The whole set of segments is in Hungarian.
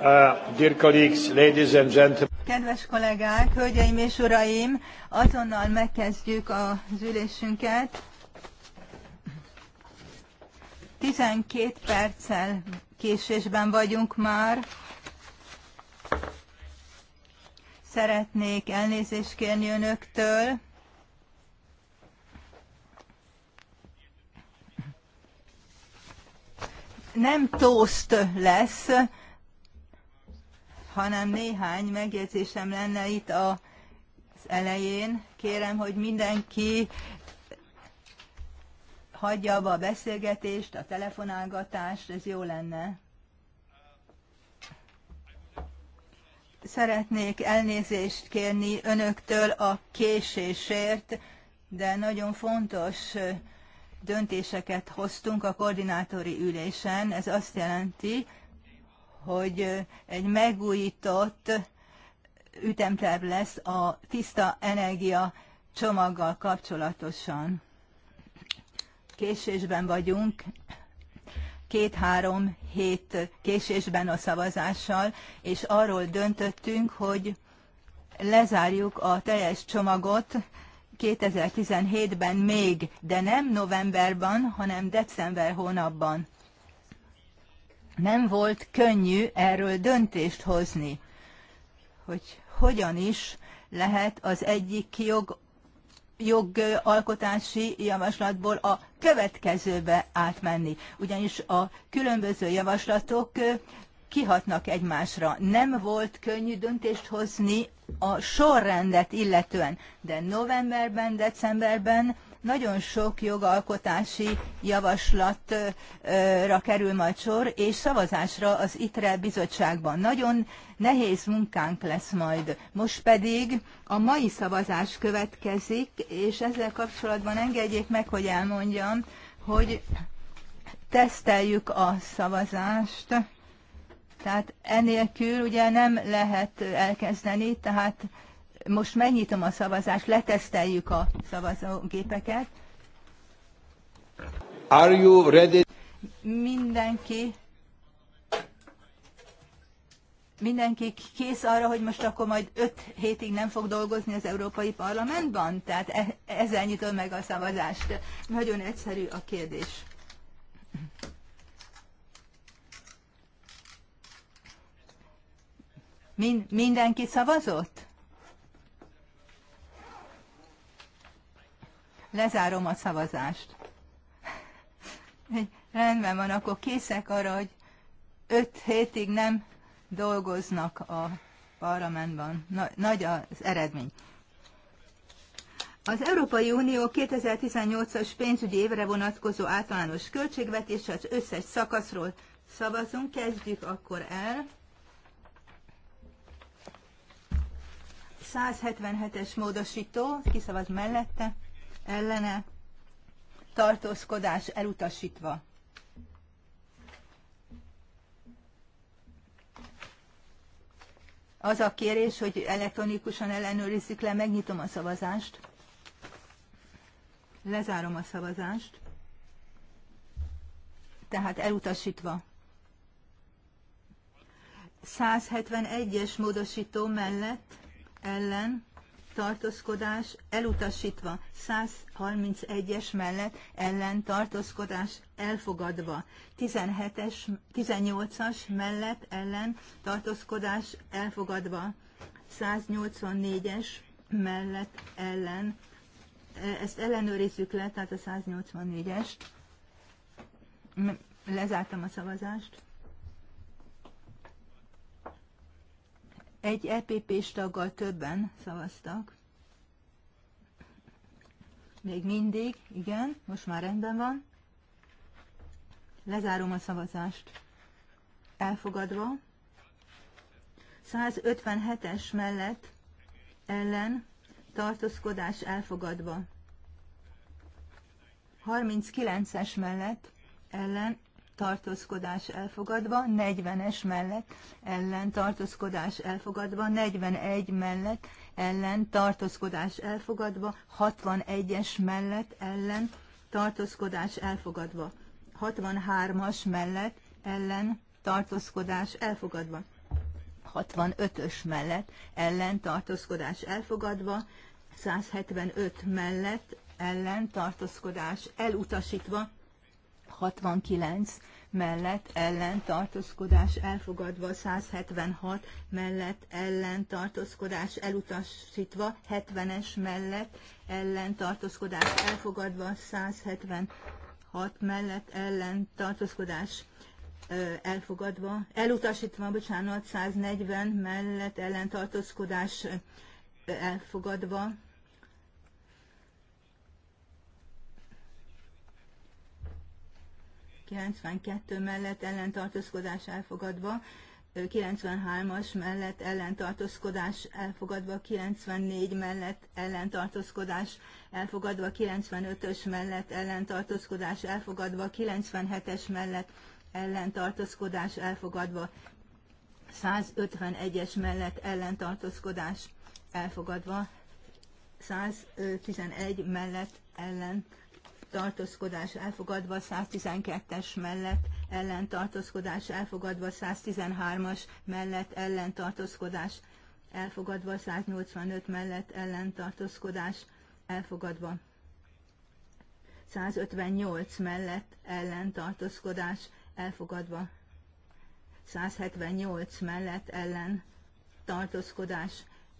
Uh, dear colleagues, ladies and gentlemen. Kedves kollégák, hölgyeim és uraim, azonnal megkezdjük az ülésünket. 12 perccel késésben vagyunk már. Szeretnék elnézést kérni önöktől. nem toast lesz, hanem néhány megjegyzésem lenne itt az elején. Kérem, hogy mindenki hagyja abba a beszélgetést, a telefonálgatást, ez jó lenne. Szeretnék elnézést kérni önöktől a késésért, de nagyon fontos döntéseket hoztunk a koordinátori ülésen. Ez azt jelenti, hogy egy megújított ütemterv lesz a tiszta energia csomaggal kapcsolatosan. Késésben vagyunk, két-három hét késésben a szavazással, és arról döntöttünk, hogy lezárjuk a teljes csomagot 2017-ben még, de nem novemberben, hanem december hónapban. Nem volt könnyű erről döntést hozni, hogy hogyan is lehet az egyik jog, jogalkotási javaslatból a következőbe átmenni. Ugyanis a különböző javaslatok kihatnak egymásra. Nem volt könnyű döntést hozni a sorrendet illetően, de novemberben, decemberben nagyon sok jogalkotási javaslatra kerül majd sor, és szavazásra az ITRE bizottságban. Nagyon nehéz munkánk lesz majd. Most pedig a mai szavazás következik, és ezzel kapcsolatban engedjék meg, hogy elmondjam, hogy teszteljük a szavazást. Tehát enélkül ugye nem lehet elkezdeni, tehát most megnyitom a szavazást, leteszteljük a szavazógépeket. Are you ready? Mindenki mindenki kész arra, hogy most akkor majd öt hétig nem fog dolgozni az Európai Parlamentban? Tehát e, ezzel nyitom meg a szavazást. Nagyon egyszerű a kérdés. Min- mindenki szavazott? Lezárom a szavazást. Rendben van, akkor készek arra, hogy öt hétig nem dolgoznak a parlamentben. Nagy az eredmény. Az Európai Unió 2018-as pénzügyi évre vonatkozó általános költségvetése az összes szakaszról szavazunk. Kezdjük akkor el. 177-es módosító, kiszavaz mellette, ellene, tartózkodás elutasítva. Az a kérés, hogy elektronikusan ellenőrizzük le, megnyitom a szavazást. Lezárom a szavazást. Tehát elutasítva. 171-es módosító mellett ellen tartózkodás elutasítva, 131-es mellett ellen tartózkodás elfogadva, 17-es, 18-as mellett ellen tartózkodás elfogadva, 184-es mellett ellen, e, ezt ellenőrizzük le, tehát a 184-est, lezártam a szavazást, Egy EPP-s taggal többen szavaztak. Még mindig, igen, most már rendben van. Lezárom a szavazást. Elfogadva. 157-es mellett ellen tartózkodás elfogadva. 39-es mellett ellen tartózkodás elfogadva, 40-es mellett ellen tartózkodás elfogadva, 41 mellett ellen tartózkodás elfogadva, 61-es mellett ellen tartózkodás elfogadva, 63-as mellett ellen tartózkodás elfogadva, 65-ös mellett ellen tartózkodás elfogadva, 175 mellett ellen tartózkodás elutasítva, 169 mellett ellen elfogadva, 176 mellett ellen elutasítva, 70-es mellett ellen elfogadva, 176 mellett ellen elfogadva, elutasítva, bocsánat, 140 mellett ellentartózkodás elfogadva, 92 mellett ellentartózkodás elfogadva, 93-as mellett ellentartózkodás elfogadva, 94 mellett ellentartózkodás elfogadva, 95-ös mellett ellentartózkodás elfogadva, 97-es mellett ellentartózkodás elfogadva, 151-es mellett ellentartózkodás elfogadva, 111 mellett ellen tartózkodás elfogadva 112-es mellett, ellentartózkodás elfogadva 113-as mellett, ellentartózkodás elfogadva 185 mellett, ellentartózkodás elfogadva 158 mellett, ellentartózkodás elfogadva 178 mellett, ellen tartózkodás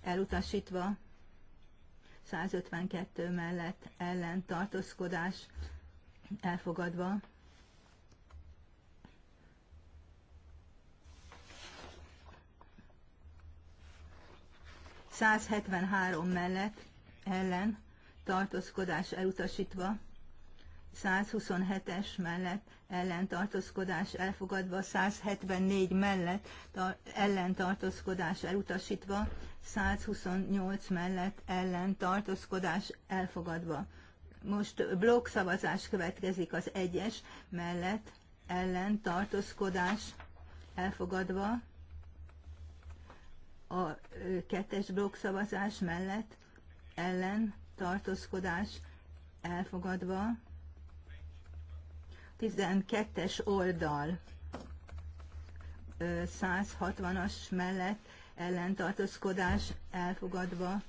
elutasítva 152 mellett ellen tartózkodás elfogadva. ...173 mellett ellen tartózkodás elutasítva, 127-es mellett ellen tartózkodás elfogadva, 174 mellett ellen tartózkodás elutasítva, 128 mellett ellen tartózkodás elfogadva. Most blokkszavazás következik az egyes mellett ellen tartózkodás elfogadva, a kettes blokkszavazás mellett ellen tartózkodás elfogadva, 12-es oldal 160-as mellett ellentartózkodás elfogadva,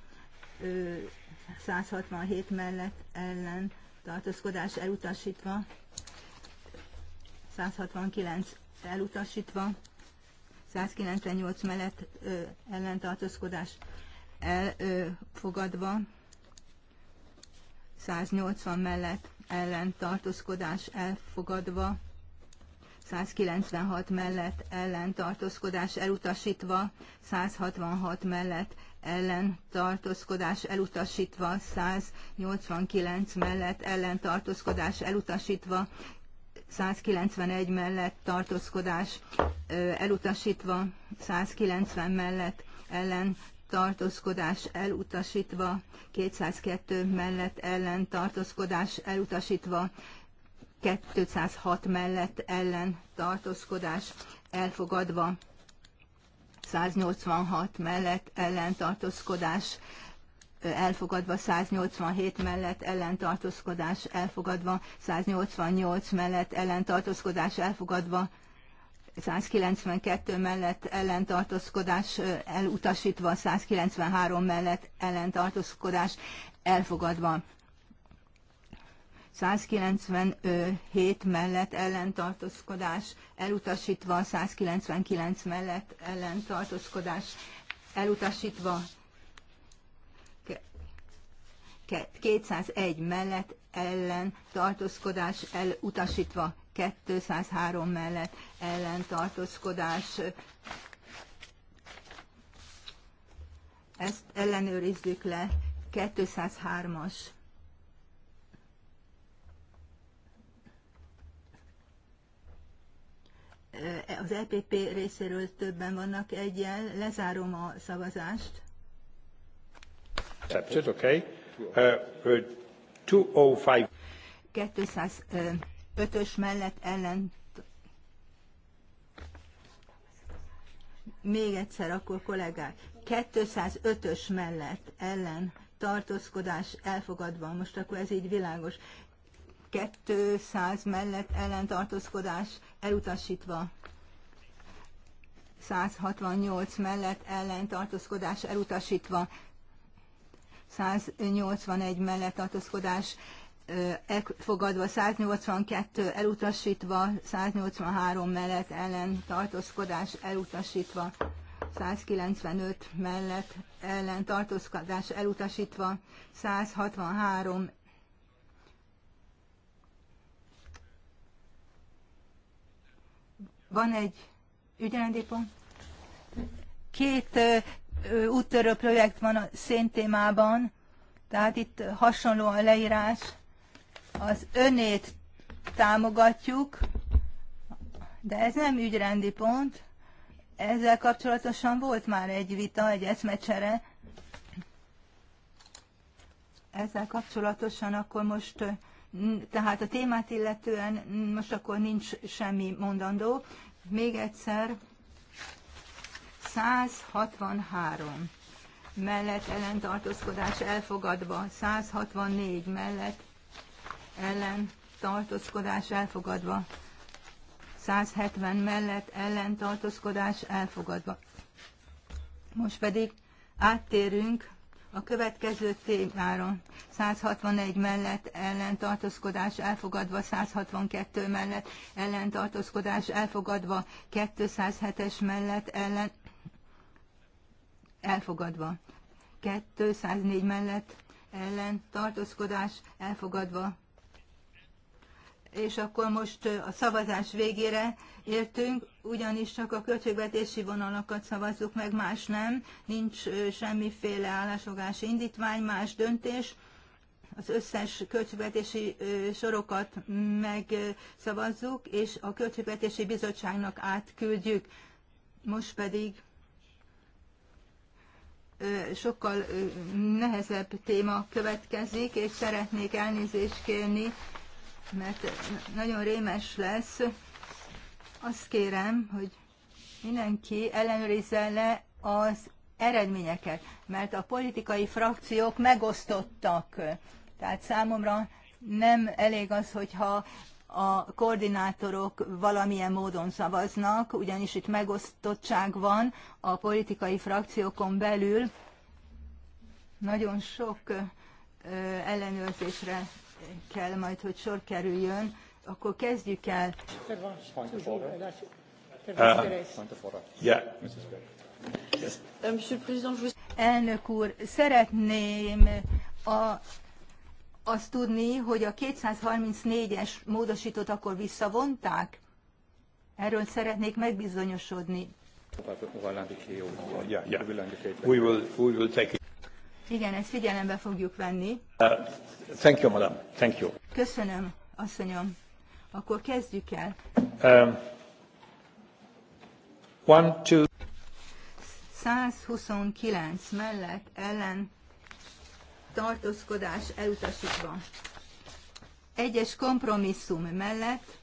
167 mellett ellen elutasítva, 169 elutasítva, 198 mellett ö, ellentartózkodás elfogadva, 180 mellett ellentartózkodás elfogadva, 196 mellett ellen tartózkodás elutasítva, 166 mellett ellen tartózkodás elutasítva, 189 mellett ellen tartózkodás elutasítva, 191 mellett tartózkodás elutasítva, 190 mellett ellen tartózkodás elutasítva, 202 mellett ellen tartózkodás elutasítva, 206 mellett ellen tartózkodás elfogadva, 186 mellett ellen tartózkodás elfogadva 187 mellett ellentartózkodás elfogadva, 188 mellett ellentartózkodás elfogadva, 192 mellett ellentartózkodás elutasítva, 193 mellett ellentartózkodás elfogadva. 197 mellett ellentartózkodás elutasítva, 199 mellett ellentartózkodás elutasítva, 201 mellett ellen elutasítva, 203 mellett ellen Ezt ellenőrizzük le, 203-as. az EPP részéről többen vannak egyen. Lezárom a szavazást. Accepted, okay. Uh, 205. Uh, 205-ös mellett ellen még egyszer akkor kollégák, 205-ös mellett ellen tartózkodás elfogadva, most akkor ez így világos, 200 mellett ellentartózkodás elutasítva. 168 mellett ellentartózkodás elutasítva. 181 mellett tartózkodás fogadva, 182 elutasítva, 183 mellett ellen elutasítva, 195 mellett ellen elutasítva, 163 Van egy ügyrendi pont? Két úttörő projekt van a szén témában, tehát itt hasonló a leírás. Az önét támogatjuk, de ez nem ügyrendi pont. Ezzel kapcsolatosan volt már egy vita, egy eszmecsere. Ezzel kapcsolatosan akkor most tehát a témát illetően most akkor nincs semmi mondandó. Még egyszer 163 mellett ellentartózkodás elfogadva, 164 mellett ellentartózkodás elfogadva, 170 mellett ellentartózkodás elfogadva. Most pedig áttérünk a következő témára 161 mellett ellentartózkodás elfogadva, 162 mellett ellentartózkodás elfogadva, 207-es mellett ellen elfogadva, 204 mellett ellen elfogadva. És akkor most a szavazás végére értünk, ugyanis csak a költségvetési vonalakat szavazzuk meg, más nem, nincs semmiféle állásfogási indítvány, más döntés, az összes költségvetési sorokat megszavazzuk, és a költségvetési bizottságnak átküldjük. Most pedig sokkal nehezebb téma következik, és szeretnék elnézést kérni, mert nagyon rémes lesz, azt kérem, hogy mindenki ellenőrizze le az eredményeket, mert a politikai frakciók megosztottak. Tehát számomra nem elég az, hogyha a koordinátorok valamilyen módon szavaznak, ugyanis itt megosztottság van a politikai frakciókon belül. Nagyon sok ellenőrzésre kell majd, hogy sor kerüljön akkor kezdjük el. Uh, euh, Elnök úr, szeretném a, azt tudni, hogy a 234-es módosítót akkor visszavonták? Erről szeretnék megbizonyosodni. Igen, ezt figyelembe fogjuk venni. Uh, thank you, madam. Thank you. Köszönöm, asszonyom. Akkor kezdjük el. Um, one, two. 129 mellett ellen tartózkodás elutasítva. Egyes kompromisszum mellett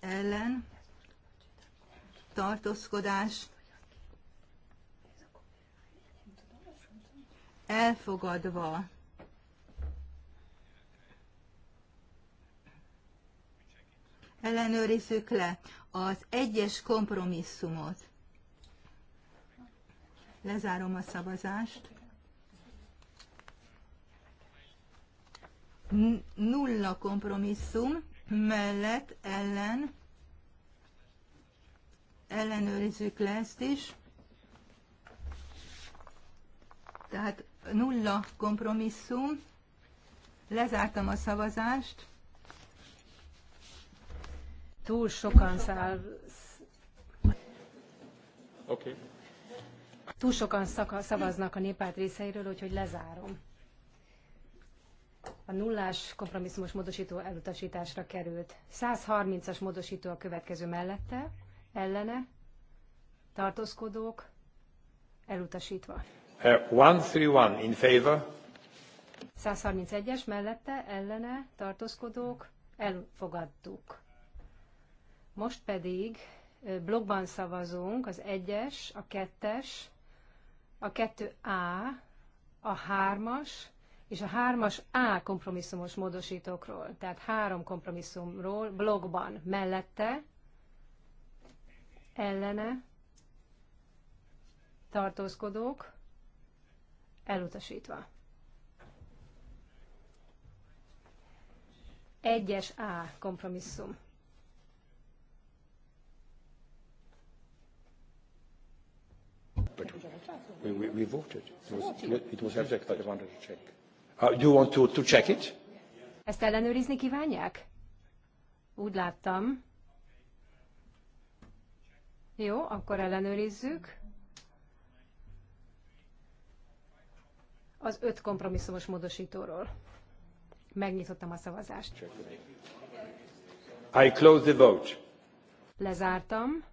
ellen tartózkodás elfogadva. ellenőrizzük le az egyes kompromisszumot. Lezárom a szavazást. Nulla kompromisszum mellett ellen ellenőrizzük le ezt is. Tehát nulla kompromisszum. Lezártam a szavazást túl sokan száll... Okay. Túl sokan szavaznak a néppárt részeiről, úgyhogy lezárom. A nullás kompromisszumos módosító elutasításra került. 130-as módosító a következő mellette, ellene, tartózkodók, elutasítva. 131 uh, in favor. 131-es mellette, ellene, tartózkodók, elfogadtuk. Most pedig blogban szavazunk az 1-es, a 2-es, a 2A, a 3-as és a 3-as A kompromisszumos módosítókról. Tehát három kompromisszumról blogban mellette, ellene, tartózkodók, elutasítva. 1-es A kompromisszum. but we, we, we voted. It was, it was rejected. I wanted to check. Uh, do you want to, to check it? Ezt ellenőrizni kívánják? Úgy láttam. Jó, akkor ellenőrizzük. Az öt kompromisszumos módosítóról. Megnyitottam a szavazást. I close the vote. Lezártam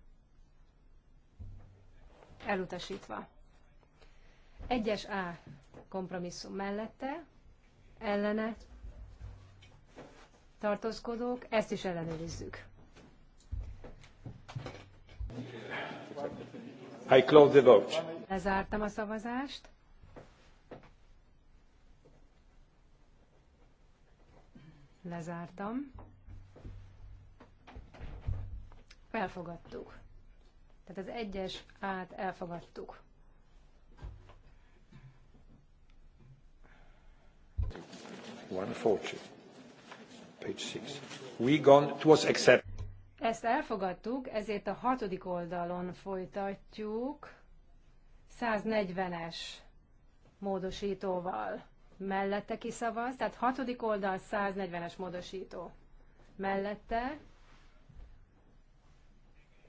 elutasítva. Egyes A kompromisszum mellette, ellene tartózkodók, ezt is ellenőrizzük. I close the vote. Lezártam a szavazást. Lezártam. Felfogadtuk. Tehát az egyes át elfogadtuk. Ezt elfogadtuk, ezért a hatodik oldalon folytatjuk 140-es módosítóval. Mellette kiszavaz, tehát hatodik oldal 140-es módosító. Mellette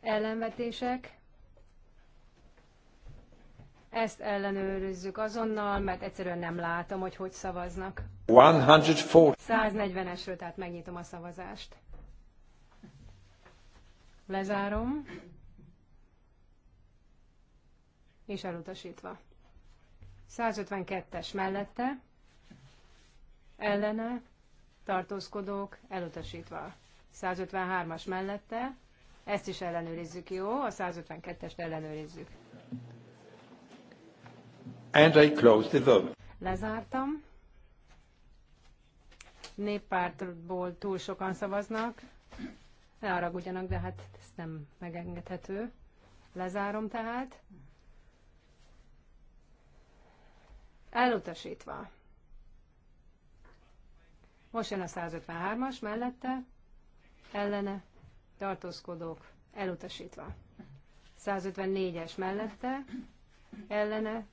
ellenvetések. Ezt ellenőrizzük azonnal, mert egyszerűen nem látom, hogy hogy szavaznak. 140-esről, tehát megnyitom a szavazást. Lezárom. És elutasítva. 152-es mellette, ellene, tartózkodók, elutasítva. 153-as mellette, ezt is ellenőrizzük, jó? A 152-est ellenőrizzük. And I close the vote. Lezártam. Néppártból túl sokan szavaznak. Ne haragudjanak, de hát ez nem megengedhető. Lezárom tehát. Elutasítva. Most jön a 153-as mellette, ellene, tartózkodók elutasítva. 154-es mellette, ellene,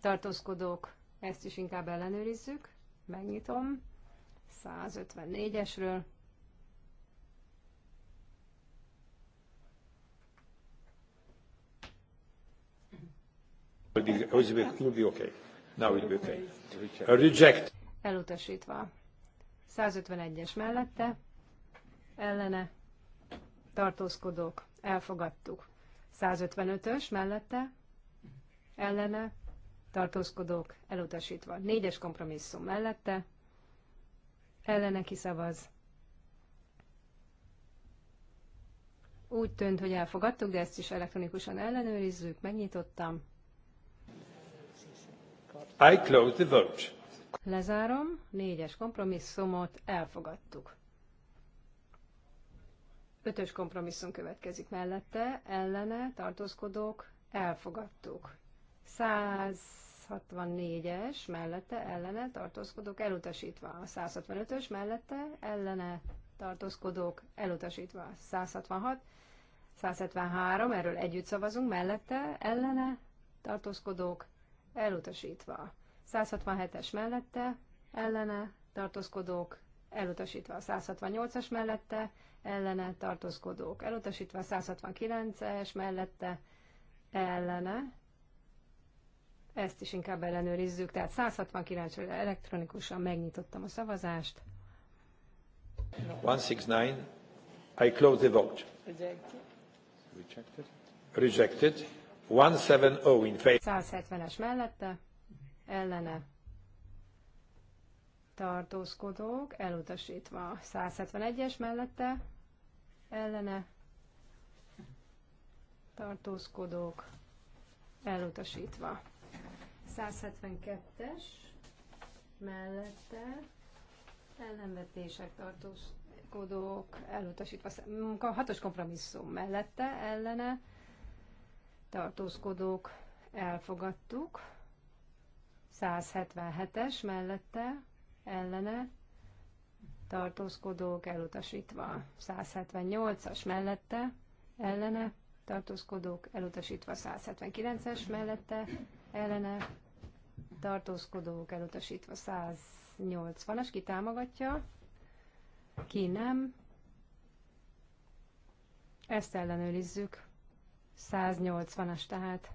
tartózkodók, ezt is inkább ellenőrizzük, megnyitom, 154-esről, Elutasítva. 151-es mellette, ellene tartózkodók, elfogadtuk. 155-ös mellette, ellene tartózkodók, elutasítva. 4-es kompromisszum mellette, ellene kiszavaz. Úgy tűnt, hogy elfogadtuk, de ezt is elektronikusan ellenőrizzük, megnyitottam. I close the vote. Lezárom, négyes kompromisszumot elfogadtuk. Ötös kompromisszum következik mellette, ellene tartózkodók elfogadtuk. 164-es mellette, ellene tartózkodók elutasítva. A 165-ös mellette, ellene tartózkodók elutasítva. 166, 173, erről együtt szavazunk, mellette, ellene tartózkodók elutasítva. 167-es mellette, ellene tartózkodók elutasítva. 168-as mellette, ellene tartózkodók elutasítva, 169-es mellette ellene, ezt is inkább ellenőrizzük, tehát 169 elektronikusan megnyitottam a szavazást. 169, I close the vote. Rejected. Rejected. 170 in favor. 170-es mellette, ellene tartózkodók, elutasítva. 171-es mellette, ellene tartózkodók elutasítva. 172-es mellette ellenvetések tartózkodók elutasítva. A hatos kompromisszum mellette ellene tartózkodók elfogadtuk. 177-es mellette ellene tartózkodók elutasítva 178-as mellette, ellene, tartózkodók elutasítva 179-es mellette, ellene, tartózkodók elutasítva 180-as, ki támogatja, ki nem. Ezt ellenőrizzük. 180-as tehát.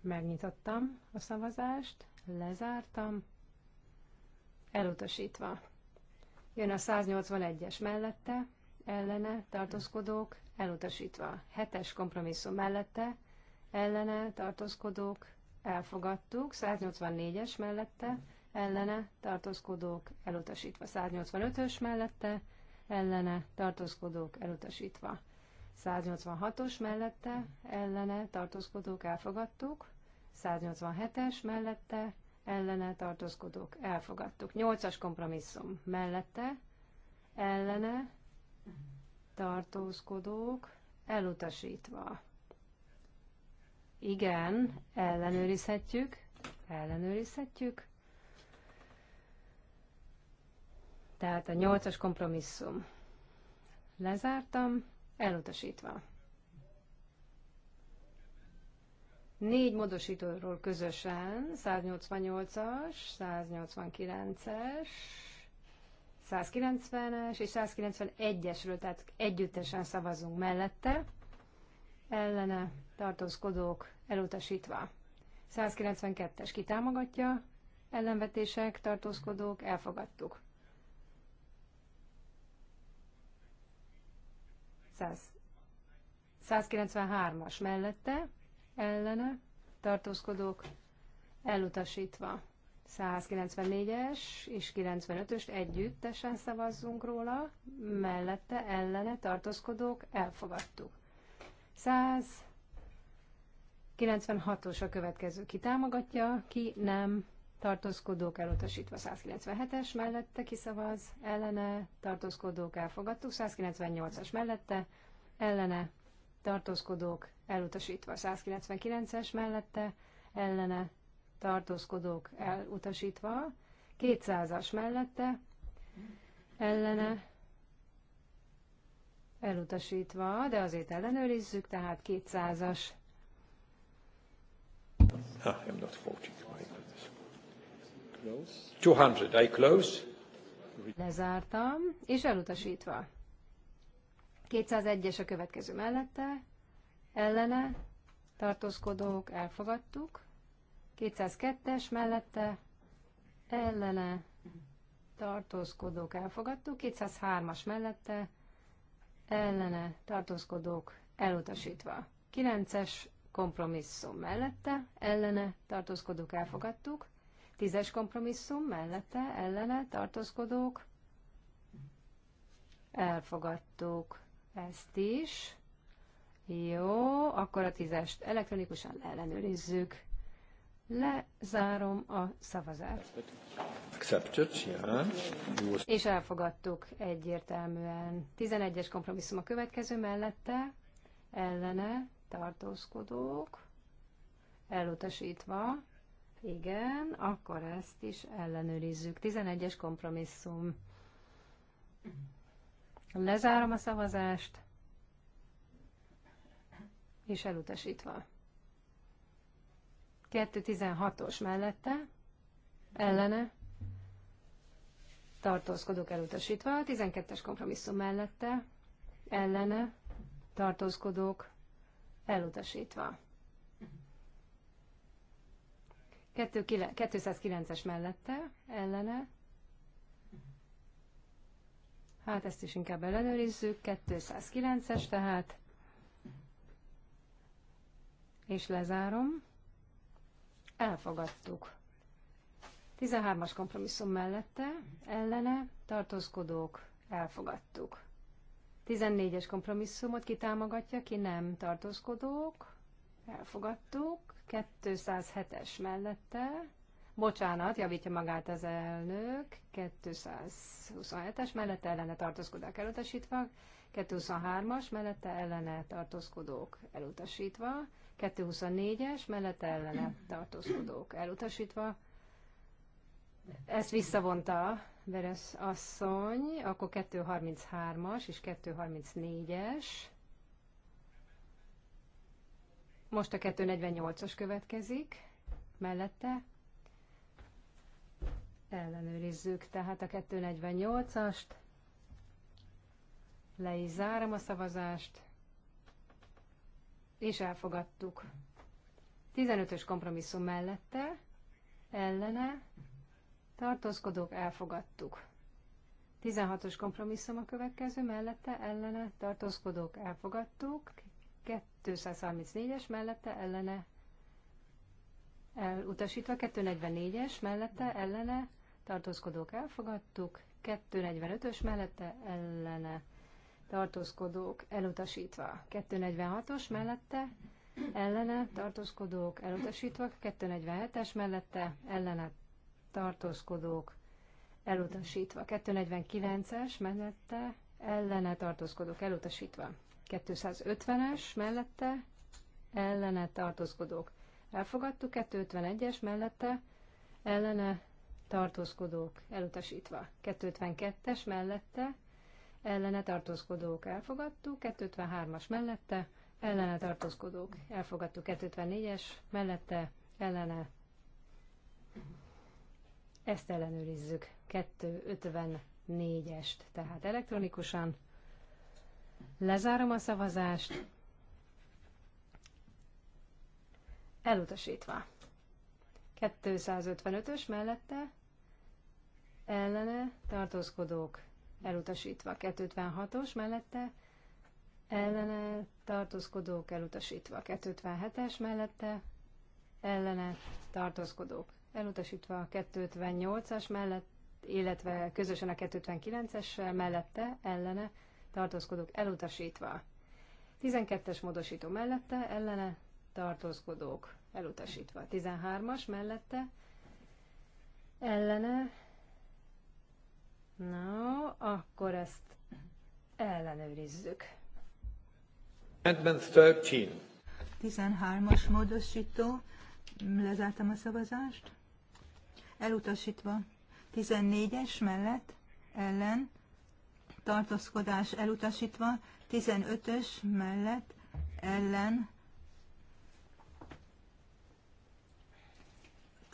Megnyitottam a szavazást, lezártam elutasítva. Jön a 181-es mellette, ellene tartózkodók, elutasítva. 7-es kompromisszum mellette, ellene tartózkodók, elfogadtuk. 184-es mellette, ellene tartózkodók, elutasítva. 185-ös mellette, ellene tartózkodók, elutasítva. 186-os mellette, ellene tartózkodók, elfogadtuk. 187-es mellette, ellene tartózkodók elfogadtuk. Nyolcas kompromisszum mellette ellene tartózkodók elutasítva. Igen, ellenőrizhetjük, ellenőrizhetjük. Tehát a nyolcas kompromisszum. Lezártam, elutasítva. Négy módosítóról közösen, 188-as, 189-es, 190-es és 191-esről, tehát együttesen szavazunk mellette, ellene tartózkodók elutasítva. 192-es kitámogatja, ellenvetések, tartózkodók, elfogadtuk. 100. 193-as mellette, ellene tartózkodók elutasítva. 194-es és 95-öst együttesen szavazzunk róla, mellette ellene tartózkodók elfogadtuk. 196-os a következő támogatja, ki nem tartózkodók elutasítva 197-es mellette kiszavaz, ellene tartózkodók elfogadtuk 198-as mellette, ellene tartózkodók elutasítva. 199-es mellette ellene tartózkodók elutasítva. 200-as mellette ellene elutasítva, de azért ellenőrizzük, tehát 200-as. Ah, I'm not voting. Close. 200, I close. Lezártam, és elutasítva. 201-es a következő mellette, ellene, tartózkodók, elfogadtuk. 202-es mellette, ellene, tartózkodók, elfogadtuk. 203-as mellette, ellene, tartózkodók, elutasítva. 9-es kompromisszum mellette, ellene, tartózkodók, elfogadtuk. 10-es kompromisszum mellette, ellene, tartózkodók, elfogadtuk ezt is. Jó, akkor a tízest elektronikusan ellenőrizzük. Lezárom a szavazást. Accepted, yeah. És elfogadtuk egyértelműen. 11-es kompromisszum a következő mellette, ellene, tartózkodók, elutasítva. Igen, akkor ezt is ellenőrizzük. 11-es kompromisszum. Lezárom a szavazást, és elutasítva. 216-os mellette, ellene, tartózkodok elutasítva, 12-es kompromisszum mellette, ellene, tartózkodok elutasítva. 209-es mellette, ellene, Hát ezt is inkább ellenőrizzük. 209-es tehát. És lezárom. Elfogadtuk. 13-as kompromisszum mellette, ellene, tartózkodók, elfogadtuk. 14-es kompromisszumot ki támogatja, ki nem, tartózkodók, elfogadtuk. 207-es mellette, Bocsánat, javítja magát az elnök. 227-es mellette ellene tartózkodók elutasítva. 223-as mellette ellene tartózkodók elutasítva. 224-es mellette ellene tartózkodók elutasítva. Ezt visszavonta Veres asszony, akkor 233-as és 234-es. Most a 248-as következik, mellette ellenőrizzük. Tehát a 248-ast, le is zárom a szavazást, és elfogadtuk. 15-ös kompromisszum mellette, ellene, tartózkodók, elfogadtuk. 16-os kompromisszum a következő, mellette, ellene, tartózkodók, elfogadtuk. 234-es mellette, ellene, elutasítva, 244-es mellette, ellene, tartózkodók elfogadtuk, 245-ös mellette ellene tartózkodók elutasítva, 246-os mellette ellene tartózkodók elutasítva, 247-es mellette ellene tartózkodók elutasítva, 249-es mellette ellene tartózkodók elutasítva, 250-es mellette ellene tartózkodók elfogadtuk, 251-es mellette ellene tartózkodók elutasítva. 252-es mellette ellene tartózkodók elfogadtuk, 253-as mellette ellene tartózkodók elfogadtuk, 254-es mellette ellene ezt ellenőrizzük, 254-est, tehát elektronikusan. Lezárom a szavazást, elutasítva. 255-ös mellette ellene tartózkodók elutasítva. 256-os mellette ellene tartózkodók elutasítva. 257-es mellette ellene tartózkodók elutasítva. 258-as mellett, illetve közösen a 259 es mellette ellene tartózkodók elutasítva. 12-es módosító mellette ellene tartózkodók elutasítva. 13-as mellette ellene Na, akkor ezt ellenőrizzük. Amendment 13. 13-as módosító. Lezártam a szavazást. Elutasítva. 14-es mellett ellen tartózkodás elutasítva, 15-ös mellett ellen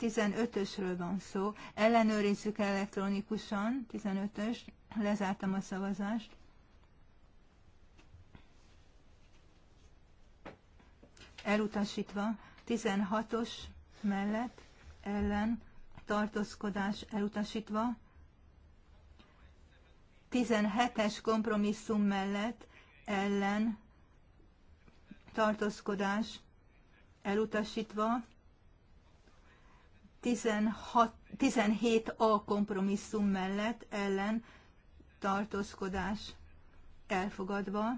15-ösről van szó. Ellenőrizzük elektronikusan, 15-ös, lezártam a szavazást. Elutasítva, 16-os mellett, ellen, tartózkodás elutasítva, 17-es kompromisszum mellett, ellen, tartózkodás elutasítva, 16, 17a kompromisszum mellett ellen tartózkodás elfogadva.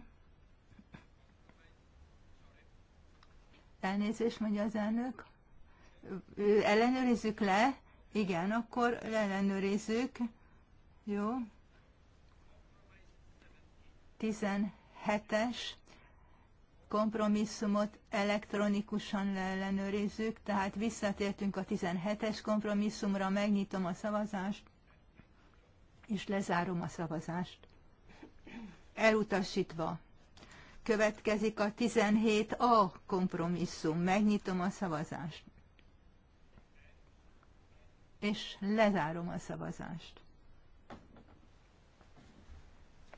Elnézést mondja az elnök. Ellenőrizzük le. Igen, akkor ellenőrizzük. Jó. 17-es kompromisszumot elektronikusan leellenőrizzük, tehát visszatértünk a 17-es kompromisszumra, megnyitom a szavazást, és lezárom a szavazást. Elutasítva. Következik a 17A kompromisszum. Megnyitom a szavazást. És lezárom a szavazást.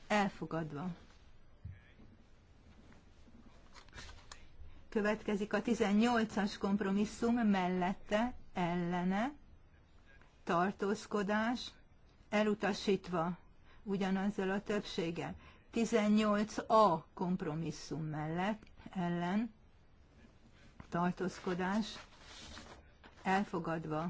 Elfogadva. Következik a 18-as kompromisszum mellette, ellene, tartózkodás, elutasítva ugyanazzal a többséggel. 18a kompromisszum mellett, ellen, tartózkodás, elfogadva.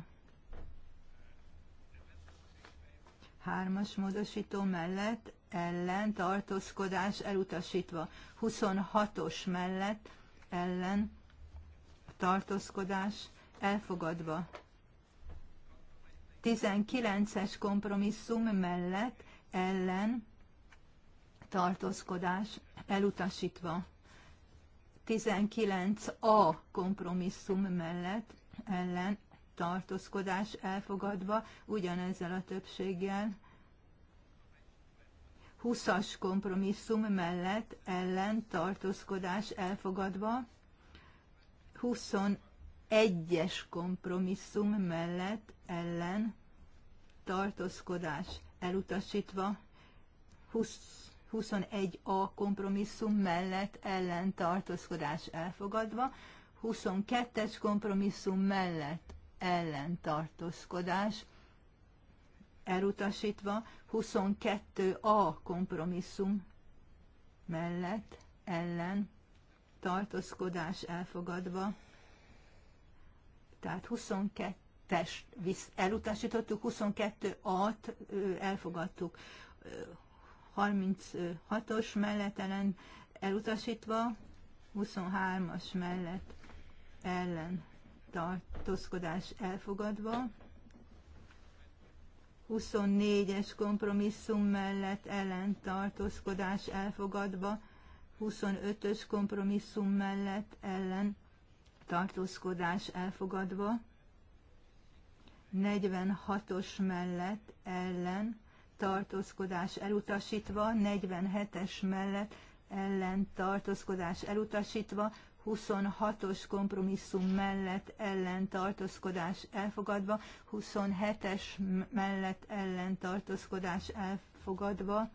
Hármas módosító mellett, ellen, tartózkodás, elutasítva. 26-os mellett, ellen tartózkodás elfogadva. 19-es kompromisszum mellett ellen tartózkodás elutasítva. 19a kompromisszum mellett ellen tartózkodás elfogadva ugyanezzel a többséggel. 20-as kompromisszum mellett ellen tartózkodás elfogadva, 21-es kompromisszum mellett ellen tartózkodás elutasítva, 20, 21a kompromisszum mellett ellen tartózkodás elfogadva, 22-es kompromisszum mellett ellen tartózkodás elfogadva, elutasítva, 22a kompromisszum mellett, ellen, tartózkodás elfogadva, tehát 22-es elutasítottuk, 22-at elfogadtuk, 36-os mellett ellen elutasítva, 23-as mellett ellen tartózkodás elfogadva, 24-es kompromisszum mellett ellentartózkodás elfogadva, 25-ös kompromisszum mellett ellen tartózkodás elfogadva, 46-os mellett ellen tartózkodás elutasítva, 47-es mellett ellen tartózkodás elutasítva, 26-os kompromisszum mellett ellen tartózkodás elfogadva, 27-es mellett ellen tartózkodás elfogadva,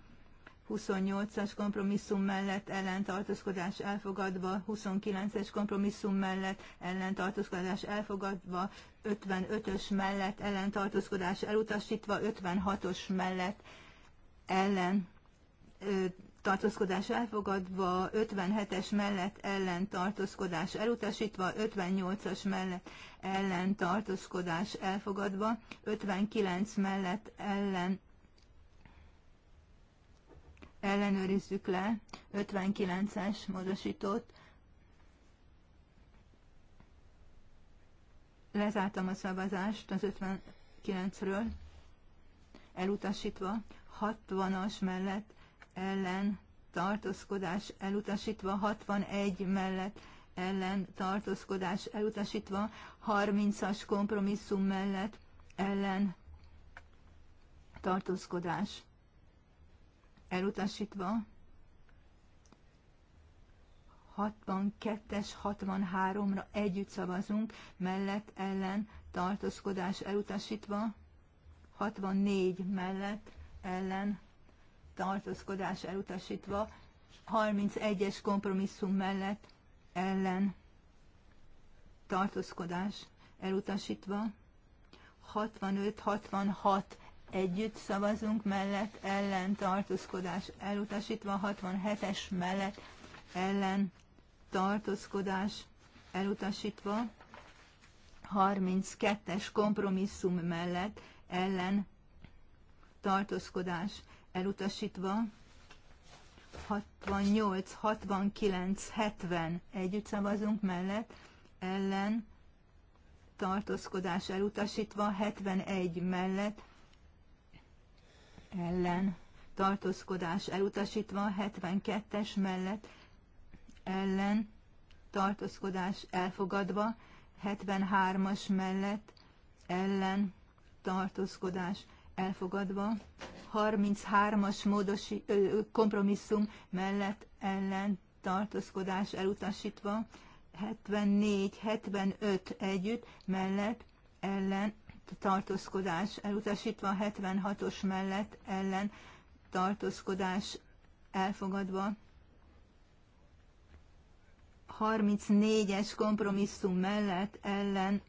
28-as kompromisszum mellett ellentartózkodás elfogadva, 29-es kompromisszum mellett ellentartózkodás elfogadva, 55-ös mellett ellentartózkodás elutasítva, 56-os mellett ellen tartózkodás elfogadva, 57-es mellett ellen tartózkodás elutasítva, 58-as mellett ellen tartózkodás elfogadva, 59 mellett ellen ellenőrizzük le 59-es módosított. Lezártam a szavazást az 59-ről, elutasítva, 60-as mellett ellen tartózkodás elutasítva, 61 mellett ellen tartózkodás elutasítva, 30-as kompromisszum mellett ellen tartózkodás elutasítva, 62-es, 63-ra együtt szavazunk, mellett ellen tartózkodás elutasítva, 64 mellett ellen tartózkodás elutasítva, 31-es kompromisszum mellett ellen tartózkodás elutasítva, 65-66 együtt szavazunk mellett ellen tartózkodás elutasítva, 67-es mellett ellen tartózkodás elutasítva, 32-es kompromisszum mellett ellen tartózkodás elutasítva, 68, 69, 70 együtt szavazunk mellett, ellen tartózkodás elutasítva, 71 mellett, ellen tartózkodás elutasítva, 72-es mellett, ellen tartózkodás elfogadva, 73-as mellett, ellen tartózkodás elfogadva, 33-as módosi, ö, kompromisszum mellett ellen tartózkodás elutasítva, 74-75 együtt mellett ellen tartózkodás elutasítva, 76-os mellett ellen tartózkodás elfogadva, 34-es kompromisszum mellett ellen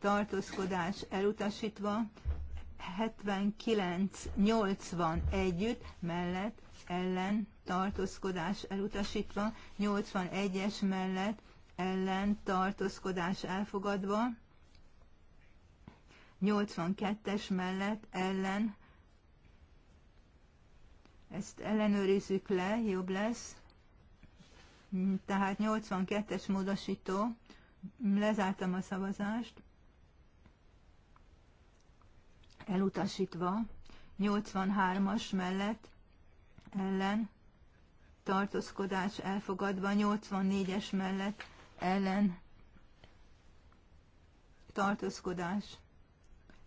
tartózkodás elutasítva, 79-80 együtt, mellett, ellen, tartózkodás elutasítva, 81-es mellett, ellen, tartózkodás elfogadva, 82-es mellett, ellen, ezt ellenőrizzük le, jobb lesz. Tehát 82-es módosító, lezártam a szavazást elutasítva, 83-as mellett ellen tartózkodás elfogadva, 84-es mellett ellen tartózkodás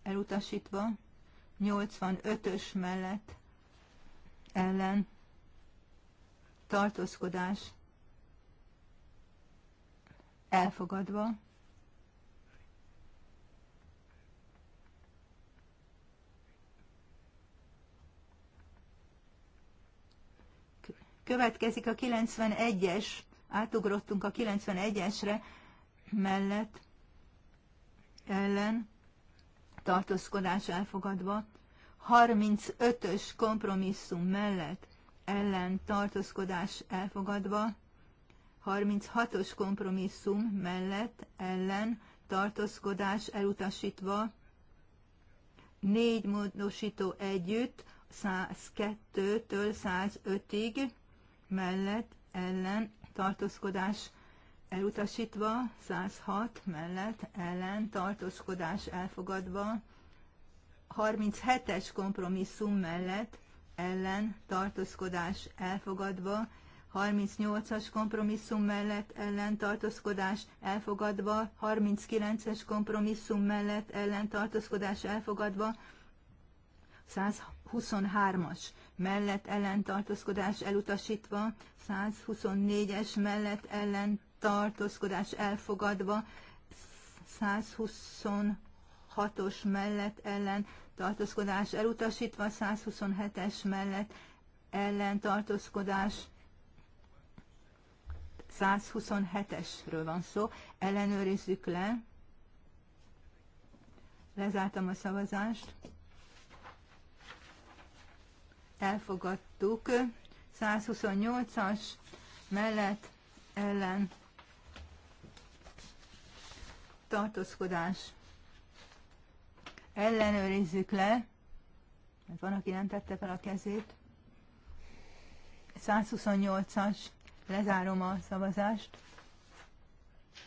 elutasítva, 85-ös mellett ellen tartózkodás elfogadva, Következik a 91-es, átugrottunk a 91-esre, mellett ellen tartózkodás elfogadva, 35-ös kompromisszum mellett ellen tartózkodás elfogadva, 36-os kompromisszum mellett ellen tartózkodás elutasítva, négy módosító együtt 102-től 105-ig mellett ellen tartózkodás elutasítva, 106 mellett ellen tartózkodás elfogadva, 37-es kompromisszum mellett ellen tartózkodás elfogadva, 38-as kompromisszum mellett tartózkodás elfogadva, 39-es kompromisszum mellett tartózkodás elfogadva, 123-as mellett ellentartózkodás elutasítva, 124-es mellett ellentartózkodás elfogadva, 126-os mellett ellen tartózkodás elutasítva, 127-es mellett ellen tartózkodás 127-esről van szó, ellenőrizzük le. Lezártam a szavazást elfogadtuk. 128-as mellett ellen tartózkodás. Ellenőrizzük le, mert hát van, aki nem tette fel a kezét. 128-as, lezárom a szavazást.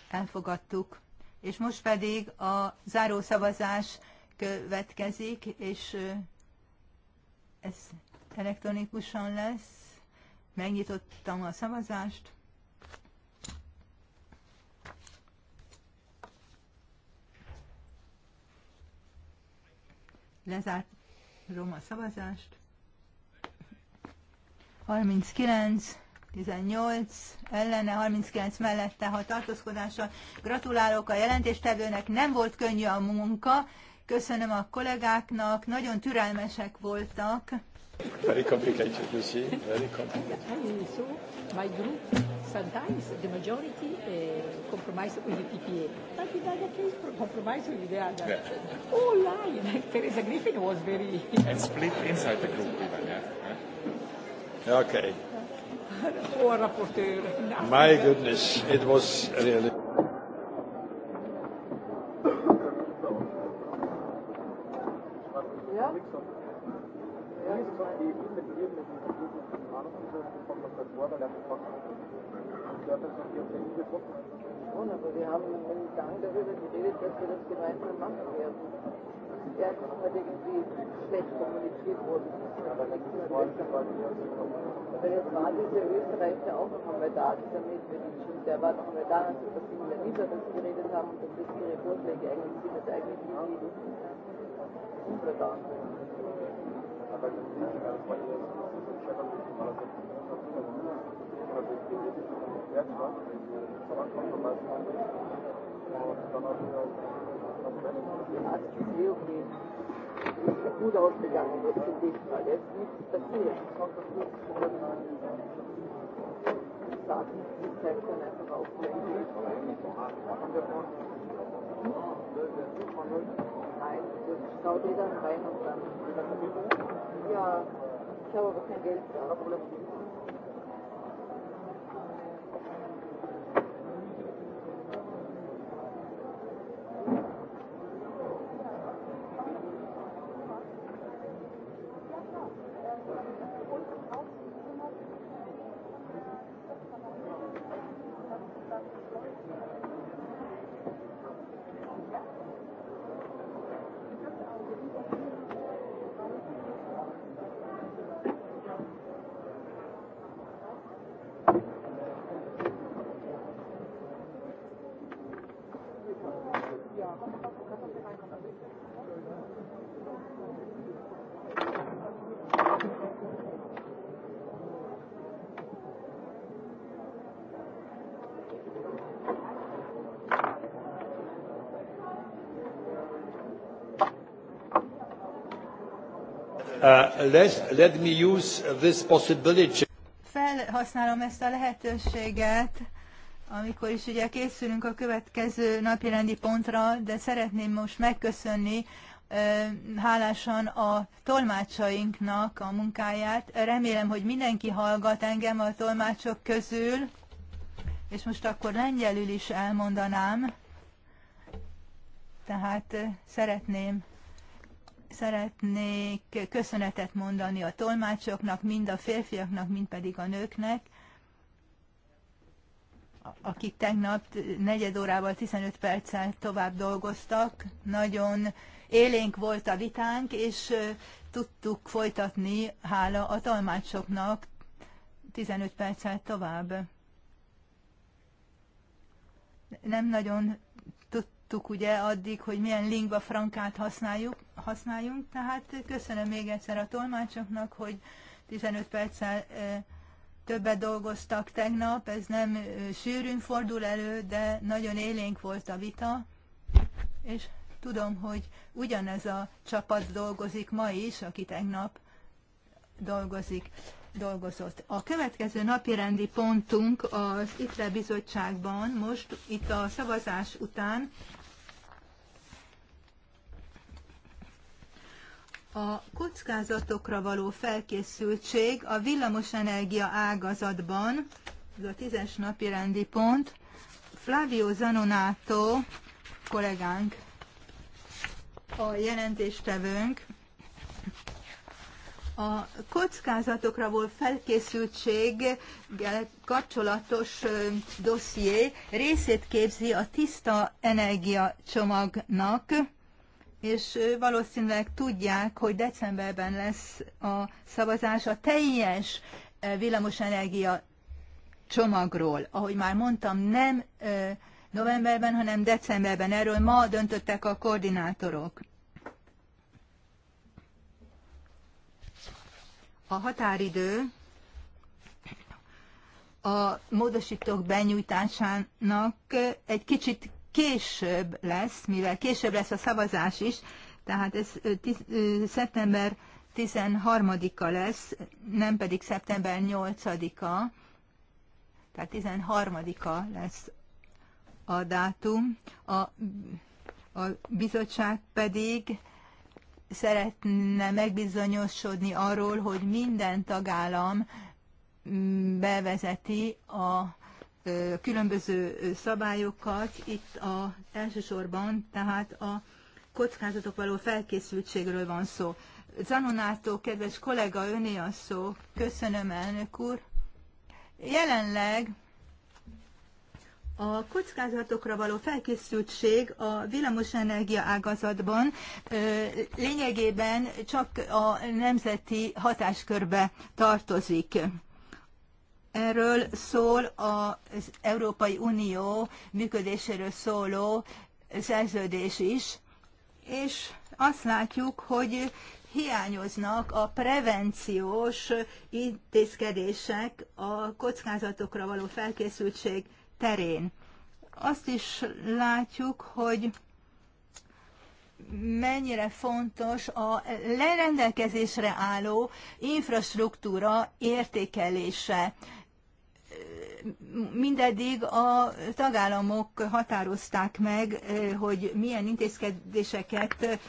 Elfogadtuk. És most pedig a záró szavazás következik, és ez elektronikusan lesz. Megnyitottam a szavazást. Lezárom a szavazást. 39, 18 ellene, 39 mellette, ha tartózkodással. Gratulálok a jelentéstevőnek, nem volt könnyű a munka. Köszönöm a kollégáknak, nagyon türelmesek voltak. Very complicated, you see. Very complicated. And so my group, sometimes the majority uh, compromise with the PPA. But in other case, compromise with the other. Yeah. Oh, lie. Teresa Griffin was very... and split inside the group even, yeah. yeah. Okay. Poor rapporteur. My goodness, it was really... Yeah. Schon, aber wir haben einen Gang darüber geredet, dass wir das gemeinsam machen werden. Ja, das ist halt irgendwie schlecht kommuniziert worden. Aber nächstes Mal Weil jetzt war dieser Österreicher auch noch einmal da, dieser Medvedicin, der war noch einmal da, also dass wir wieder nicht über das geredet haben und dass das ihre Vorschläge eigentlich sind, dass eigentlich die Ufer da sind. Also die Theorie ist dann rein und dann. Ja, ich habe aber Uh, let, me use this possibility. Felhasználom ezt a lehetőséget, amikor is ugye készülünk a következő napi rendi pontra, de szeretném most megköszönni uh, hálásan a tolmácsainknak a munkáját. Remélem, hogy mindenki hallgat engem a tolmácsok közül, és most akkor lengyelül is elmondanám. Tehát uh, szeretném szeretnék köszönetet mondani a tolmácsoknak, mind a férfiaknak, mind pedig a nőknek, akik tegnap negyed órával, 15 perccel tovább dolgoztak. Nagyon élénk volt a vitánk, és tudtuk folytatni, hála a tolmácsoknak, 15 perccel tovább. Nem nagyon megvitattuk ugye addig, hogy milyen lingva frankát használjuk, használjunk, tehát köszönöm még egyszer a tolmácsoknak, hogy 15 perccel többet dolgoztak tegnap, ez nem sűrűn fordul elő, de nagyon élénk volt a vita, és tudom, hogy ugyanez a csapat dolgozik ma is, aki tegnap dolgozik, dolgozott. A következő napi rendi pontunk az ITRE bizottságban, most itt a szavazás után A kockázatokra való felkészültség a villamosenergia ágazatban, ez a tízes napi rendi pont, Flavio Zanonato kollégánk, a jelentéstevőnk, a kockázatokra volt felkészültséggel kapcsolatos dosszié részét képzi a tiszta energia csomagnak, és valószínűleg tudják, hogy decemberben lesz a szavazás a teljes villamosenergia csomagról. Ahogy már mondtam, nem novemberben, hanem decemberben. Erről ma döntöttek a koordinátorok. A határidő a módosítók benyújtásának egy kicsit később lesz, mivel később lesz a szavazás is, tehát ez tiz, szeptember 13-a lesz, nem pedig szeptember 8-a, tehát 13-a lesz a dátum. A, a bizottság pedig szeretne megbizonyosodni arról, hogy minden tagállam mm, bevezeti a különböző szabályokat. Itt a, elsősorban tehát a kockázatok való felkészültségről van szó. Zanonátó, kedves kollega, öné a szó. Köszönöm, elnök úr. Jelenleg a kockázatokra való felkészültség a villamosenergia ágazatban lényegében csak a nemzeti hatáskörbe tartozik. Erről szól az Európai Unió működéséről szóló szerződés is, és azt látjuk, hogy hiányoznak a prevenciós intézkedések a kockázatokra való felkészültség terén. Azt is látjuk, hogy mennyire fontos a lerendelkezésre álló infrastruktúra értékelése mindeddig a tagállamok határozták meg, hogy milyen intézkedéseket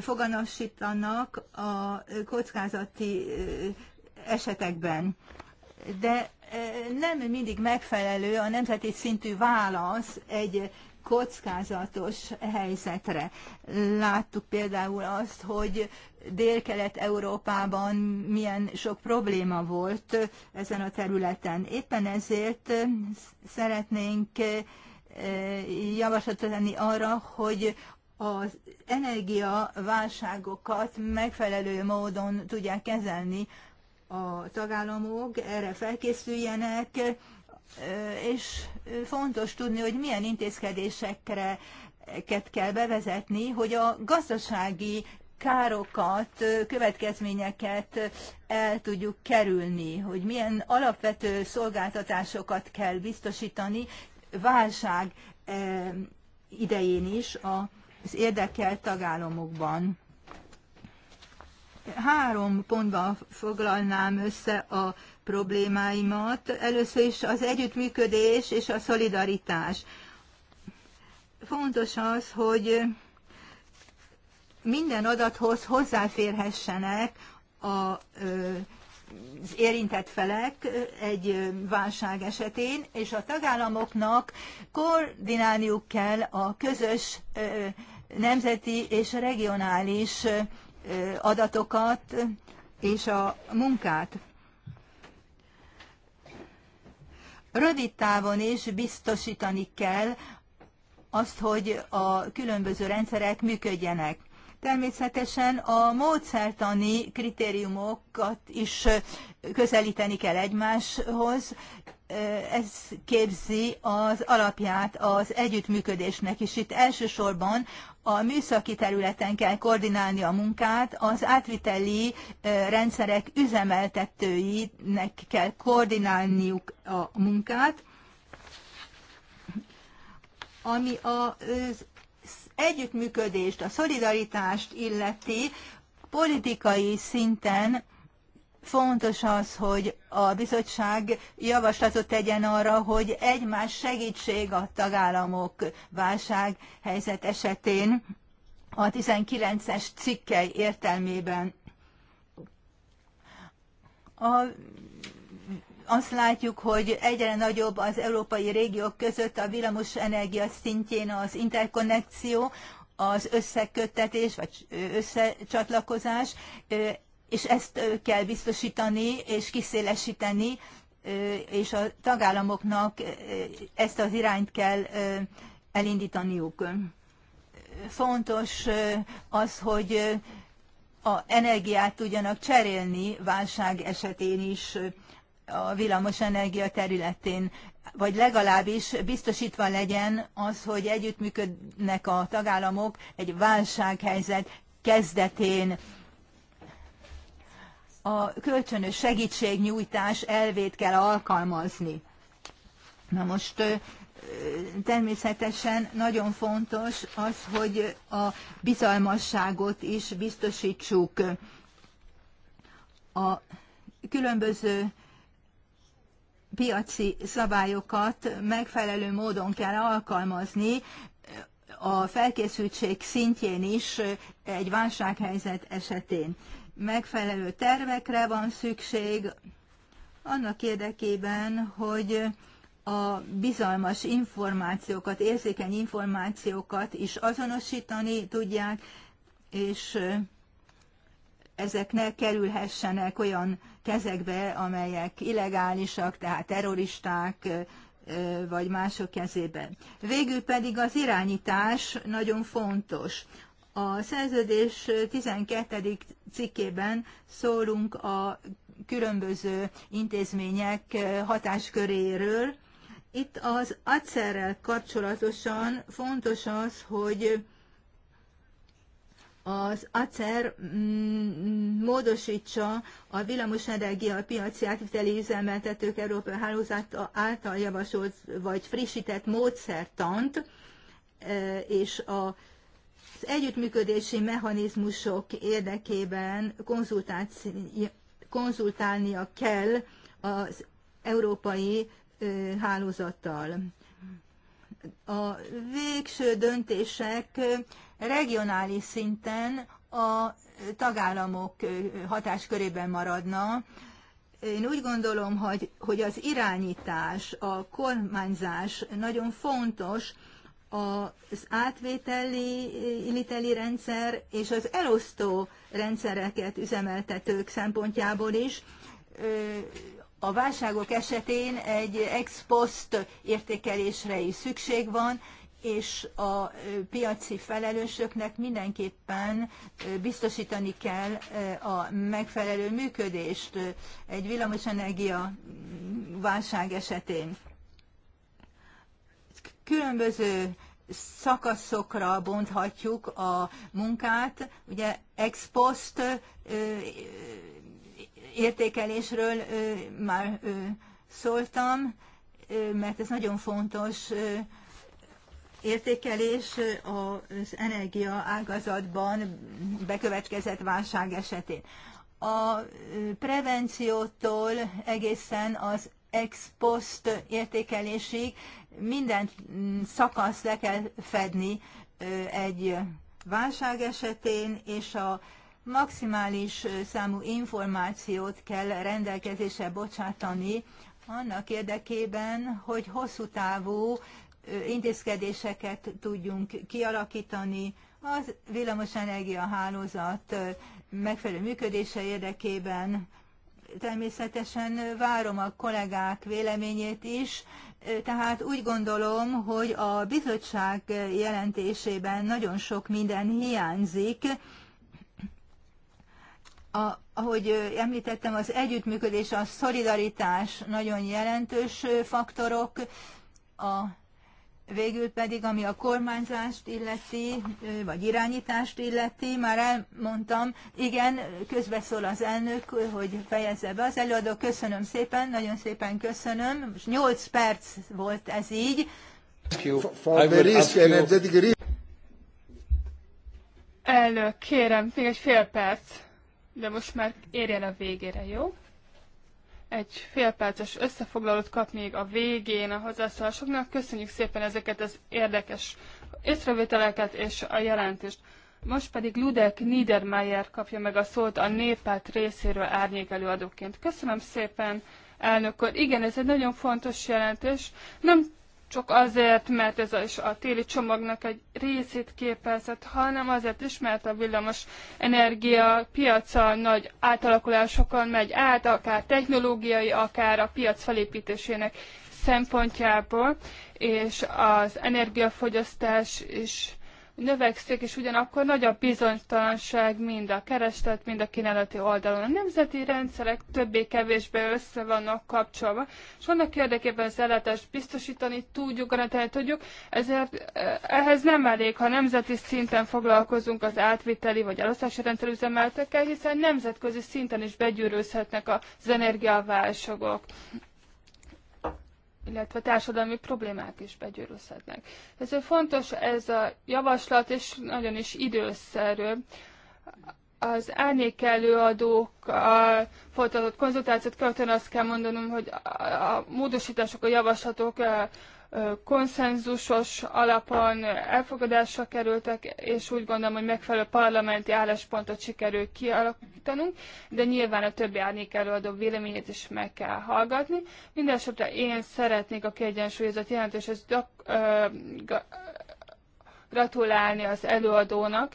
foganassítanak a kockázati esetekben. De nem mindig megfelelő a nemzeti szintű válasz egy kockázatos helyzetre. Láttuk például azt, hogy Dél-Kelet-Európában milyen sok probléma volt ezen a területen. Éppen ezért szeretnénk eh, javaslatot tenni arra, hogy az energiaválságokat megfelelő módon tudják kezelni a tagállamok, erre felkészüljenek, és fontos tudni, hogy milyen intézkedésekre kell bevezetni, hogy a gazdasági károkat, következményeket el tudjuk kerülni, hogy milyen alapvető szolgáltatásokat kell biztosítani válság idején is az érdekelt tagállamokban. Három pontban foglalnám össze a problémáimat. Először is az együttműködés és a szolidaritás. Fontos az, hogy minden adathoz hozzáférhessenek a az érintett felek egy válság esetén, és a tagállamoknak koordinálniuk kell a közös nemzeti és regionális adatokat és a munkát. Rövid távon is biztosítani kell azt, hogy a különböző rendszerek működjenek. Természetesen a módszertani kritériumokat is közelíteni kell egymáshoz. Ez képzi az alapját az együttműködésnek is. Itt elsősorban a műszaki területen kell koordinálni a munkát, az átviteli rendszerek üzemeltetőinek kell koordinálniuk a munkát, ami az együttműködést, a szolidaritást illeti, politikai szinten Fontos az, hogy a bizottság javaslatot tegyen arra, hogy egymás segítség a tagállamok válsághelyzet esetén a 19-es cikkei értelmében. A azt látjuk, hogy egyre nagyobb az európai régiók között a energia szintjén az interkonnekció, az összeköttetés vagy összecsatlakozás és ezt kell biztosítani és kiszélesíteni, és a tagállamoknak ezt az irányt kell elindítaniuk. Fontos az, hogy a energiát tudjanak cserélni válság esetén is a energia területén, vagy legalábbis biztosítva legyen az, hogy együttműködnek a tagállamok egy válsághelyzet kezdetén a kölcsönös segítségnyújtás elvét kell alkalmazni. Na most természetesen nagyon fontos az, hogy a bizalmasságot is biztosítsuk. A különböző piaci szabályokat megfelelő módon kell alkalmazni, a felkészültség szintjén is egy válsághelyzet esetén megfelelő tervekre van szükség, annak érdekében, hogy a bizalmas információkat, érzékeny információkat is azonosítani tudják, és ezek ne kerülhessenek olyan kezekbe, amelyek illegálisak, tehát terroristák vagy mások kezébe. Végül pedig az irányítás nagyon fontos. A szerződés 12. cikkében szólunk a különböző intézmények hatásköréről. Itt az acerrel kapcsolatosan fontos az, hogy az ACER mm, módosítsa a villamosenergia piaci átviteli üzemeltetők Európa Hálózat által javasolt vagy frissített módszertant, eh, és a az együttműködési mechanizmusok érdekében konzultálnia kell az európai hálózattal. A végső döntések regionális szinten a tagállamok hatáskörében maradna. Én úgy gondolom, hogy, hogy az irányítás, a kormányzás nagyon fontos, az átvételi iliteli rendszer és az elosztó rendszereket üzemeltetők szempontjából is a válságok esetén egy ex post értékelésre is szükség van, és a piaci felelősöknek mindenképpen biztosítani kell a megfelelő működést egy villamosenergia válság esetén. Különböző szakaszokra bonthatjuk a munkát. Ugye ex post értékelésről már szóltam, mert ez nagyon fontos értékelés az energia ágazatban bekövetkezett válság esetén. A prevenciótól egészen az ex post értékelésig minden szakasz le kell fedni egy válság esetén, és a maximális számú információt kell rendelkezésre bocsátani annak érdekében, hogy hosszú távú intézkedéseket tudjunk kialakítani az villamosenergia hálózat megfelelő működése érdekében. Természetesen várom a kollégák véleményét is, tehát úgy gondolom, hogy a bizottság jelentésében nagyon sok minden hiányzik. A, ahogy említettem, az együttműködés, a szolidaritás nagyon jelentős faktorok. A Végül pedig, ami a kormányzást illeti, vagy irányítást illeti, már elmondtam, igen, közbeszól az elnök, hogy fejezze be az előadó. Köszönöm szépen, nagyon szépen köszönöm. Most 8 perc volt ez így. Elnök, kérem, még egy fél perc, de most már érjen a végére, jó? egy fél perces összefoglalót kap még a végén a hozzászólásoknak. Köszönjük szépen ezeket az érdekes észrevételeket és a jelentést. Most pedig Ludek Niedermeyer kapja meg a szót a néppárt részéről árnyék előadóként. Köszönöm szépen, elnök úr. Igen, ez egy nagyon fontos jelentés. Nem csak azért, mert ez is a téli csomagnak egy részét képezett, hanem azért is, mert a villamos energia piaca nagy átalakulásokon megy át, akár technológiai, akár a piac felépítésének szempontjából, és az energiafogyasztás is növekszik, és ugyanakkor nagy a bizonytalanság mind a kereslet, mind a kínálati oldalon. A nemzeti rendszerek többé-kevésbé össze vannak kapcsolva, és annak érdekében az ellátást biztosítani tudjuk, garantálni tudjuk, ezért eh, ehhez nem elég, ha nemzeti szinten foglalkozunk az átviteli vagy elosztási rendszer üzemeltekkel, hiszen nemzetközi szinten is begyűrőzhetnek az energiaválságok illetve társadalmi problémák is begyűrűzhetnek. Ezért fontos ez a javaslat, és nagyon is időszerű. Az árnyékelőadók folytatott konzultációt követően azt kell mondanom, hogy a módosítások, a javaslatok eh, konszenzusos alapon elfogadásra kerültek, és úgy gondolom, hogy megfelelő parlamenti álláspontot sikerül kialakítanunk, de nyilván a többi árnyék előadó véleményét is meg kell hallgatni. Mindenesetre én szeretnék a kiegyensúlyozott jelentéshez gratulálni az előadónak.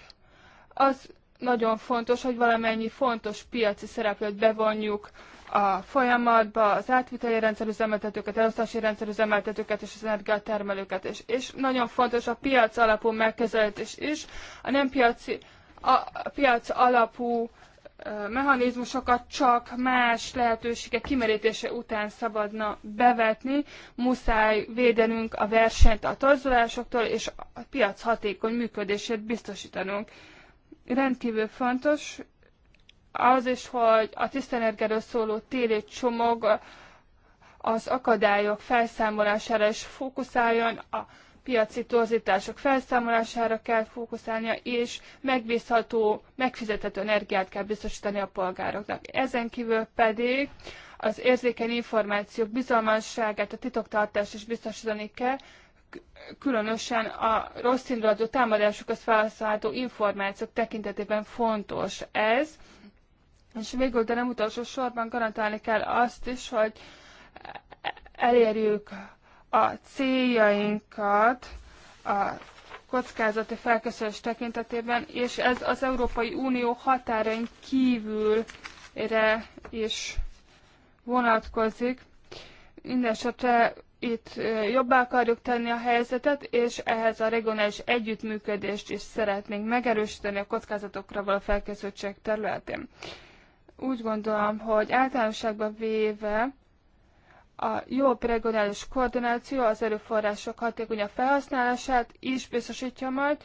Az nagyon fontos, hogy valamennyi fontos piaci szereplőt bevonjuk a folyamatba az átviteli rendszerüzemeltetőket, elosztási rendszerüzemeltetőket és az energiatermelőket is. És nagyon fontos a piac alapú megkezelés is, a nem piaci, a, a piac alapú mechanizmusokat csak más lehetőségek kimerítése után szabadna bevetni, muszáj védenünk a versenyt a torzulásoktól, és a piac hatékony működését biztosítanunk. Rendkívül fontos, az is, hogy a tisztenergerről szóló téli csomag az akadályok felszámolására is fókuszáljon, a piaci torzítások felszámolására kell fókuszálnia, és megbízható, megfizethető energiát kell biztosítani a polgároknak. Ezen kívül pedig az érzékeny információk bizalmasságát, a titoktartást is biztosítani kell, különösen a rossz indulatú támadásokhoz felhasználható információk tekintetében fontos ez, és végül, de nem utolsó sorban garantálni kell azt is, hogy elérjük a céljainkat a kockázati felkészülés tekintetében, és ez az Európai Unió határain kívülre is vonatkozik. Mindenesetre itt jobbá akarjuk tenni a helyzetet, és ehhez a regionális együttműködést is szeretnénk megerősíteni a kockázatokra való felkészültség területén úgy gondolom, hogy általánosságban véve a jobb regionális koordináció az erőforrások hatékonyabb felhasználását is biztosítja majd,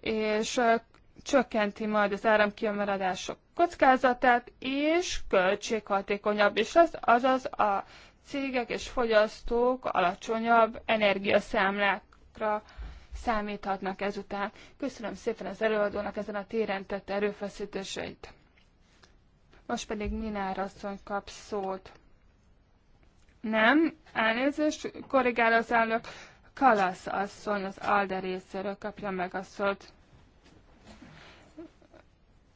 és csökkenti majd az áramkiamaradások kockázatát, és költséghatékonyabb is lesz, azaz a cégek és fogyasztók alacsonyabb energiaszámlákra számíthatnak ezután. Köszönöm szépen az előadónak ezen a téren tett erőfeszítéseit. Most pedig Minár asszony kap szót. Nem, elnézést, korrigál az elnök. Kalasz asszony az Alde részéről kapja meg a szót.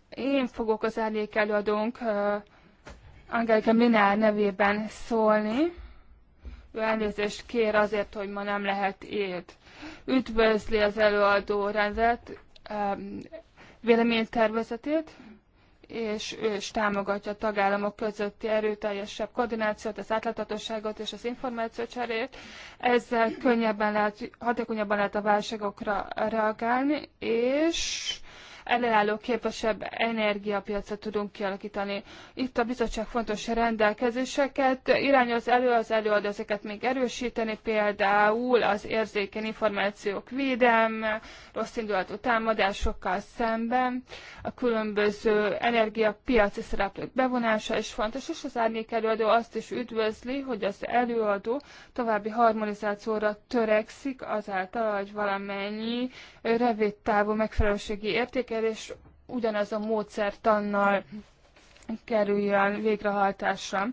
Én fogok az árnyék előadónk uh, Angelika Minár nevében szólni. Ő elnézést kér azért, hogy ma nem lehet élt. Üdvözli az előadó rendet, um, véleménytervezetét, és ő is támogatja a tagállamok közötti erőteljesebb koordinációt, az átláthatóságot és az információcserét. Ezzel könnyebben lehet, hatékonyabban lehet a válságokra reagálni, és ellenálló képesebb energiapiacot tudunk kialakítani. Itt a bizottság fontos rendelkezéseket irányoz elő, az előadó ezeket még erősíteni, például az érzékeny információk védelme, rossz indulatú támadásokkal szemben, a különböző energiapiaci szereplők bevonása is fontos, és az árnyék előadó azt is üdvözli, hogy az előadó további harmonizációra törekszik azáltal, hogy valamennyi rövid távú megfelelőségi érték kell, és ugyanaz a módszertannal kerüljön végrehajtásra.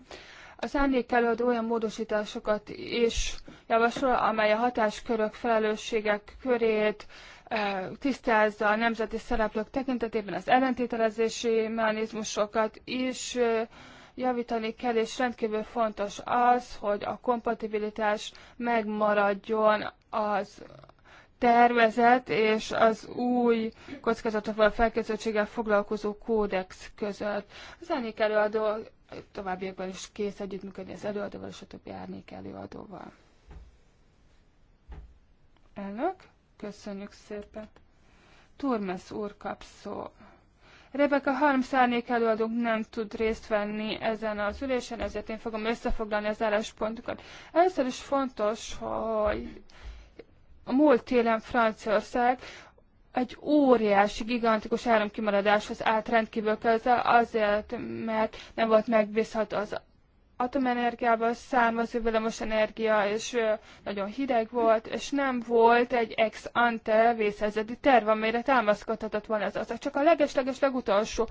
A szándék árnyékelőd olyan módosításokat is javasol, amely a hatáskörök, felelősségek körét eh, tisztázza a nemzeti szereplők tekintetében az ellentételezési mechanizmusokat is eh, javítani kell, és rendkívül fontos az, hogy a kompatibilitás megmaradjon az tervezet és az új kockázatokkal felkészültséggel foglalkozó kódex között. Az elnék előadó továbbiakban is kész együttműködni az előadóval és a többi árnyék előadóval. Elnök, köszönjük szépen. Turmes úr kap szó. Rebeka Harms árnyék előadónk nem tud részt venni ezen az ülésen, ezért én fogom összefoglalni az álláspontokat. Először is fontos, hogy a múlt télen Franciaország egy óriási, gigantikus áramkimaradáshoz állt rendkívül közel, azért, mert nem volt megbízható az atomenergiából származó villamos energia, és nagyon hideg volt, és nem volt egy ex ante vészhelyzeti terv, amelyre támaszkodhatott volna az Csak a legesleges legutolsó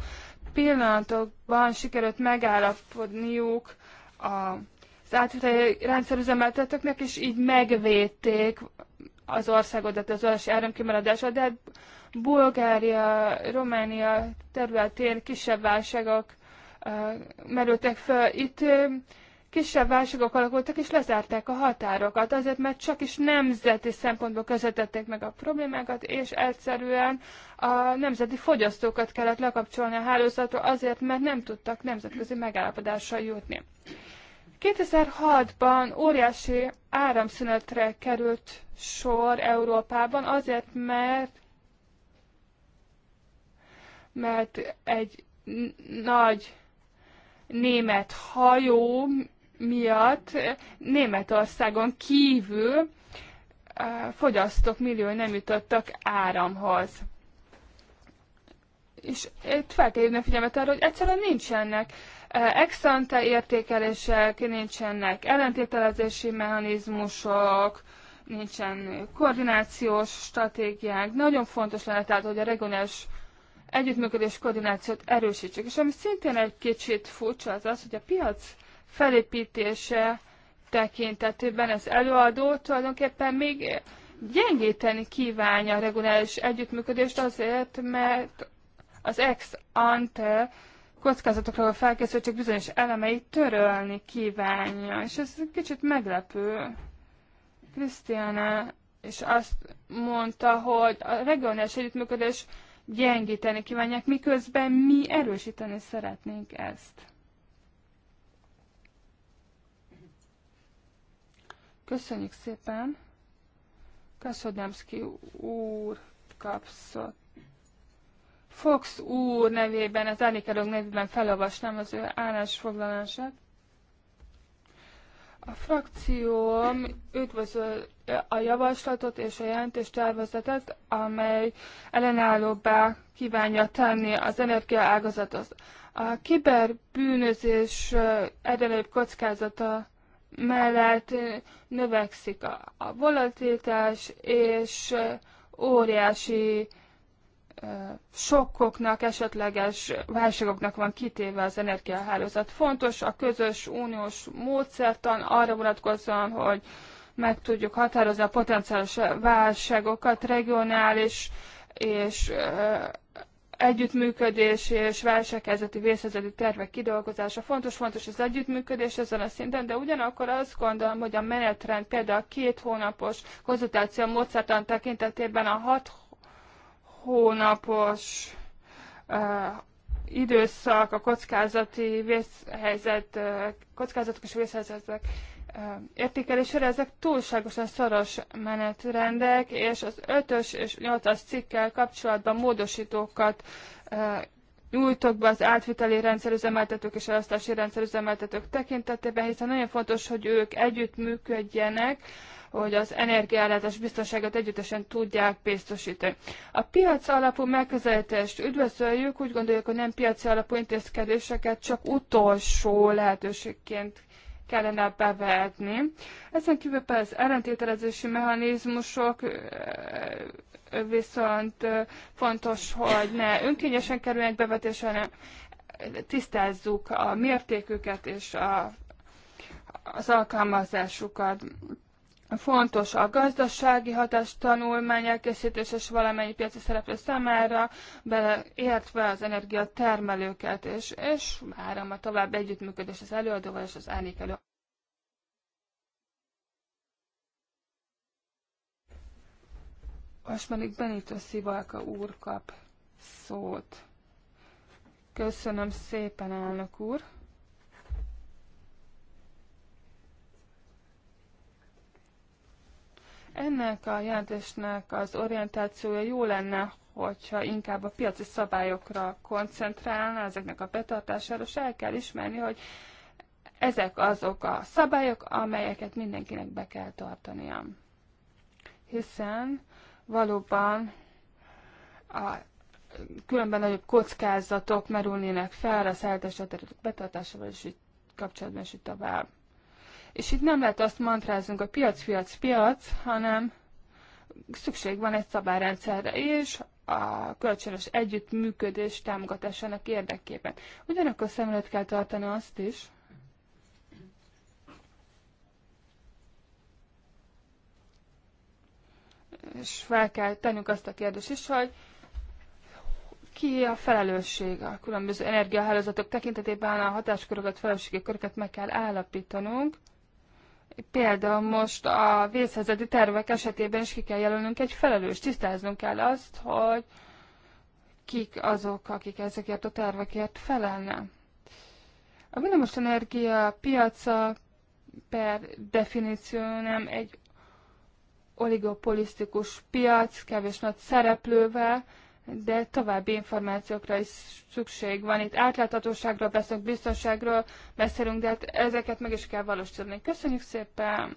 pillanatokban sikerült megállapodniuk a az átvételi rendszerüzemeltetőknek, és így megvédték az országodat az ország áramkimaradása, de Bulgária, Románia területén kisebb válságok merültek fel. Itt kisebb válságok alakultak, és lezárták a határokat, azért, mert csak is nemzeti szempontból közvetették meg a problémákat, és egyszerűen a nemzeti fogyasztókat kellett lekapcsolni a hálózatról, azért, mert nem tudtak nemzetközi megállapodásra jutni. 2006-ban óriási áramszünetre került sor Európában, azért mert mert egy nagy német hajó miatt Németországon kívül eh, fogyasztók millió nem jutottak áramhoz. És itt fel kell hívni a figyelmet arra, hogy egyszerűen nincsenek exante értékelések, nincsenek ellentételezési mechanizmusok, nincsen koordinációs stratégiák Nagyon fontos lenne tehát, hogy a regionális együttműködés koordinációt erősítsük. És ami szintén egy kicsit furcsa az az, hogy a piac felépítése tekintetében az előadó tulajdonképpen még gyengíteni kívánja a regionális együttműködést azért, mert az ex ante kockázatokra a csak bizonyos elemeit törölni kívánja, és ez kicsit meglepő. Krisztiána és azt mondta, hogy a regionális együttműködés gyengíteni kívánják, miközben mi erősíteni szeretnénk ezt. Köszönjük szépen! Kasodemszki úr kapszott Fox úr nevében, az Árnyékelők nevében felolvasnám az ő állásfoglalását. A frakcióm üdvözöl a javaslatot és a jelentést tervezetet, amely ellenállóbbá kívánja tenni az energiaágazatot. A kiberbűnözés erőlőbb kockázata mellett növekszik a volatilitás, és óriási sokkoknak, esetleges válságoknak van kitéve az energiahálózat. Fontos a közös uniós módszertan arra vonatkozóan, hogy meg tudjuk határozni a potenciális válságokat, regionális és együttműködés és válsághelyzeti vészhelyzeti tervek kidolgozása. Fontos, fontos az együttműködés ezen a szinten, de ugyanakkor azt gondolom, hogy a menetrend például a két hónapos konzultáció módszertan tekintetében a hat hónapos időszak, a kockázati vészhelyzet, kockázatok és vészhelyzetek értékelésére, ezek túlságosan szoros menetrendek, és az 5-ös és 8-as cikkel kapcsolatban módosítókat nyújtok be az átviteli rendszerüzemeltetők és elosztási rendszerüzemeltetők tekintetében, hiszen nagyon fontos, hogy ők együttműködjenek hogy az energiállátás biztonságot együttesen tudják biztosítani. A piac alapú megközelítést üdvözöljük, úgy gondoljuk, hogy nem piaci alapú intézkedéseket csak utolsó lehetőségként kellene bevetni. Ezen kívül persze ellentételezési mechanizmusok viszont fontos, hogy ne önkényesen kerüljenek bevetésre, hanem tisztázzuk a mértéküket és a, az alkalmazásukat fontos a gazdasági hatástanulmány tanulmány elkészítés és valamennyi piaci szereplő számára, beleértve az energiatermelőket, és, és várom a további együttműködés az előadóval és az árnyék Most pedig Benito Szivalka úr kap szót. Köszönöm szépen, elnök úr! Ennek a jelentésnek az orientációja jó lenne, hogyha inkább a piaci szabályokra koncentrálna, ezeknek a betartására, és el kell ismerni, hogy ezek azok a szabályok, amelyeket mindenkinek be kell tartania. Hiszen valóban a különben nagyobb kockázatok merülnének fel a szállítási határozatok betartásával, és így kapcsolatban, is így tovább. És itt nem lehet azt mantrázunk, a piac, piac, piac, hanem szükség van egy szabályrendszerre, és a kölcsönös együttműködés támogatásának érdekében. Ugyanakkor szem előtt kell tartani azt is, és fel kell tennünk azt a kérdést is, hogy ki a felelősség a különböző energiahálózatok tekintetében a hatásköröket, felelősségi köröket meg kell állapítanunk, Például most a vészhelyzeti tervek esetében is ki kell jelölnünk egy felelős, tisztáznunk kell azt, hogy kik azok, akik ezekért a tervekért felelne. A villamos energia piaca per definíció nem egy oligopolisztikus piac, kevés nagy szereplővel, de további információkra is szükség van. Itt átláthatóságról beszélünk, biztonságról beszélünk, de hát ezeket meg is kell valósítani. Köszönjük szépen!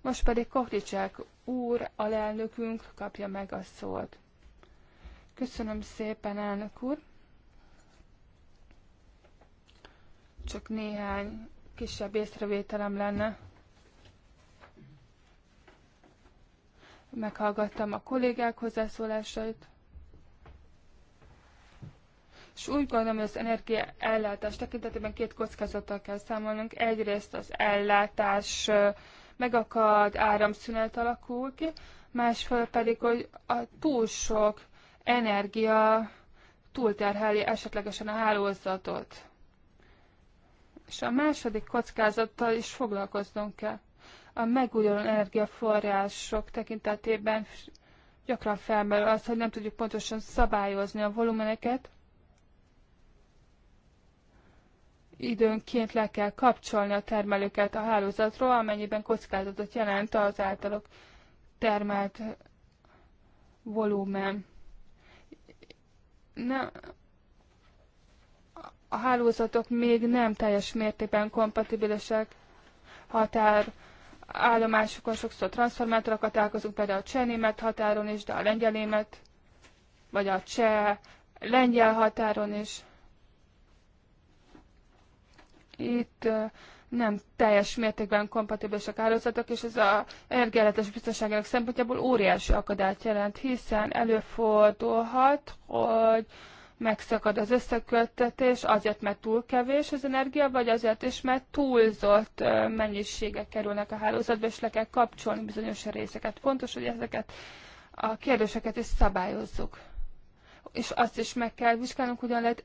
Most pedig Kohlicsák úr, alelnökünk kapja meg a szót. Köszönöm szépen, elnök úr! Csak néhány kisebb észrevételem lenne. Meghallgattam a kollégák hozzászólásait és úgy gondolom, hogy az energiaellátás tekintetében két kockázattal kell számolnunk. Egyrészt az ellátás megakad, áramszünet alakul ki, másfél pedig, hogy a túl sok energia túlterheli esetlegesen a hálózatot. És a második kockázattal is foglalkoznunk kell. A megújuló energiaforrások tekintetében gyakran felmerül az, hogy nem tudjuk pontosan szabályozni a volumeneket, időnként le kell kapcsolni a termelőket a hálózatról, amennyiben kockázatot jelent az általuk termelt volumen. Na a hálózatok még nem teljes mértékben kompatibilisek határ állomásokon sokszor transformátorokat találkozunk, például a cseh-német határon is, de a lengyel-német, vagy a cseh-lengyel határon is itt nem teljes mértékben kompatibilisek hálózatok, és ez a energiállátás biztonságának szempontjából óriási akadályt jelent, hiszen előfordulhat, hogy megszakad az összeköttetés, azért, mert túl kevés az energia, vagy azért is, mert túlzott mennyiségek kerülnek a hálózatba, és le kell kapcsolni bizonyos részeket. Fontos, hogy ezeket a kérdéseket is szabályozzuk. És azt is meg kell vizsgálnunk, hogyan lehet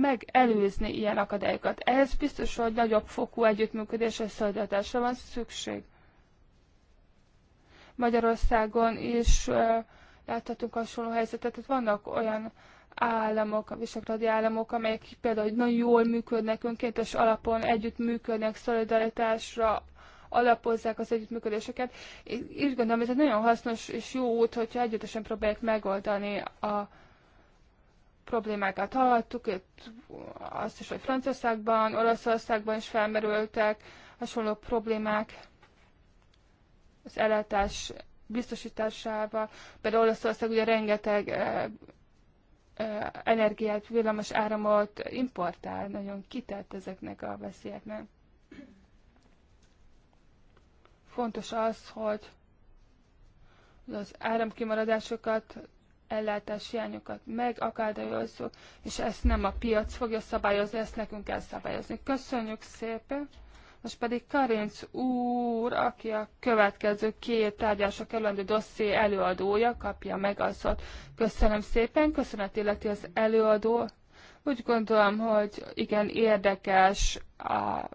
megelőzni ilyen akadályokat. Ehhez biztos, hogy nagyobb fokú együttműködésre, szolidatásra van szükség. Magyarországon is uh, láthatunk hasonló helyzetet. Tehát vannak olyan államok, a visegrádi államok, amelyek például nagyon jól működnek, önkéntes alapon együtt működnek, szolidaritásra alapozzák az együttműködéseket. Én úgy gondolom, ez egy nagyon hasznos és jó út, hogyha együttesen próbálják megoldani a problémákat hallottuk, itt azt is, hogy Franciaországban, Olaszországban is felmerültek hasonló problémák az ellátás biztosításával. Például Olaszország ugye rengeteg e, e, energiát, villamos áramot importál, nagyon kitett ezeknek a veszélyeknek. Fontos az, hogy az áramkimaradásokat ellátási hiányokat megakadályozzuk, és ezt nem a piac fogja szabályozni, ezt nekünk kell szabályozni. Köszönjük szépen! Most pedig Karinc úr, aki a következő két tárgyásra kerülendő dosszé előadója, kapja meg az ott. Köszönöm szépen, köszönet illeti az előadó. Úgy gondolom, hogy igen érdekes a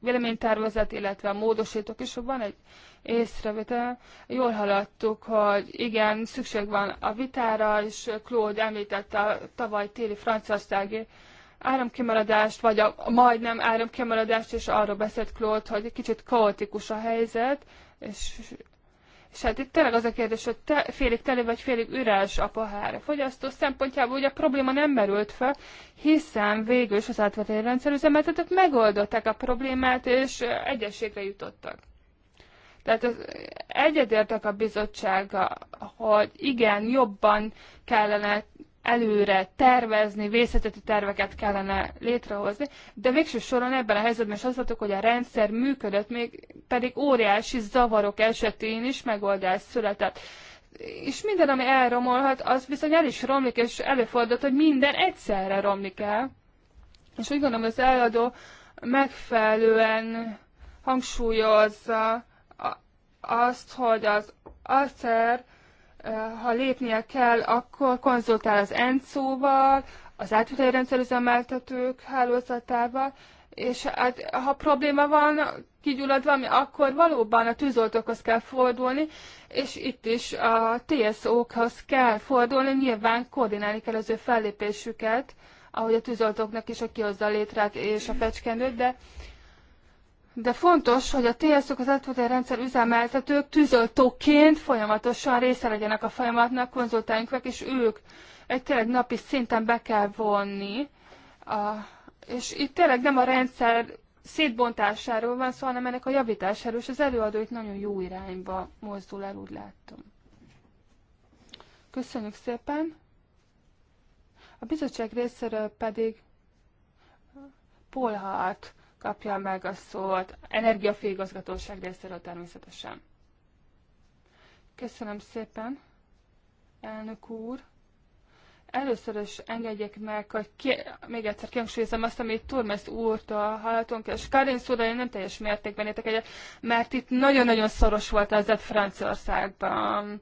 véleménytervezet, illetve a módosítók is, van egy észrevétel. Jól hallottuk, hogy igen, szükség van a vitára, és Claude említette a tavaly téli franciaországi áramkimaradást, vagy a majdnem áramkimaradást, és arról beszélt Claude, hogy egy kicsit kaotikus a helyzet, és és hát itt tényleg az a kérdés, hogy te, félig teli vagy félig üres a pohár. A fogyasztó szempontjából ugye a probléma nem merült fel, hiszen végül is az rendszer üzemeltetők megoldották a problémát, és egyességre jutottak. Tehát az, egyedértek a bizottsága, hogy igen, jobban kellene előre tervezni, vészeteti terveket kellene létrehozni, de végső soron ebben a helyzetben is azt hogy a rendszer működött, még pedig óriási zavarok esetén is megoldás született. És minden, ami elromolhat, az viszont el is romlik, és előfordult, hogy minden egyszerre romlik el. És úgy gondolom, az eladó megfelelően hangsúlyozza azt, hogy az acer ha lépnie kell, akkor konzultál az ENCO-val, az átvételi rendszerüzemeltetők hálózatával, és hát, ha probléma van, kigyullad valami, akkor valóban a tűzoltókhoz kell fordulni, és itt is a TSO-khoz kell fordulni, nyilván koordinálni kell az ő fellépésüket, ahogy a tűzoltóknak is aki hozza a létrát és a fecskendőt, de de fontos, hogy a TSZ-ok, az átvételi rendszer üzemeltetők tűzoltóként folyamatosan része legyenek a folyamatnak, konzultáljunk és ők egy tényleg napi szinten be kell vonni. A, és itt tényleg nem a rendszer szétbontásáról van szó, hanem ennek a javításáról, és az előadó itt nagyon jó irányba mozdul el, úgy láttam. Köszönjük szépen! A bizottság részéről pedig Polhat kapja meg a szót. energiafélgazgatóság részéről természetesen. Köszönöm szépen, elnök úr. Először is engedjék meg, hogy ki, még egyszer kihangsúlyozom azt, amit Turmes úrtól hallottunk, és Karin szóra én nem teljes mértékben értek egyet, mert itt nagyon-nagyon szoros volt az Franciaországban.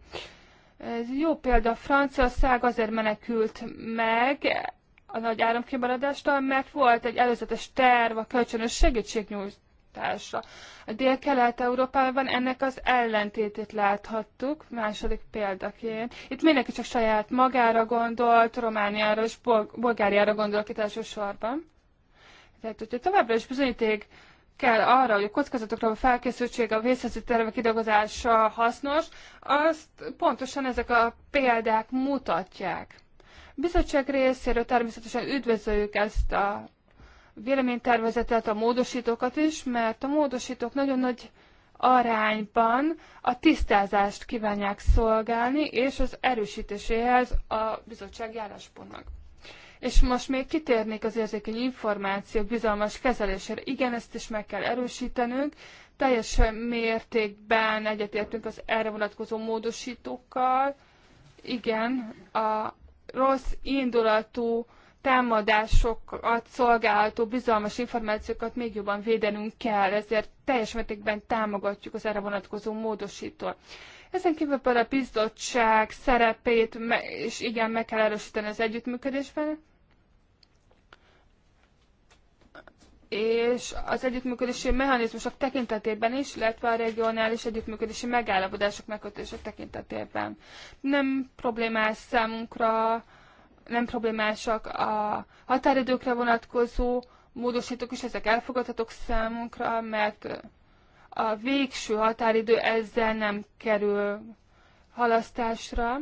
Ez jó példa, Franciaország azért menekült meg, a nagy áramkimaradástól, mert volt egy előzetes terv a kölcsönös segítségnyújtásra. A dél-kelet-európában ennek az ellentétét láthattuk, második példaként. Itt mindenki csak saját magára gondolt, Romániára és Bol- Bulgáriára gondolt itt elsősorban. Tehát, hogyha továbbra is bizonyíték kell arra, hogy a kockázatokra a felkészültség, a vészhelyzet tervek kidolgozása hasznos, azt pontosan ezek a példák mutatják. Bizottság részéről természetesen üdvözöljük ezt a véleménytervezetet, a módosítókat is, mert a módosítók nagyon nagy arányban a tisztázást kívánják szolgálni, és az erősítéséhez a bizottság járáspontnak. És most még kitérnék az érzékeny információk bizalmas kezelésére. Igen, ezt is meg kell erősítenünk. Teljes mértékben egyetértünk az erre vonatkozó módosítókkal. Igen, a, rossz indulatú támadásokat szolgálható bizalmas információkat még jobban védenünk kell, ezért teljes mértékben támogatjuk az erre vonatkozó módosítót. Ezen kívül a bizottság szerepét, és igen, meg kell erősíteni az együttműködésben, és az együttműködési mechanizmusok tekintetében is, illetve a regionális együttműködési megállapodások megkötések tekintetében. Nem problémás számunkra, nem problémásak a határidőkre vonatkozó módosítók is, ezek elfogadhatók számunkra, mert a végső határidő ezzel nem kerül halasztásra,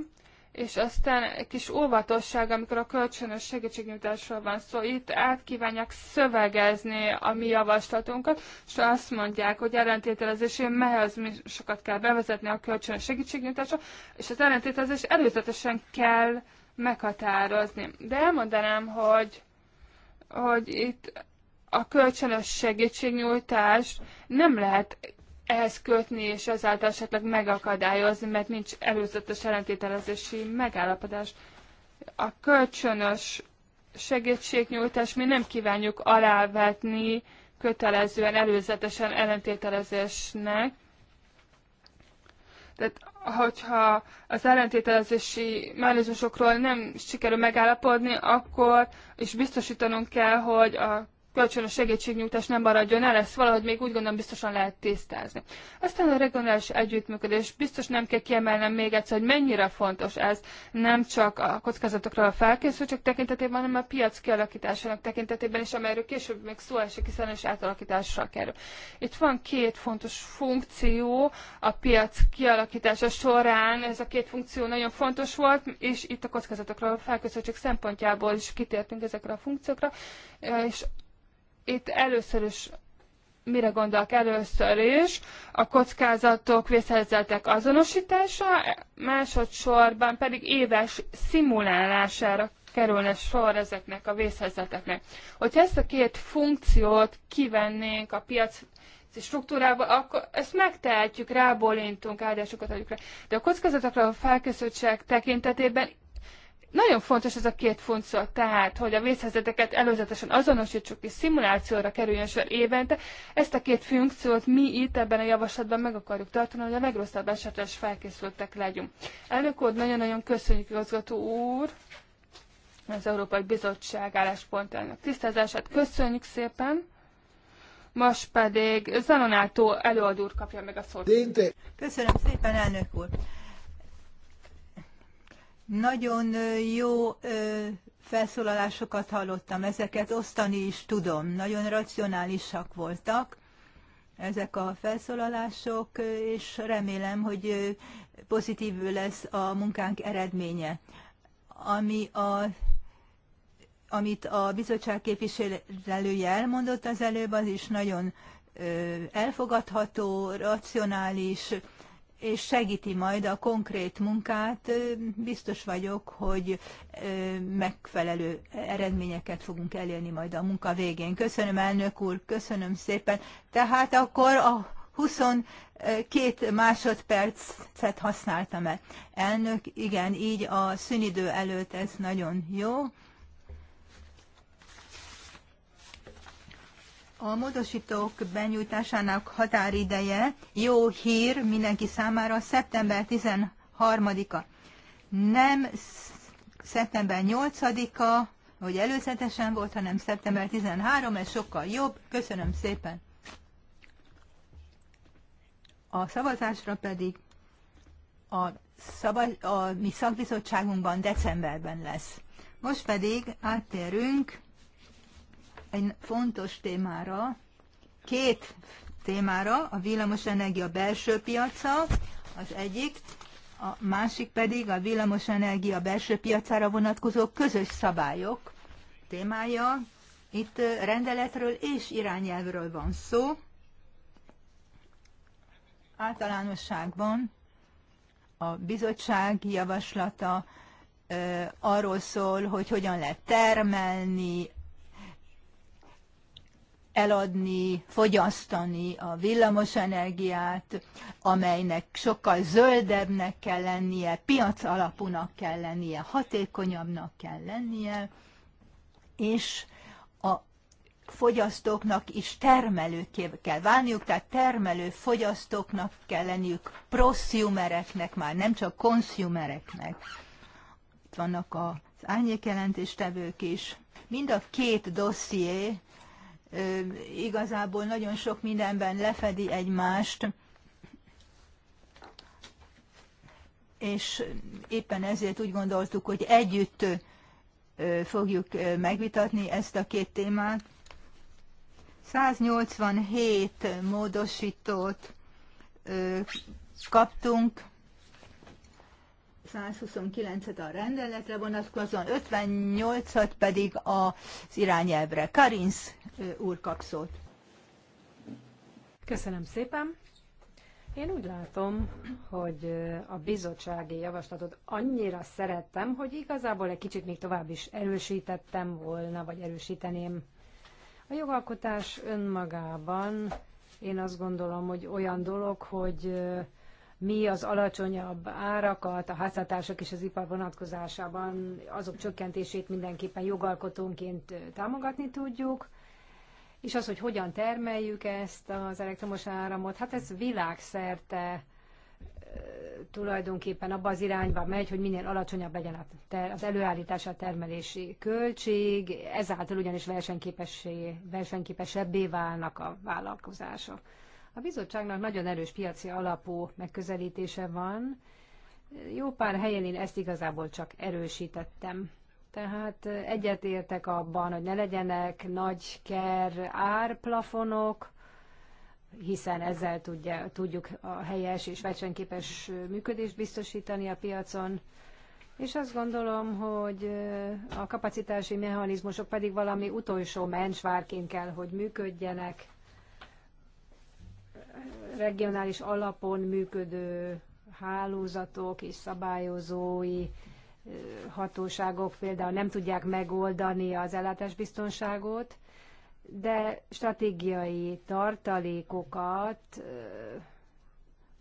és aztán egy kis óvatosság, amikor a kölcsönös segítségnyújtásról van szó. Szóval itt át kívánják szövegezni a mi javaslatunkat, és azt mondják, hogy ellentételezési mechanizmusokat kell bevezetni a kölcsönös segítségnyújtásra, és az ellentételezés előzetesen kell meghatározni. De elmondanám, hogy, hogy itt a kölcsönös segítségnyújtást nem lehet ehhez kötni, és ezáltal esetleg megakadályozni, mert nincs előzetes ellentételezési megállapodás. A kölcsönös segítségnyújtás mi nem kívánjuk alávetni kötelezően, előzetesen ellentételezésnek. Tehát, hogyha az ellentételezési mechanizmusokról nem sikerül megállapodni, akkor is biztosítanunk kell, hogy a kölcsönös segítségnyújtás nem maradjon el, ezt valahogy még úgy gondolom biztosan lehet tisztázni. Aztán a regionális együttműködés, biztos nem kell kiemelnem még egyszer, hogy mennyire fontos ez, nem csak a kockázatokra a felkészültség tekintetében, hanem a piac kialakításának tekintetében is, amelyről később még szó esik, hiszen is átalakításra kerül. Itt van két fontos funkció a piac kialakítása során, ez a két funkció nagyon fontos volt, és itt a kockázatokra a felkészültség szempontjából is kitértünk ezekre a funkciókra, és itt először is mire gondolok először is, a kockázatok vészhelyzetek azonosítása, másodszorban pedig éves szimulálására kerülne sor ezeknek a vészhelyzeteknek. Hogyha ezt a két funkciót kivennénk a piac struktúrába, akkor ezt megtehetjük, rábólintunk, áldásokat adjuk rá. De a kockázatokra a felkészültség tekintetében nagyon fontos ez a két funkció, tehát, hogy a vészhelyzeteket előzetesen azonosítsuk és szimulációra kerüljön sor évente. Ezt a két funkciót mi itt ebben a javaslatban meg akarjuk tartani, hogy a legrosszabb esetre is felkészültek legyünk. Elnök úr, nagyon-nagyon köszönjük, igazgató úr, az Európai Bizottság álláspontjának tisztázását. Köszönjük szépen! Most pedig Zanonától előadó úr kapja meg a szót. Köszönöm szépen, elnök úr! Nagyon jó felszólalásokat hallottam, ezeket osztani is tudom. Nagyon racionálisak voltak ezek a felszólalások, és remélem, hogy pozitív lesz a munkánk eredménye. Ami a amit a bizottság képviselője elmondott az előbb, az is nagyon elfogadható, racionális, és segíti majd a konkrét munkát. Biztos vagyok, hogy megfelelő eredményeket fogunk elérni majd a munka végén. Köszönöm, elnök úr, köszönöm szépen. Tehát akkor a 22 másodpercet használtam el. Elnök, igen, így a szünidő előtt ez nagyon jó. A módosítók benyújtásának határideje jó hír mindenki számára szeptember 13-a. Nem szeptember 8-a, hogy előzetesen volt, hanem szeptember 13, ez sokkal jobb. Köszönöm szépen! A szavazásra pedig a, szava, a mi szakbizottságunkban decemberben lesz. Most pedig áttérünk egy fontos témára, két témára, a villamosenergia belső piaca az egyik, a másik pedig a villamosenergia belső piacára vonatkozó közös szabályok témája. Itt rendeletről és irányelvről van szó. Általánosságban a bizottság javaslata arról szól, hogy hogyan lehet termelni, eladni, fogyasztani a villamosenergiát, amelynek sokkal zöldebbnek kell lennie, piac alapúnak kell lennie, hatékonyabbnak kell lennie, és a fogyasztóknak is termelőké kell válniuk, tehát termelő fogyasztóknak kell lenniük, proszumereknek már, nem csak konszumereknek. Itt vannak az árnyékjelentéstevők is. Mind a két dosszié igazából nagyon sok mindenben lefedi egymást, és éppen ezért úgy gondoltuk, hogy együtt fogjuk megvitatni ezt a két témát. 187 módosítót kaptunk, 129-et a rendeletre vonatkozóan, 58-at pedig az irányelvre. Karinsz úr kap szót. Köszönöm szépen. Én úgy látom, hogy a bizottsági javaslatot annyira szerettem, hogy igazából egy kicsit még tovább is erősítettem volna, vagy erősíteném. A jogalkotás önmagában én azt gondolom, hogy olyan dolog, hogy mi az alacsonyabb árakat a háztartások és az ipar vonatkozásában azok csökkentését mindenképpen jogalkotónként támogatni tudjuk, és az, hogy hogyan termeljük ezt az elektromos áramot, hát ez világszerte tulajdonképpen abba az irányba megy, hogy minél alacsonyabb legyen az előállítása a termelési költség, ezáltal ugyanis versenyképessé, versenyképesebbé válnak a vállalkozások. A bizottságnak nagyon erős piaci alapú megközelítése van. Jó pár helyen én ezt igazából csak erősítettem. Tehát egyetértek abban, hogy ne legyenek nagy ker árplafonok, hiszen ezzel tudja, tudjuk a helyes és versenyképes működést biztosítani a piacon. És azt gondolom, hogy a kapacitási mechanizmusok pedig valami utolsó mencsvárként kell, hogy működjenek, regionális alapon működő hálózatok és szabályozói hatóságok például nem tudják megoldani az ellátásbiztonságot, de stratégiai tartalékokat,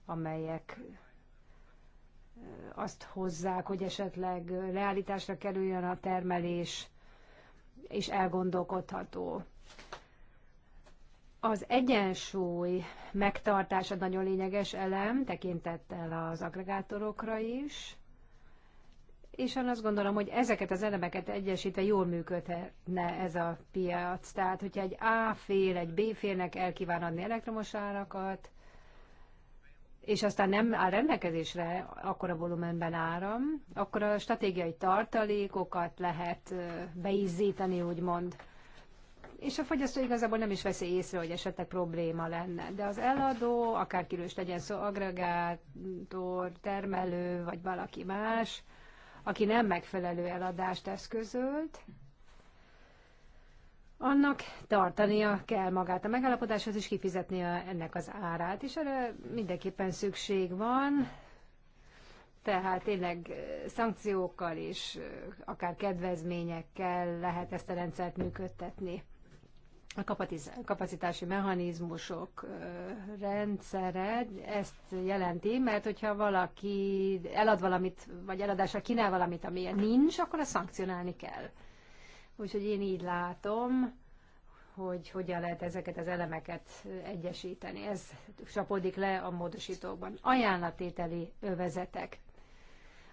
amelyek azt hozzák, hogy esetleg leállításra kerüljön a termelés, és elgondolkodható. Az egyensúly megtartása nagyon lényeges elem, tekintettel az agregátorokra is, és én azt gondolom, hogy ezeket az elemeket egyesítve jól működhetne ez a piac. Tehát, hogyha egy A fél, egy B félnek el kíván adni elektromos árakat, és aztán nem áll rendelkezésre akkor a volumenben áram, akkor a stratégiai tartalékokat lehet beizzítani, úgymond és a fogyasztó igazából nem is veszi észre, hogy esetleg probléma lenne. De az eladó, akár is legyen szó, agregátor, termelő, vagy valaki más, aki nem megfelelő eladást eszközölt, annak tartania kell magát a megállapodáshoz, és kifizetnie ennek az árát, és erre mindenképpen szükség van, tehát tényleg szankciókkal és akár kedvezményekkel lehet ezt a rendszert működtetni a kapacitási mechanizmusok rendszere ezt jelenti, mert hogyha valaki elad valamit, vagy eladásra kínál valamit, ami nincs, akkor ezt szankcionálni kell. Úgyhogy én így látom, hogy hogyan lehet ezeket az elemeket egyesíteni. Ez csapódik le a módosítókban. Ajánlatételi övezetek.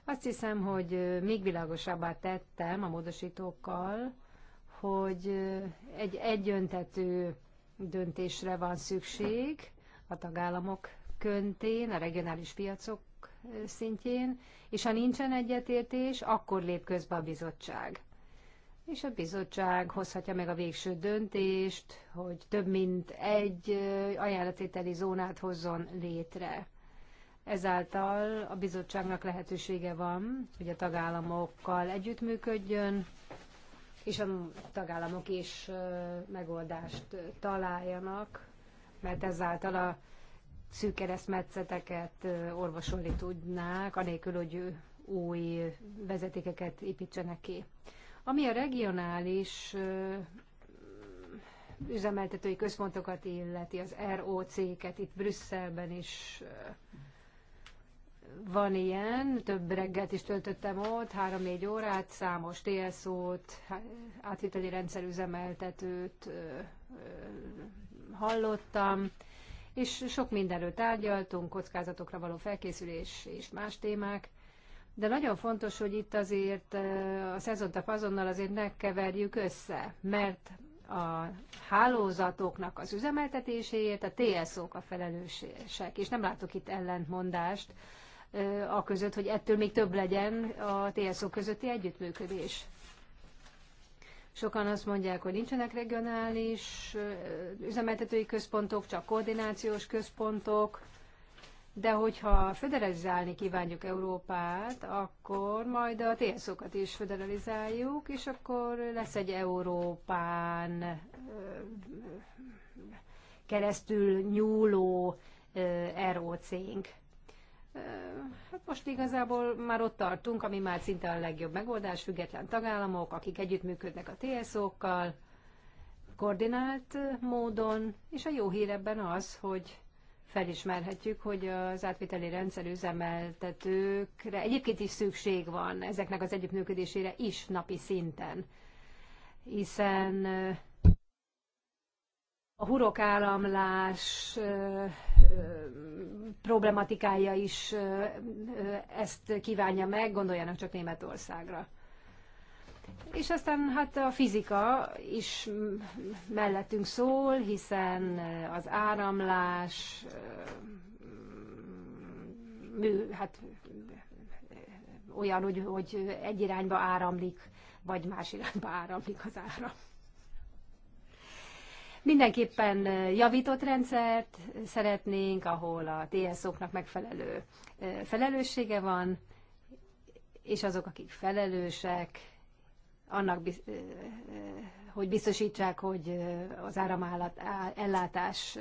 Azt hiszem, hogy még világosabbá tettem a módosítókkal, hogy egy egyöntetű döntésre van szükség a tagállamok köntén, a regionális piacok szintjén, és ha nincsen egyetértés, akkor lép közbe a bizottság. És a bizottság hozhatja meg a végső döntést, hogy több mint egy ajánlatételi zónát hozzon létre. Ezáltal a bizottságnak lehetősége van, hogy a tagállamokkal együttműködjön, és a tagállamok is megoldást találjanak, mert ezáltal a szűk keresztmetszeteket orvosolni tudnák, anélkül, hogy új vezetékeket építsenek ki. Ami a regionális üzemeltetői központokat illeti, az ROC-ket itt Brüsszelben is van ilyen, több reggelt is töltöttem ott, három 4 órát, számos TSO-t, átviteli rendszerüzemeltetőt hallottam, és sok mindenről tárgyaltunk, kockázatokra való felkészülés és más témák. De nagyon fontos, hogy itt azért a szezontap azonnal azért ne keverjük össze, mert a hálózatoknak az üzemeltetéséért a TSO-k a felelősek, és nem látok itt ellentmondást a között, hogy ettől még több legyen a TSO közötti együttműködés. Sokan azt mondják, hogy nincsenek regionális üzemeltetői központok, csak koordinációs központok, de hogyha federalizálni kívánjuk Európát, akkor majd a tso okat is federalizáljuk, és akkor lesz egy Európán keresztül nyúló ROC-nk. Hát most igazából már ott tartunk, ami már szinte a legjobb megoldás, független tagállamok, akik együttműködnek a tso okkal koordinált módon, és a jó hír ebben az, hogy felismerhetjük, hogy az átviteli rendszer üzemeltetőkre egyébként is szükség van ezeknek az együttműködésére is napi szinten, hiszen a hurokállamlás problematikája is ezt kívánja meg, gondoljanak csak Németországra. És aztán hát a fizika is mellettünk szól, hiszen az áramlás, mű, hát olyan, hogy, hogy egy irányba áramlik, vagy más irányba áramlik az áram. Mindenképpen javított rendszert szeretnénk, ahol a TSZ-oknak megfelelő felelőssége van, és azok, akik felelősek, annak, hogy biztosítsák, hogy az áramállat ellátás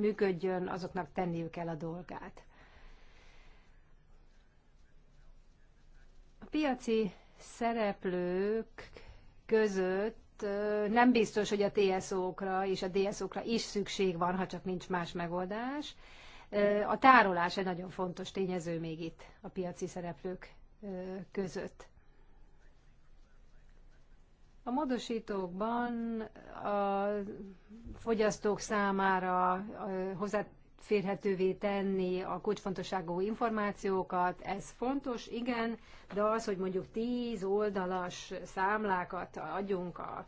működjön, azoknak tenniük kell a dolgát. A piaci szereplők között nem biztos, hogy a TSO-kra és a DSO-kra is szükség van, ha csak nincs más megoldás. A tárolás egy nagyon fontos tényező még itt a piaci szereplők között. A módosítókban a fogyasztók számára hozzá férhetővé tenni a kulcsfontosságú információkat, ez fontos, igen, de az, hogy mondjuk tíz oldalas számlákat adjunk a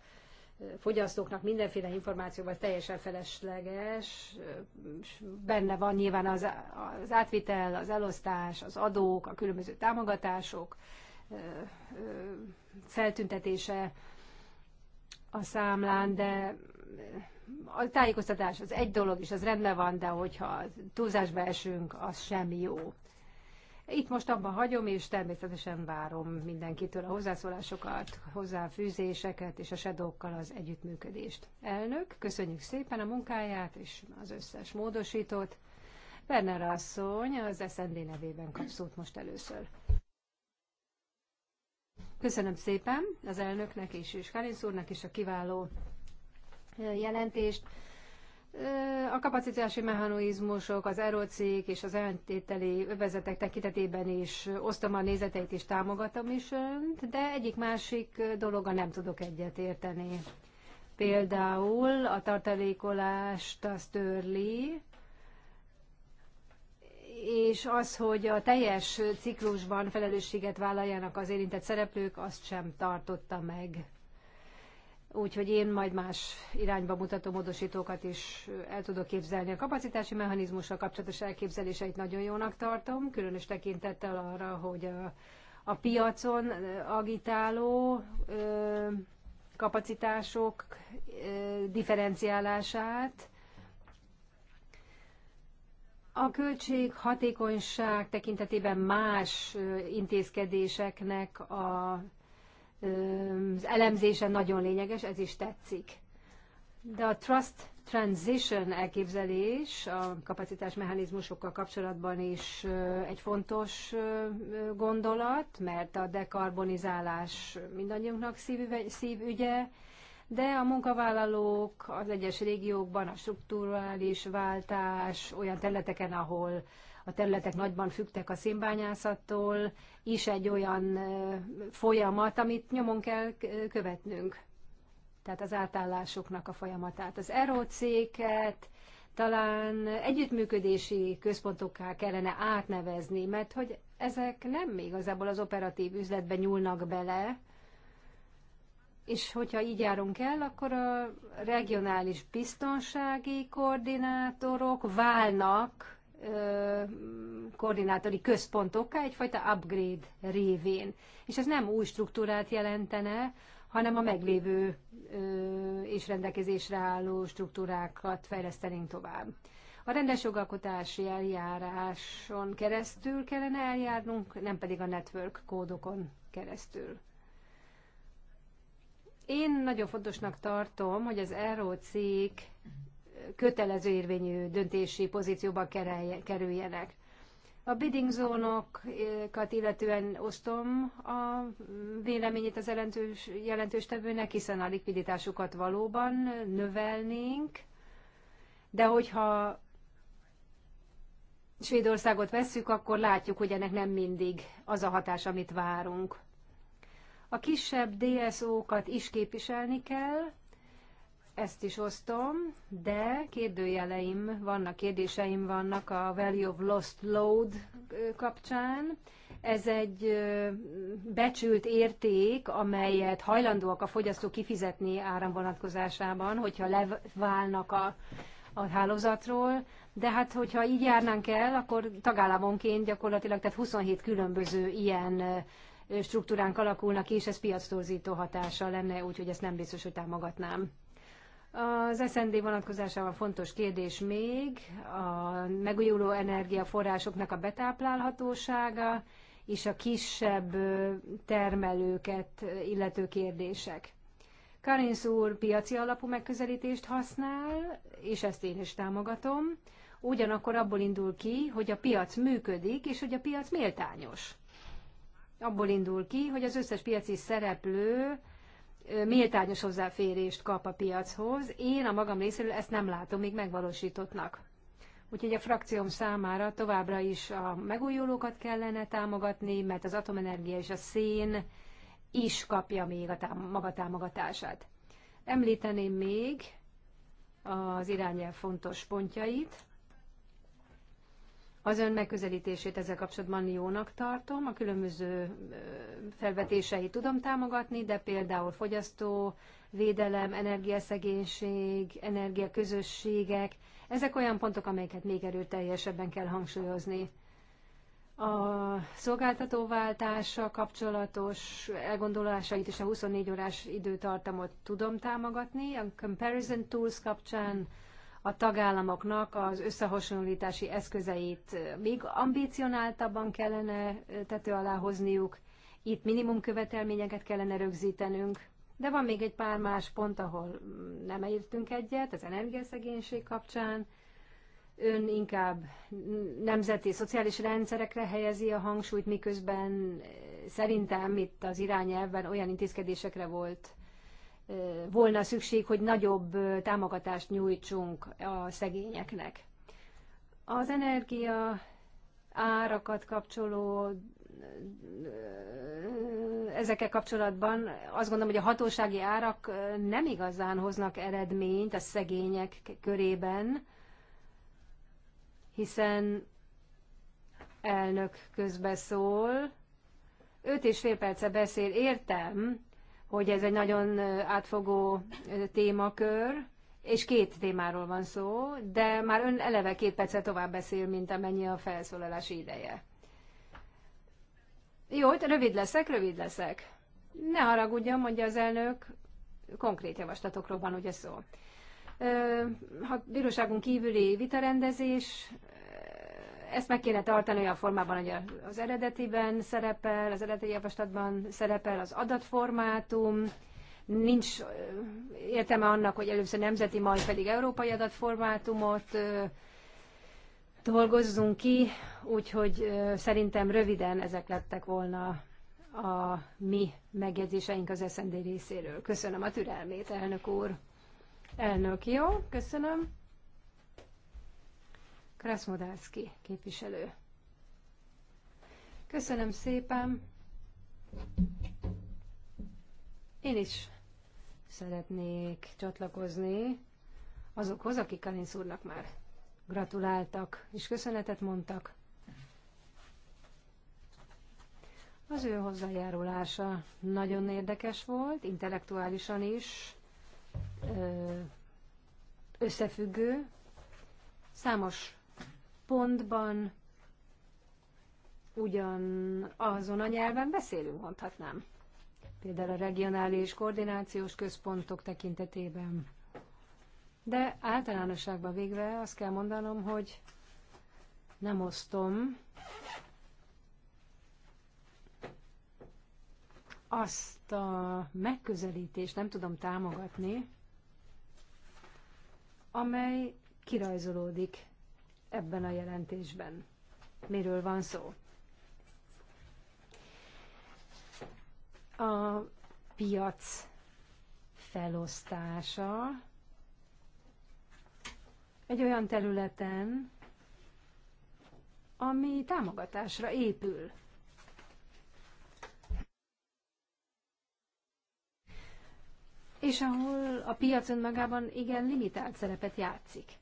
fogyasztóknak mindenféle információval teljesen felesleges, benne van nyilván az, az átvitel, az elosztás, az adók, a különböző támogatások feltüntetése a számlán, de a tájékoztatás az egy dolog, és az rendben van, de hogyha túlzásba esünk, az sem jó. Itt most abban hagyom, és természetesen várom mindenkitől a hozzászólásokat, hozzáfűzéseket és a sedókkal az együttműködést. Elnök, köszönjük szépen a munkáját és az összes módosítót. Werner asszony az SND nevében kap szót most először. Köszönöm szépen az elnöknek és Karinsz úrnak is a kiváló jelentést. A kapacitási mechanizmusok, az erocék és az eltételi övezetek tekintetében is osztom a nézeteit és támogatom is önt, de egyik másik dologa nem tudok egyet érteni. Például a tartalékolást az törli, és az, hogy a teljes ciklusban felelősséget vállaljanak az érintett szereplők, azt sem tartotta meg Úgyhogy én majd más irányba mutató módosítókat is el tudok képzelni. A kapacitási mechanizmussal kapcsolatos elképzeléseit nagyon jónak tartom, különös tekintettel arra, hogy a, a piacon agitáló ö, kapacitások ö, differenciálását, a költség hatékonyság tekintetében más intézkedéseknek a az elemzése nagyon lényeges, ez is tetszik. De a Trust Transition elképzelés a kapacitás mechanizmusokkal kapcsolatban is egy fontos gondolat, mert a dekarbonizálás mindannyiunknak szívügye, de a munkavállalók az egyes régiókban a struktúrális váltás olyan területeken, ahol a területek nagyban függtek a szénbányászattól, is egy olyan folyamat, amit nyomon kell követnünk. Tehát az átállásoknak a folyamatát. Az ERO talán együttműködési központokká kellene átnevezni, mert hogy ezek nem igazából az operatív üzletbe nyúlnak bele, és hogyha így járunk el, akkor a regionális biztonsági koordinátorok válnak koordinátori központokká, egyfajta upgrade révén. És ez nem új struktúrát jelentene, hanem a meglévő és rendelkezésre álló struktúrákat fejlesztenénk tovább. A rendes jogalkotási eljáráson keresztül kellene eljárnunk, nem pedig a network kódokon keresztül. Én nagyon fontosnak tartom, hogy az ROC kötelező érvényű döntési pozícióba kerüljenek. A bidding zónokat illetően osztom a véleményét az jelentős, jelentős tevőnek, hiszen a likviditásukat valóban növelnénk, de hogyha Svédországot vesszük, akkor látjuk, hogy ennek nem mindig az a hatás, amit várunk. A kisebb DSO-kat is képviselni kell, ezt is osztom, de kérdőjeleim vannak, kérdéseim vannak a Value of Lost Load kapcsán. Ez egy becsült érték, amelyet hajlandóak a fogyasztók kifizetni áram vonatkozásában, hogyha leválnak a, a hálózatról, de hát, hogyha így járnánk el, akkor tagállamonként gyakorlatilag, tehát 27 különböző ilyen struktúránk alakulnak és ez piactorzító hatása lenne, úgyhogy ezt nem biztos, hogy támogatnám. Az SND vonatkozásával fontos kérdés még a megújuló energiaforrásoknak a betáplálhatósága és a kisebb termelőket illető kérdések. Karin úr piaci alapú megközelítést használ, és ezt én is támogatom. Ugyanakkor abból indul ki, hogy a piac működik, és hogy a piac méltányos. Abból indul ki, hogy az összes piaci szereplő méltányos hozzáférést kap a piachoz. Én a magam részéről ezt nem látom még megvalósítottnak. Úgyhogy a frakcióm számára továbbra is a megújulókat kellene támogatni, mert az atomenergia és a szén is kapja még a tám- maga támogatását. Említeném még az irányel fontos pontjait. Az ön megközelítését ezzel kapcsolatban jónak tartom, a különböző felvetéseit tudom támogatni, de például fogyasztó, védelem, energiaszegénység, energiaközösségek, ezek olyan pontok, amelyeket még erőteljesebben kell hangsúlyozni. A szolgáltatóváltással kapcsolatos elgondolásait és a 24 órás időtartamot tudom támogatni. A comparison tools kapcsán a tagállamoknak az összehasonlítási eszközeit még ambicionáltabban kellene tető alá hozniuk, itt minimum követelményeket kellene rögzítenünk, de van még egy pár más pont, ahol mm, nem értünk egyet, az energiaszegénység kapcsán. Ön inkább mm, nemzeti szociális rendszerekre helyezi a hangsúlyt, miközben szerintem itt az irányelvben olyan intézkedésekre volt volna szükség, hogy nagyobb támogatást nyújtsunk a szegényeknek. Az energia árakat kapcsoló ezekkel kapcsolatban azt gondolom, hogy a hatósági árak nem igazán hoznak eredményt a szegények körében, hiszen elnök közbeszól, öt és fél perce beszél, értem, hogy ez egy nagyon átfogó témakör, és két témáról van szó, de már ön eleve két percet tovább beszél, mint amennyi a felszólalás ideje. Jó, rövid leszek, rövid leszek. Ne haragudjon, mondja az elnök, konkrét javaslatokról van ugye szó. Ha bíróságon kívüli vitarendezés ezt meg kéne tartani olyan formában, hogy az eredetiben szerepel, az eredeti javaslatban szerepel az adatformátum, nincs értelme annak, hogy először nemzeti, majd pedig európai adatformátumot dolgozzunk ki, úgyhogy szerintem röviden ezek lettek volna a mi megjegyzéseink az SZND részéről. Köszönöm a türelmét, elnök úr. Elnök, jó, köszönöm. Kraszmodászki képviselő. Köszönöm szépen. Én is szeretnék csatlakozni azokhoz, akik Kalinsz úrnak már gratuláltak és köszönetet mondtak. Az ő hozzájárulása nagyon érdekes volt, intellektuálisan is összefüggő, számos pontban ugyan azon a nyelven beszélünk, mondhatnám. Például a regionális koordinációs központok tekintetében. De általánosságban végve azt kell mondanom, hogy nem osztom azt a megközelítést nem tudom támogatni, amely kirajzolódik ebben a jelentésben. Miről van szó? A piac felosztása egy olyan területen, ami támogatásra épül. És ahol a piac önmagában igen limitált szerepet játszik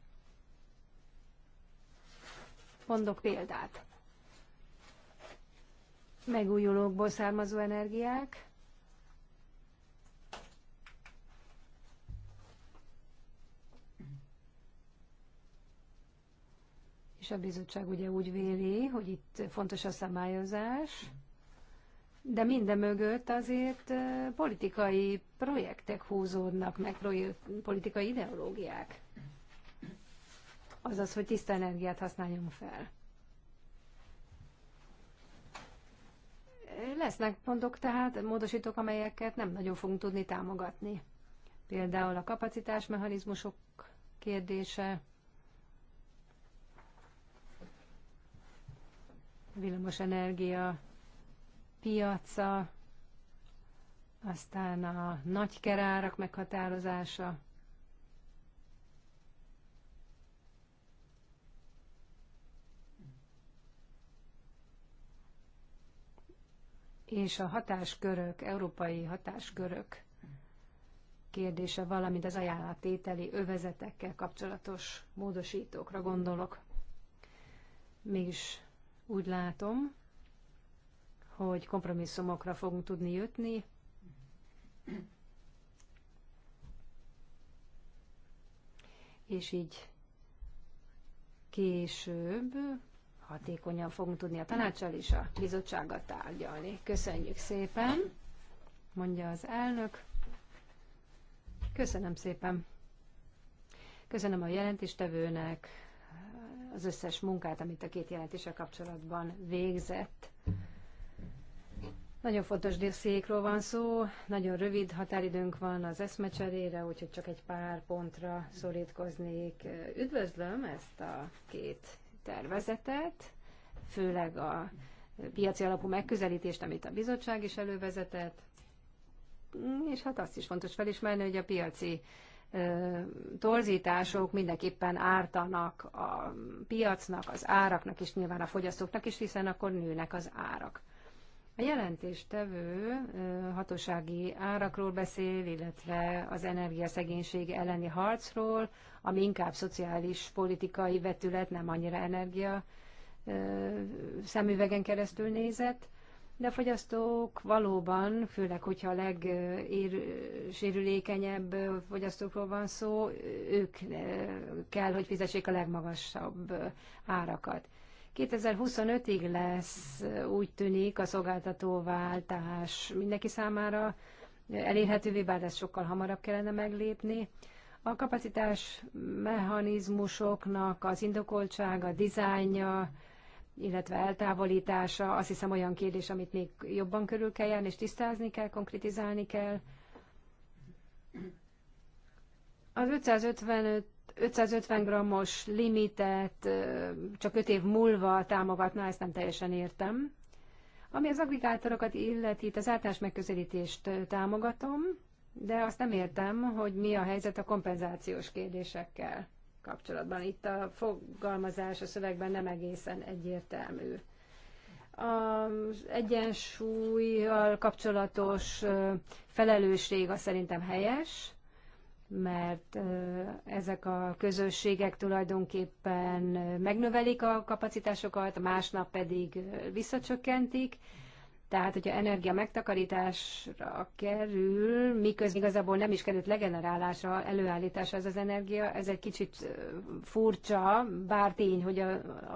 mondok példát. Megújulókból származó energiák, és a bizottság ugye úgy véli, hogy itt fontos a szabályozás, de minden mögött azért politikai projektek húzódnak meg, politikai ideológiák azaz, hogy tiszta energiát használjunk fel. Lesznek pontok tehát, módosítók, amelyeket nem nagyon fogunk tudni támogatni. Például a kapacitásmechanizmusok kérdése, villamosenergia piaca, aztán a nagykerárak meghatározása, és a hatáskörök, európai hatáskörök kérdése, valamint az ajánlatételi övezetekkel kapcsolatos módosítókra gondolok. Mégis úgy látom, hogy kompromisszumokra fogunk tudni jutni. És így később hatékonyan fogunk tudni a tanácsal és a bizottsággal tárgyalni. Köszönjük szépen, mondja az elnök. Köszönöm szépen. Köszönöm a jelentéstevőnek az összes munkát, amit a két jelentéssel kapcsolatban végzett. Nagyon fontos dossziékról van szó, nagyon rövid határidőnk van az eszmecserére, úgyhogy csak egy pár pontra szorítkoznék. Üdvözlöm ezt a két tervezetet, főleg a piaci alapú megközelítést, amit a bizottság is elővezetett, és hát azt is fontos felismerni, hogy a piaci torzítások mindenképpen ártanak a piacnak, az áraknak, és nyilván a fogyasztóknak is, hiszen akkor nőnek az árak jelentéstevő hatósági árakról beszél, illetve az energiaszegénység elleni harcról, ami inkább szociális politikai vetület, nem annyira energia szemüvegen keresztül nézett. De a fogyasztók valóban, főleg, hogyha a legsérülékenyebb fogyasztókról van szó, ők kell, hogy fizessék a legmagasabb árakat. 2025-ig lesz, úgy tűnik, a szolgáltatóváltás mindenki számára elérhetővé, bár ezt sokkal hamarabb kellene meglépni. A kapacitás mechanizmusoknak az indokoltsága, a dizájnja, illetve eltávolítása, azt hiszem olyan kérdés, amit még jobban körül kell járni, és tisztázni kell, konkrétizálni kell. Az 555 550 grammos limitet csak 5 év múlva támogatná, ezt nem teljesen értem. Ami az aggregátorokat illeti, az általános megközelítést támogatom, de azt nem értem, hogy mi a helyzet a kompenzációs kérdésekkel kapcsolatban. Itt a fogalmazás a szövegben nem egészen egyértelmű. Az egyensúlyjal kapcsolatos felelősség az szerintem helyes, mert ezek a közösségek tulajdonképpen megnövelik a kapacitásokat, másnap pedig visszacsökkentik. Tehát, hogyha energia megtakarításra kerül, miközben igazából nem is került legenerálásra, előállítása ez az energia, ez egy kicsit furcsa, bár tény, hogy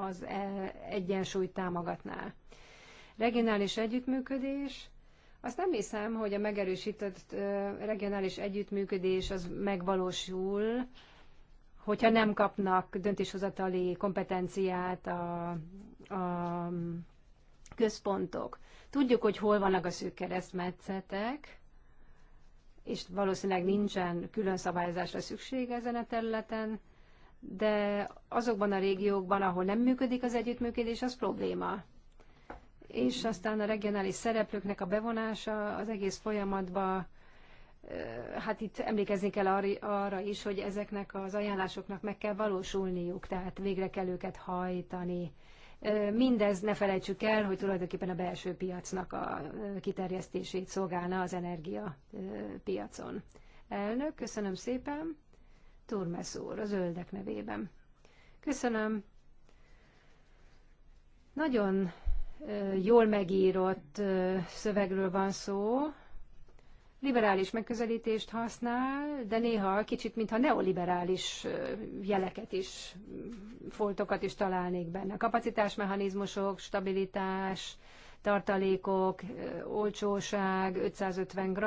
az e, egyensúlyt támogatná. Regionális együttműködés azt nem hiszem, hogy a megerősített regionális együttműködés az megvalósul, hogyha nem kapnak döntéshozatali kompetenciát a, a központok. Tudjuk, hogy hol vannak a szűk keresztmetszetek, és valószínűleg nincsen külön szabályozásra szükség ezen a területen, de azokban a régiókban, ahol nem működik az együttműködés, az probléma és aztán a regionális szereplőknek a bevonása az egész folyamatba, hát itt emlékezni kell arra is, hogy ezeknek az ajánlásoknak meg kell valósulniuk, tehát végre kell őket hajtani. Mindez ne felejtsük el, hogy tulajdonképpen a belső piacnak a kiterjesztését szolgálna az energiapiacon. Elnök, köszönöm szépen. Turmes úr, a zöldek nevében. Köszönöm. Nagyon jól megírott szövegről van szó, liberális megközelítést használ, de néha kicsit, mintha neoliberális jeleket is, foltokat is találnék benne. Kapacitásmechanizmusok, stabilitás, tartalékok, olcsóság, 550 g,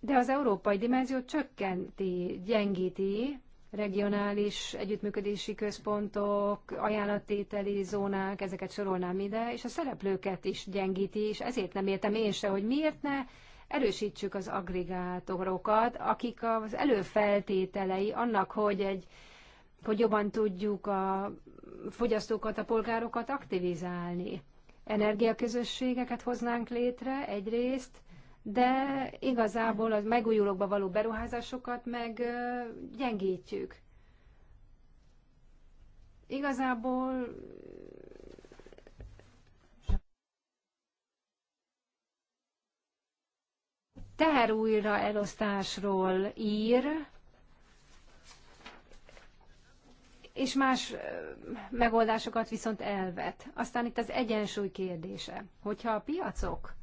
de az európai dimenziót csökkenti, gyengíti, regionális együttműködési központok, ajánlattételi zónák, ezeket sorolnám ide, és a szereplőket is gyengíti, és ezért nem értem én se, hogy miért ne erősítsük az aggregátorokat, akik az előfeltételei annak, hogy egy hogy jobban tudjuk a fogyasztókat, a polgárokat aktivizálni. Energiaközösségeket hoznánk létre egyrészt, de igazából az megújulókba való beruházásokat meg gyengítjük. Igazából újra elosztásról ír, és más megoldásokat viszont elvet. Aztán itt az egyensúly kérdése. Hogyha a piacok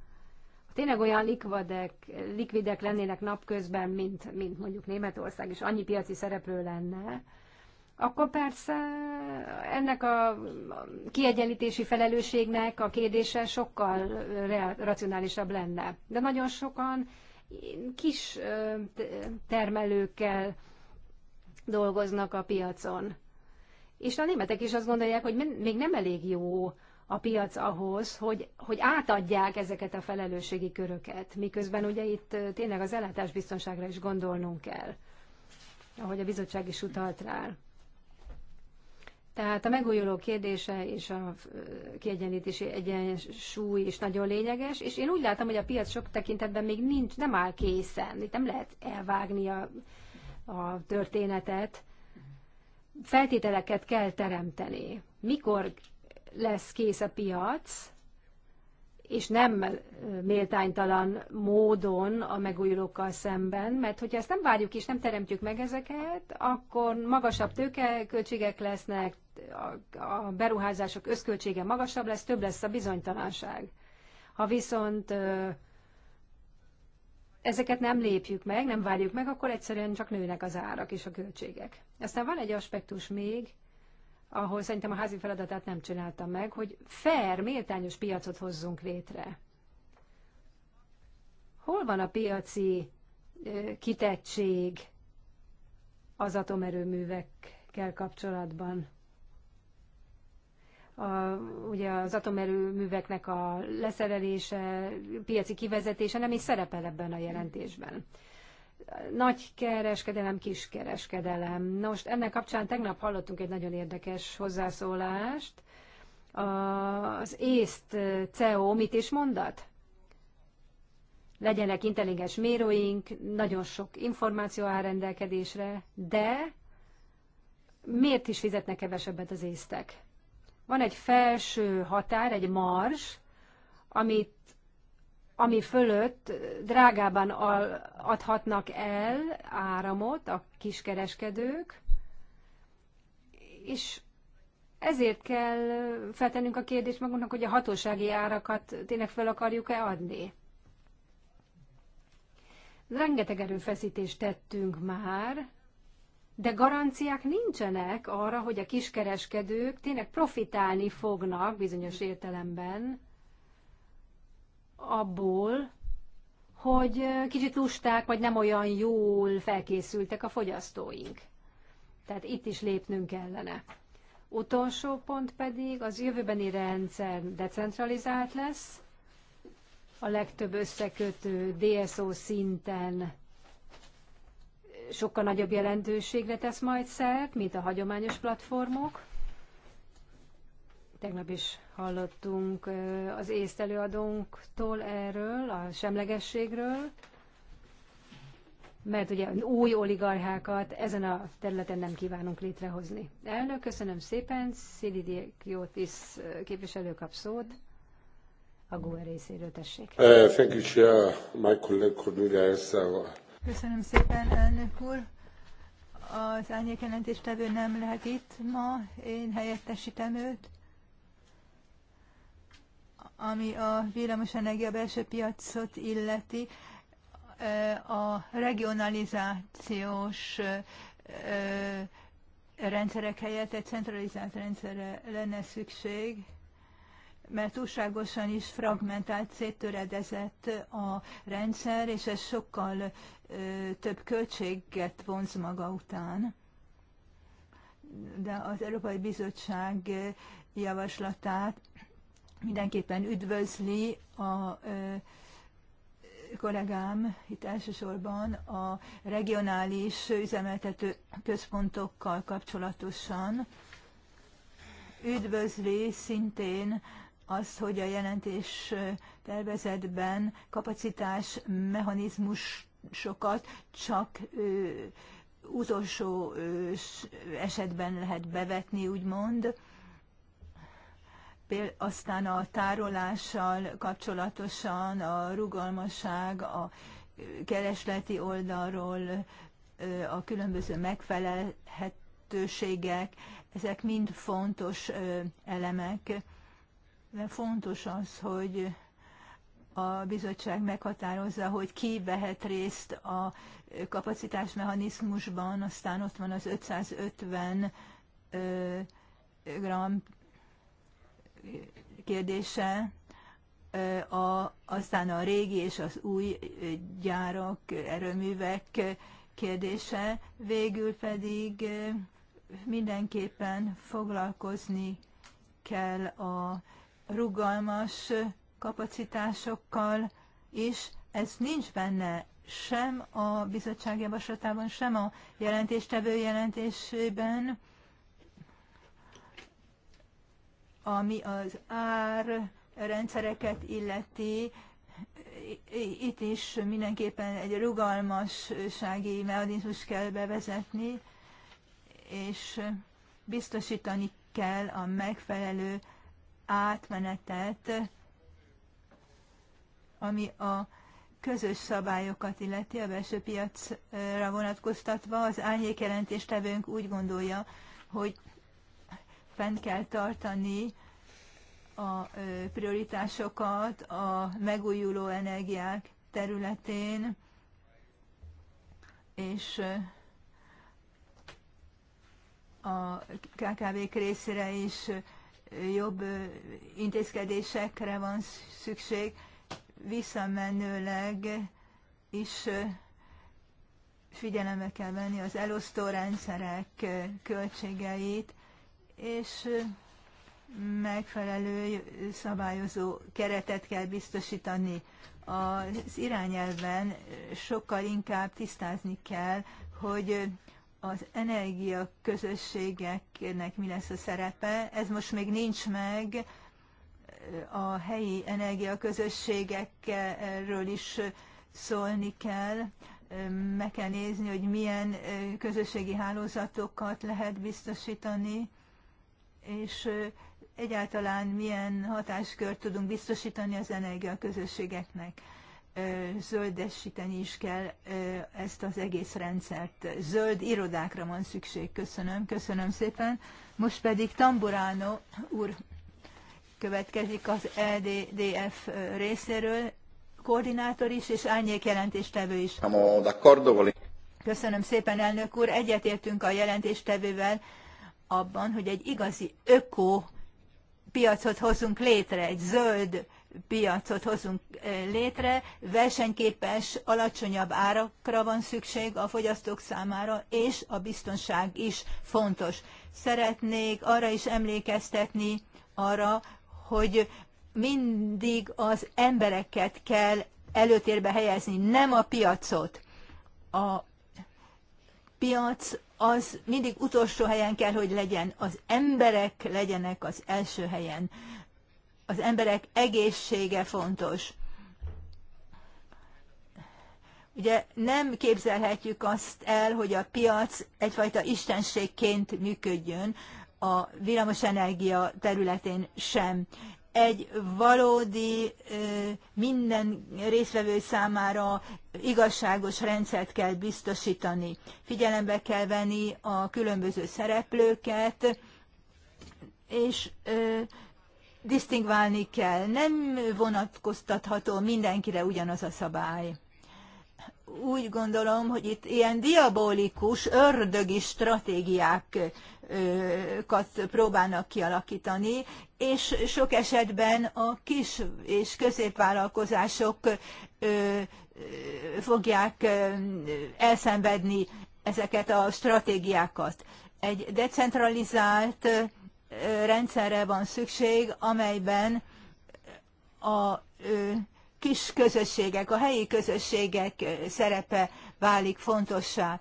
tényleg olyan likvidek, likvidek lennének napközben, mint, mint mondjuk Németország, és annyi piaci szereplő lenne, akkor persze ennek a kiegyenlítési felelősségnek a kérdése sokkal racionálisabb lenne. De nagyon sokan kis termelőkkel dolgoznak a piacon. És a németek is azt gondolják, hogy még nem elég jó a piac ahhoz, hogy, hogy átadják ezeket a felelősségi köröket, miközben ugye itt tényleg az ellátásbiztonságra is gondolnunk kell, ahogy a bizottság is utalt rá. Tehát a megújuló kérdése és a kiegyenlítési egyensúly is nagyon lényeges, és én úgy látom, hogy a piac sok tekintetben még nincs, nem áll készen, itt nem lehet elvágni a, a történetet, feltételeket kell teremteni. Mikor lesz kész a piac, és nem méltánytalan módon a megújulókkal szemben, mert hogyha ezt nem várjuk és nem teremtjük meg ezeket, akkor magasabb tőkeköltségek lesznek, a beruházások összköltsége magasabb lesz, több lesz a bizonytalanság. Ha viszont ezeket nem lépjük meg, nem várjuk meg, akkor egyszerűen csak nőnek az árak és a költségek. Aztán van egy aspektus még, ahol szerintem a házi feladatát nem csinálta meg, hogy fair, méltányos piacot hozzunk létre. Hol van a piaci kitettség az atomerőművekkel kapcsolatban? a, ugye az atomerőműveknek a leszerelése, piaci kivezetése nem is szerepel ebben a jelentésben nagy kereskedelem, kis kereskedelem. Nos, most ennek kapcsán tegnap hallottunk egy nagyon érdekes hozzászólást. Az észt CEO mit is mondat? Legyenek intelligens mérőink, nagyon sok információ áll rendelkedésre, de miért is fizetnek kevesebbet az észtek? Van egy felső határ, egy mars, amit ami fölött drágában adhatnak el áramot a kiskereskedők, és ezért kell feltennünk a kérdést magunknak, hogy a hatósági árakat tényleg fel akarjuk-e adni. Rengeteg erőfeszítést tettünk már, de garanciák nincsenek arra, hogy a kiskereskedők tényleg profitálni fognak bizonyos értelemben abból, hogy kicsit lusták, vagy nem olyan jól felkészültek a fogyasztóink. Tehát itt is lépnünk kellene. Utolsó pont pedig az jövőbeni rendszer decentralizált lesz, a legtöbb összekötő DSO szinten sokkal nagyobb jelentőségre tesz majd szert, mint a hagyományos platformok. Tegnap is Hallottunk az észtelőadónktól erről, a semlegességről, mert ugye új oligarchákat ezen a területen nem kívánunk létrehozni. Elnök, köszönöm szépen, Szili Diakiotis képviselő kap szót. A GUE részéről tessék. Uh, thank you, Chair. My colleague Cornelia Köszönöm szépen, elnök úr. Az árnyék jelentéstevő nem lehet itt ma, én helyettesítem őt. Ami a villamosenergia belső piacot illeti, a regionalizációs rendszerek helyett egy centralizált rendszerre lenne szükség, mert túlságosan is fragmentált, széttöredezett a rendszer, és ez sokkal több költséget vonz maga után. De az Európai Bizottság javaslatát mindenképpen üdvözli a kollégám itt elsősorban a regionális üzemeltető központokkal kapcsolatosan. Üdvözli szintén azt, hogy a jelentés tervezetben kapacitás mechanizmusokat csak utolsó esetben lehet bevetni, úgymond aztán a tárolással kapcsolatosan a rugalmasság a keresleti oldalról, a különböző megfelelhetőségek, ezek mind fontos elemek, de fontos az, hogy a bizottság meghatározza, hogy ki vehet részt a kapacitásmechanizmusban, aztán ott van az 550 gram kérdése, a, aztán a régi és az új gyárak, erőművek kérdése, végül pedig mindenképpen foglalkozni kell a rugalmas kapacitásokkal és Ez nincs benne sem a bizottság javaslatában, sem a jelentéstevő jelentésében. ami az ár rendszereket illeti, itt is mindenképpen egy rugalmassági mechanizmus kell bevezetni, és biztosítani kell a megfelelő átmenetet, ami a közös szabályokat illeti a belső piacra vonatkoztatva. Az árnyékjelentéstevőnk úgy gondolja, hogy fenn kell tartani a prioritásokat a megújuló energiák területén, és a KKV-k részére is jobb intézkedésekre van szükség, visszamenőleg is figyelembe kell venni az elosztó rendszerek költségeit, és megfelelő szabályozó keretet kell biztosítani. Az irányelven sokkal inkább tisztázni kell, hogy az energia közösségeknek mi lesz a szerepe. Ez most még nincs meg, a helyi energiaközösségekről is szólni kell, meg kell nézni, hogy milyen közösségi hálózatokat lehet biztosítani, és egyáltalán milyen hatáskört tudunk biztosítani az energiaközösségeknek. Zöldesíteni is kell ezt az egész rendszert. Zöld irodákra van szükség. Köszönöm, köszönöm szépen. Most pedig Tamburano úr következik az EDDF részéről, koordinátor is és árnyék jelentéstevő is. Köszönöm szépen, elnök úr. Egyetértünk a jelentéstevővel abban, hogy egy igazi öko piacot hozunk létre, egy zöld piacot hozunk eh, létre, versenyképes, alacsonyabb árakra van szükség a fogyasztók számára, és a biztonság is fontos. Szeretnék arra is emlékeztetni arra, hogy mindig az embereket kell előtérbe helyezni, nem a piacot. A piac az mindig utolsó helyen kell, hogy legyen. Az emberek legyenek az első helyen. Az emberek egészsége fontos. Ugye nem képzelhetjük azt el, hogy a piac egyfajta istenségként működjön a villamosenergia területén sem egy valódi minden részvevő számára igazságos rendszert kell biztosítani. Figyelembe kell venni a különböző szereplőket, és disztingválni kell. Nem vonatkoztatható mindenkire ugyanaz a szabály. Úgy gondolom, hogy itt ilyen diabolikus, ördögi stratégiák próbálnak kialakítani, és sok esetben a kis és középvállalkozások fogják elszenvedni ezeket a stratégiákat. Egy decentralizált rendszerre van szükség, amelyben a kis közösségek, a helyi közösségek szerepe válik fontossá.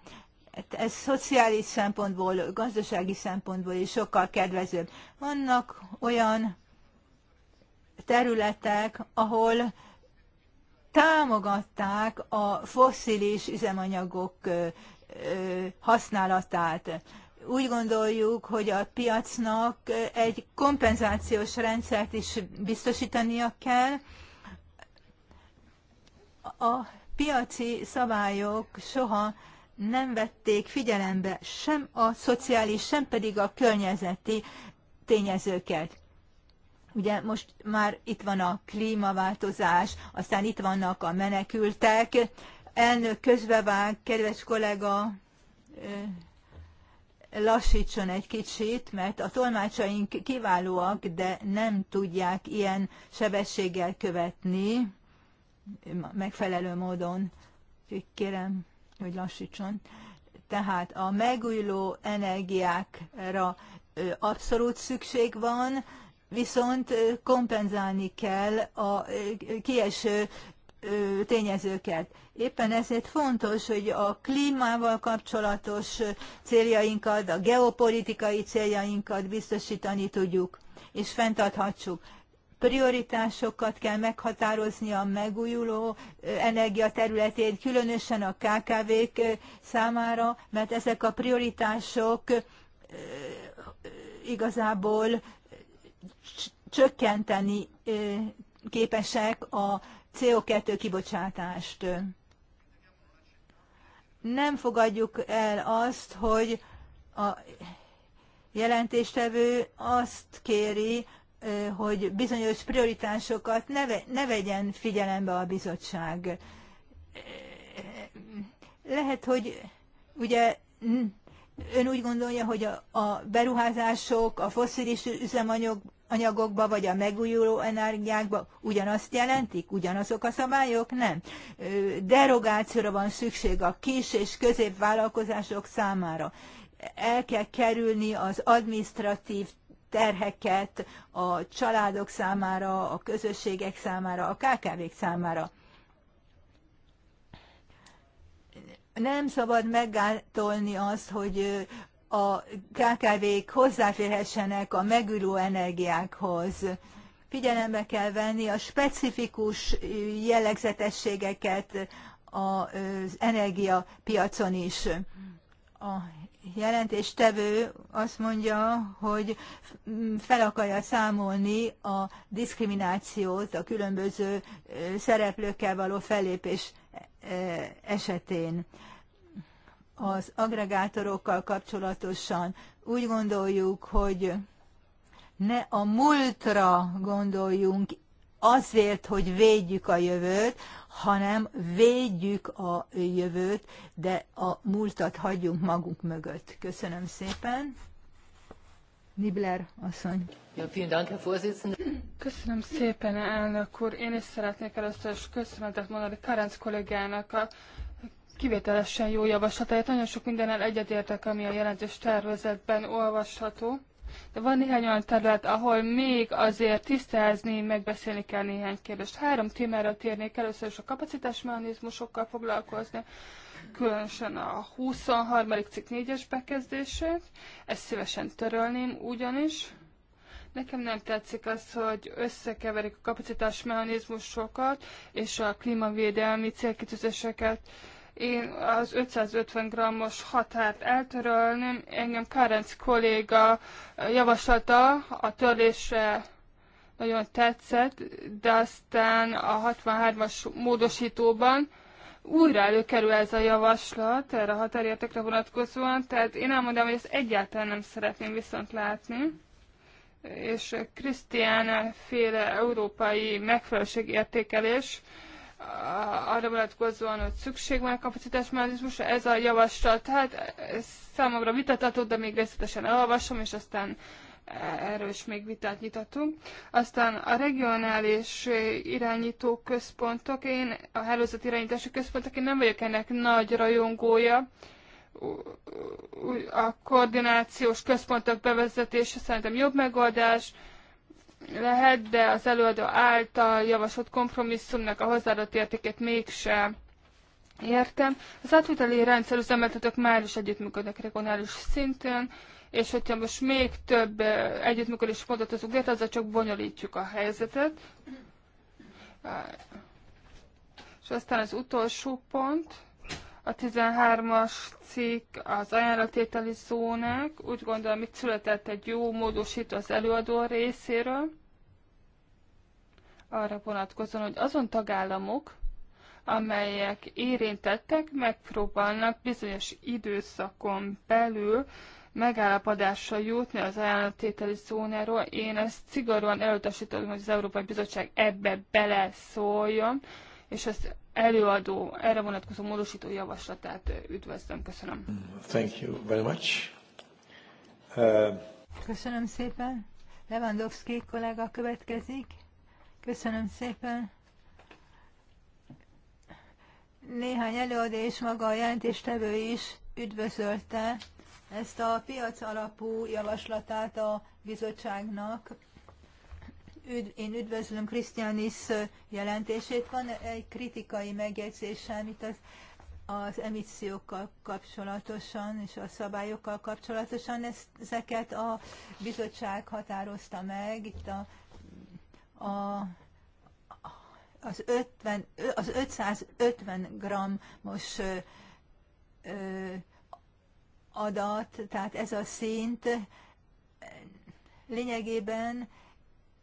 Hát ez szociális szempontból, gazdasági szempontból is sokkal kedvezőbb. Vannak olyan területek, ahol támogatták a fosszilis üzemanyagok használatát. Úgy gondoljuk, hogy a piacnak egy kompenzációs rendszert is biztosítania kell. A piaci szabályok soha nem vették figyelembe sem a szociális, sem pedig a környezeti tényezőket. Ugye most már itt van a klímaváltozás, aztán itt vannak a menekültek. Elnök közbevág, kedves kollega, lassítson egy kicsit, mert a tolmácsaink kiválóak, de nem tudják ilyen sebességgel követni megfelelő módon. kérem, hogy lassítson. Tehát a megújuló energiákra abszolút szükség van, viszont kompenzálni kell a kieső tényezőket. Éppen ezért fontos, hogy a klímával kapcsolatos céljainkat, a geopolitikai céljainkat biztosítani tudjuk és fenntarthatjuk prioritásokat kell meghatározni a megújuló energia területén, különösen a KKV-k számára, mert ezek a prioritások igazából csökkenteni képesek a CO2 kibocsátást. Nem fogadjuk el azt, hogy a jelentéstevő azt kéri, hogy bizonyos prioritásokat ne, ne vegyen figyelembe a bizottság. Lehet, hogy ugye ön úgy gondolja, hogy a, a beruházások a foszilis anyagokba, vagy a megújuló energiákba ugyanazt jelentik, ugyanazok a szabályok? Nem. Derogációra van szükség a kis és középvállalkozások számára. El kell kerülni az administratív terheket a családok számára, a közösségek számára, a KKV-k számára. Nem szabad meggátolni azt, hogy a KKV-k hozzáférhessenek a megülő energiákhoz. Figyelembe kell venni a specifikus jellegzetességeket az energiapiacon is. A jelentéstevő azt mondja, hogy fel akarja számolni a diszkriminációt a különböző szereplőkkel való fellépés esetén. Az agregátorokkal kapcsolatosan úgy gondoljuk, hogy ne a múltra gondoljunk azért, hogy védjük a jövőt, hanem védjük a jövőt, de a múltat hagyjunk magunk mögött. Köszönöm szépen. Nibler asszony. Köszönöm szépen, elnök úr. Én is szeretnék először is köszönetet mondani Karenc kollégának a kivételesen jó javaslatáért. Nagyon sok mindennel egyetértek, ami a jelentős tervezetben olvasható de van néhány olyan terület, ahol még azért tisztázni, megbeszélni kell néhány kérdést. Három témára térnék először is a mechanizmusokkal foglalkozni, különösen a 23. cikk 4-es bekezdését, ezt szívesen törölném ugyanis. Nekem nem tetszik az, hogy összekeverik a mechanizmusokat és a klímavédelmi célkitűzéseket, én az 550 g-os határt eltörölném. Engem Karenc kolléga javaslata a törlésre nagyon tetszett, de aztán a 63-as módosítóban újra előkerül ez a javaslat erre a határértekre vonatkozóan, tehát én elmondom, hogy ezt egyáltalán nem szeretném viszont látni és Krisztián féle európai megfelelőségértékelés értékelés arra vonatkozóan, hogy szükség van a kapacitásmechanizmusra, ez a javaslat, tehát ez számomra vitatható, de még részletesen elolvasom, és aztán erről is még vitát nyitatunk. Aztán a regionális irányító központok, én a hálózat irányítási központok, én nem vagyok ennek nagy rajongója, a koordinációs központok bevezetése szerintem jobb megoldás, lehet, de az előadó által javasolt kompromisszumnak a hozzáadott értékét mégsem értem. Az átviteli rendszer üzemeltetők már is együttműködnek regionális szinten, és hogyha most még több eh, együttműködés pontot hozunk létre, azzal csak bonyolítjuk a helyzetet. Eh, és aztán az utolsó pont. A 13-as cikk az ajánlatételi zónák. Úgy gondolom, itt született egy jó módosító az előadó részéről. Arra vonatkozóan, hogy azon tagállamok, amelyek érintettek, megpróbálnak bizonyos időszakon belül megállapodásra jutni az ajánlatételi szónáról. Én ezt szigorúan elutasítom, hogy az Európai Bizottság ebbe beleszóljon és az előadó erre vonatkozó módosító javaslatát üdvözlöm. Köszönöm. Thank you very much. Uh... Köszönöm szépen. Lewandowski kollega következik. Köszönöm szépen. Néhány előadó és maga a jelentéstevő is üdvözölte ezt a piac alapú javaslatát a bizottságnak üdv, én üdvözlöm Krisztiánis jelentését. Van egy kritikai megjegyzésem itt az, az emissziókkal kapcsolatosan és a szabályokkal kapcsolatosan. Ezt, ezeket a bizottság határozta meg. Itt a, a az, 50, az 550 grammos adat, tehát ez a szint lényegében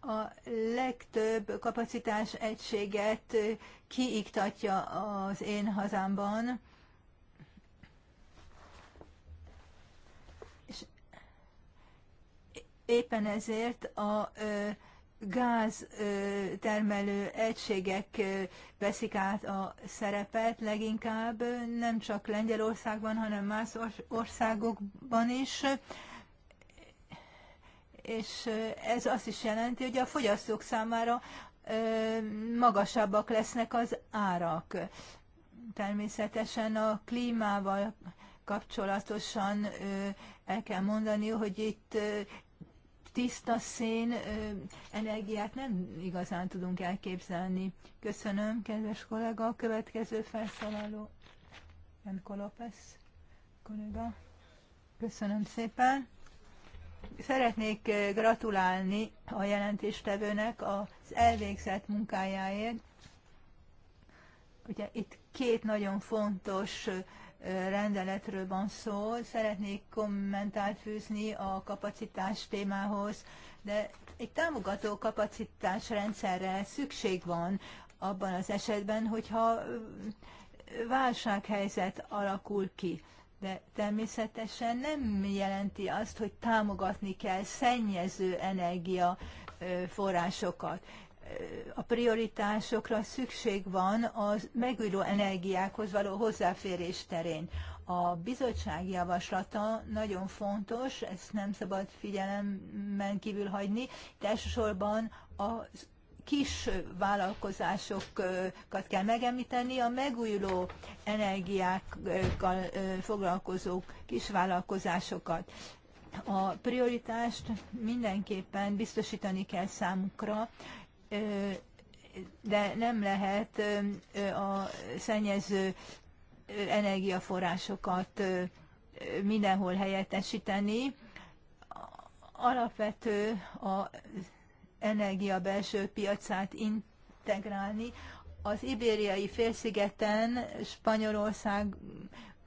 a legtöbb kapacitás egységet kiiktatja az én hazámban. És éppen ezért a gáztermelő egységek veszik át a szerepet leginkább, nem csak Lengyelországban, hanem más országokban is és ez azt is jelenti, hogy a fogyasztók számára magasabbak lesznek az árak. Természetesen a klímával kapcsolatosan el kell mondani, hogy itt tiszta szén energiát nem igazán tudunk elképzelni. Köszönöm, kedves kollega. A következő felszólaló, Janko Kolopesz, kollega. Köszönöm szépen. Szeretnék eh, gratulálni a jelentéstevőnek az elvégzett munkájáért. Ugye itt két nagyon fontos eh, rendeletről van szó. Szeretnék kommentált fűzni a kapacitás témához, de egy támogató kapacitás rendszerre szükség van abban az esetben, hogyha eh, válsághelyzet alakul ki de természetesen nem jelenti azt, hogy támogatni kell szennyező energia forrásokat. A prioritásokra szükség van az megújuló energiákhoz való hozzáférés terén. A bizottság javaslata nagyon fontos, ezt nem szabad figyelemmel kívül hagyni, de elsősorban az kis vállalkozásokat kell megemlíteni, a megújuló energiákkal foglalkozó kis vállalkozásokat. A prioritást mindenképpen biztosítani kell számukra, de nem lehet a szennyező energiaforrásokat mindenhol helyettesíteni. Alapvető a energia belső piacát integrálni. Az ibériai félszigeten Spanyolország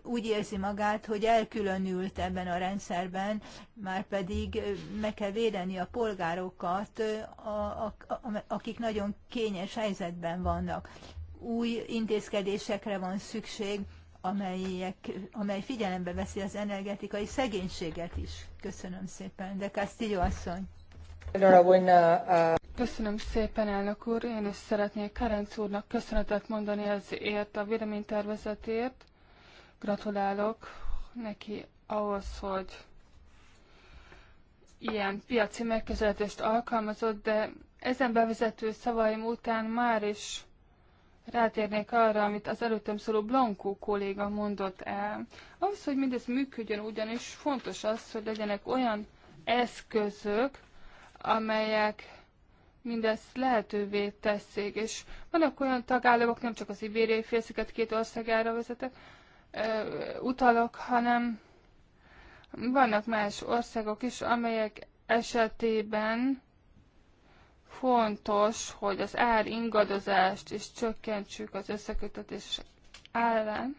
úgy érzi magát, hogy elkülönült ebben a rendszerben, már pedig meg kell védeni a polgárokat, a, a, a, akik nagyon kényes helyzetben vannak. Új intézkedésekre van szükség, amelyek, amely figyelembe veszi az energetikai szegénységet is. Köszönöm szépen. De Castillo asszony. Uh, Köszönöm szépen, elnök úr. Én is szeretnék Kerenc úrnak köszönetet mondani ezért a véleménytervezetért. Gratulálok neki ahhoz, hogy ilyen piaci megközelítést alkalmazott, de ezen bevezető szavaim után már is rátérnék arra, amit az előttem szóló Blankó kolléga mondott el. Ahhoz, hogy mindez működjön, ugyanis fontos az, hogy legyenek olyan eszközök, amelyek mindezt lehetővé teszik, és vannak olyan tagállamok, nem csak az ibériai félsziget két országára vezetek, utalok, hanem vannak más országok is, amelyek esetében fontos, hogy az ár ingadozást is csökkentsük az összekötetés árán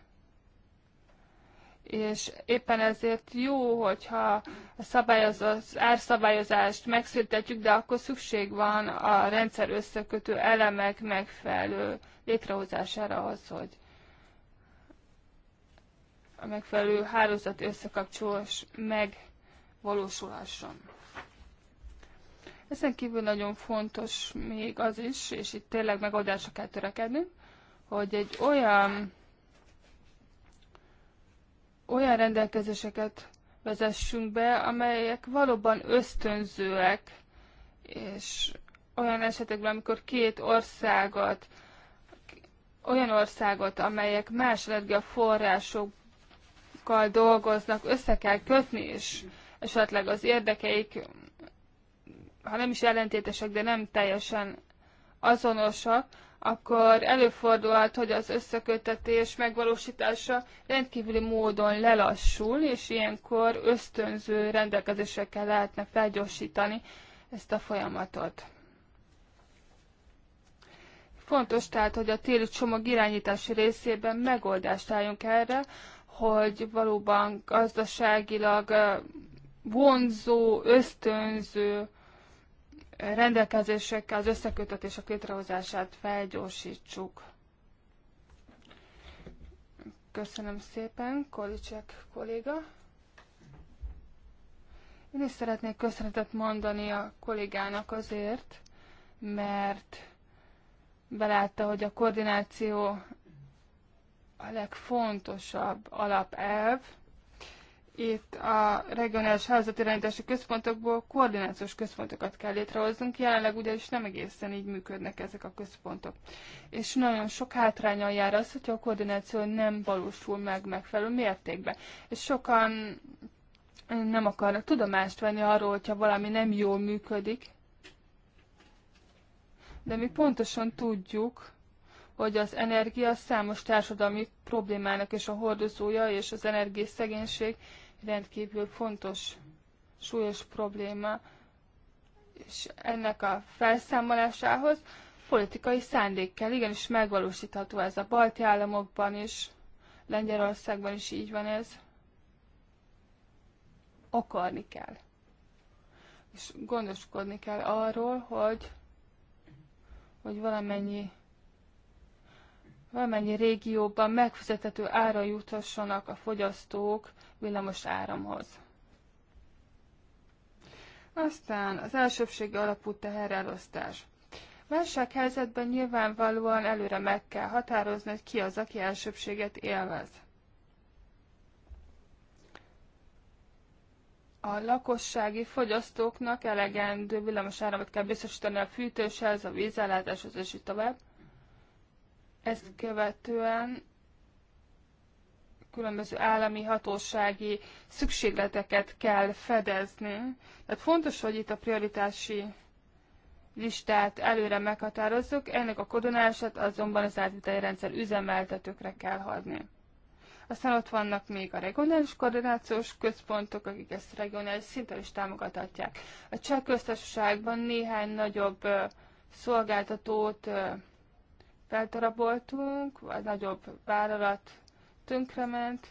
és éppen ezért jó, hogyha a szabályozó, az árszabályozást megszüntetjük, de akkor szükség van a rendszer összekötő elemek megfelelő létrehozására az, hogy a megfelelő hálózat összekapcsolás megvalósulhasson. Ezen kívül nagyon fontos még az is, és itt tényleg megoldásra kell törekednünk, hogy egy olyan olyan rendelkezéseket vezessünk be, amelyek valóban ösztönzőek, és olyan esetekben, amikor két országot, olyan országot, amelyek más energiaforrásokkal dolgoznak, össze kell kötni, és esetleg az érdekeik, ha nem is ellentétesek, de nem teljesen azonosak, akkor előfordulhat, hogy az összekötetés megvalósítása rendkívüli módon lelassul, és ilyenkor ösztönző rendelkezésekkel lehetne felgyorsítani ezt a folyamatot. Fontos tehát, hogy a téli csomag irányítási részében megoldást álljunk erre, hogy valóban gazdaságilag eh, vonzó, ösztönző rendelkezésekkel az összekötetések létrehozását felgyorsítsuk. Köszönöm szépen, Kolicek kolléga. Én is szeretnék köszönetet mondani a kollégának azért, mert belátta, hogy a koordináció a legfontosabb alapelv, itt a regionális helyzetirányítási központokból koordinációs központokat kell létrehoznunk, jelenleg ugyanis nem egészen így működnek ezek a központok. És nagyon sok hátrányal jár az, hogyha a koordináció nem valósul meg megfelelő mértékben. És sokan nem akarnak tudomást venni arról, hogyha valami nem jól működik, de mi pontosan tudjuk, hogy az energia számos társadalmi problémának és a hordozója, és az energiaszegénység rendkívül fontos, súlyos probléma, és ennek a felszámolásához politikai szándék kell. Igenis megvalósítható ez a balti államokban is, Lengyelországban is így van ez. Akarni kell. És gondoskodni kell arról, hogy, hogy valamennyi valamennyi régióban megfizethető ára juthassanak a fogyasztók villamos áramhoz. Aztán az elsőbségi alapú teherelosztás. Válsághelyzetben nyilvánvalóan előre meg kell határozni, hogy ki az, aki elsőbséget élvez. a lakossági fogyasztóknak elegendő áramot kell biztosítani a fűtéshez, a vízellátáshoz és így tovább. Ezt követően különböző állami hatósági szükségleteket kell fedezni. Tehát fontos, hogy itt a prioritási listát előre meghatározzuk, ennek a kodonását azonban az átviteli rendszer üzemeltetőkre kell hagyni. Aztán ott vannak még a regionális koordinációs központok, akik ezt regionális szinten is támogatják. A cseh köztársaságban néhány nagyobb szolgáltatót feltaraboltunk, vagy nagyobb vállalat tönkrement,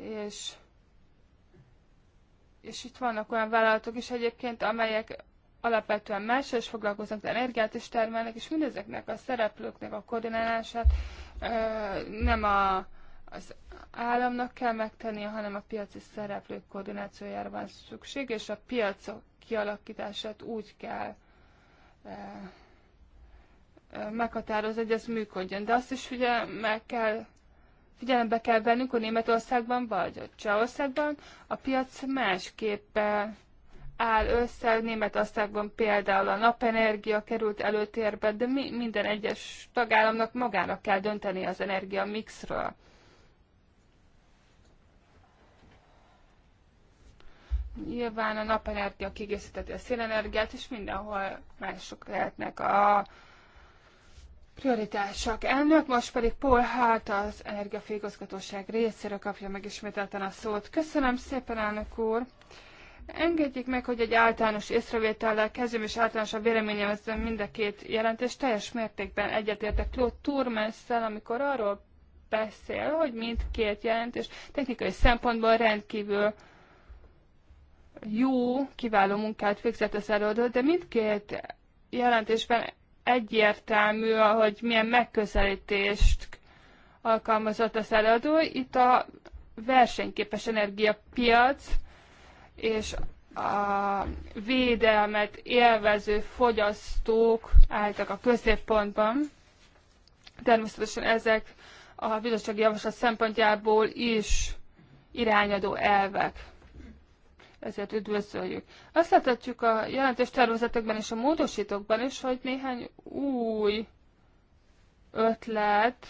és, és itt vannak olyan vállalatok is egyébként, amelyek alapvetően másra is foglalkoznak, de energiát is termelnek, és mindezeknek a szereplőknek a koordinálását ö, nem a, az államnak kell megtennie, hanem a piaci szereplők koordinációjára van szükség, és a piacok kialakítását úgy kell ö, meghatároz, hogy ez működjön. De azt is ugye meg kell figyelembe kell vennünk, hogy Németországban vagy a Csehországban a piac másképp áll össze. Németországban például a napenergia került előtérbe, de mi, minden egyes tagállamnak magának kell dönteni az energia mixről. Nyilván a napenergia kigészíteti a szélenergiát, és mindenhol mások lehetnek a prioritások. Elnök, most pedig Paul Hart, az Energiafékozgatóság részéről kapja meg ismételten a szót. Köszönöm szépen, elnök úr! Engedjék meg, hogy egy általános észrevétellel kezdjem, és általános a véleményemezzen mind a két jelentés Teljes mértékben egyetértek Claude turmes amikor arról beszél, hogy mindkét jelentés technikai szempontból rendkívül jó, kiváló munkát végzett az előadó, de mindkét jelentésben egyértelmű, hogy milyen megközelítést alkalmazott az előadó. Itt a versenyképes energiapiac és a védelmet élvező fogyasztók álltak a középpontban. Természetesen ezek a bizottsági javaslat szempontjából is irányadó elvek ezért üdvözöljük. Azt láthatjuk a jelentés tervezetekben és a módosítókban is, hogy néhány új ötlet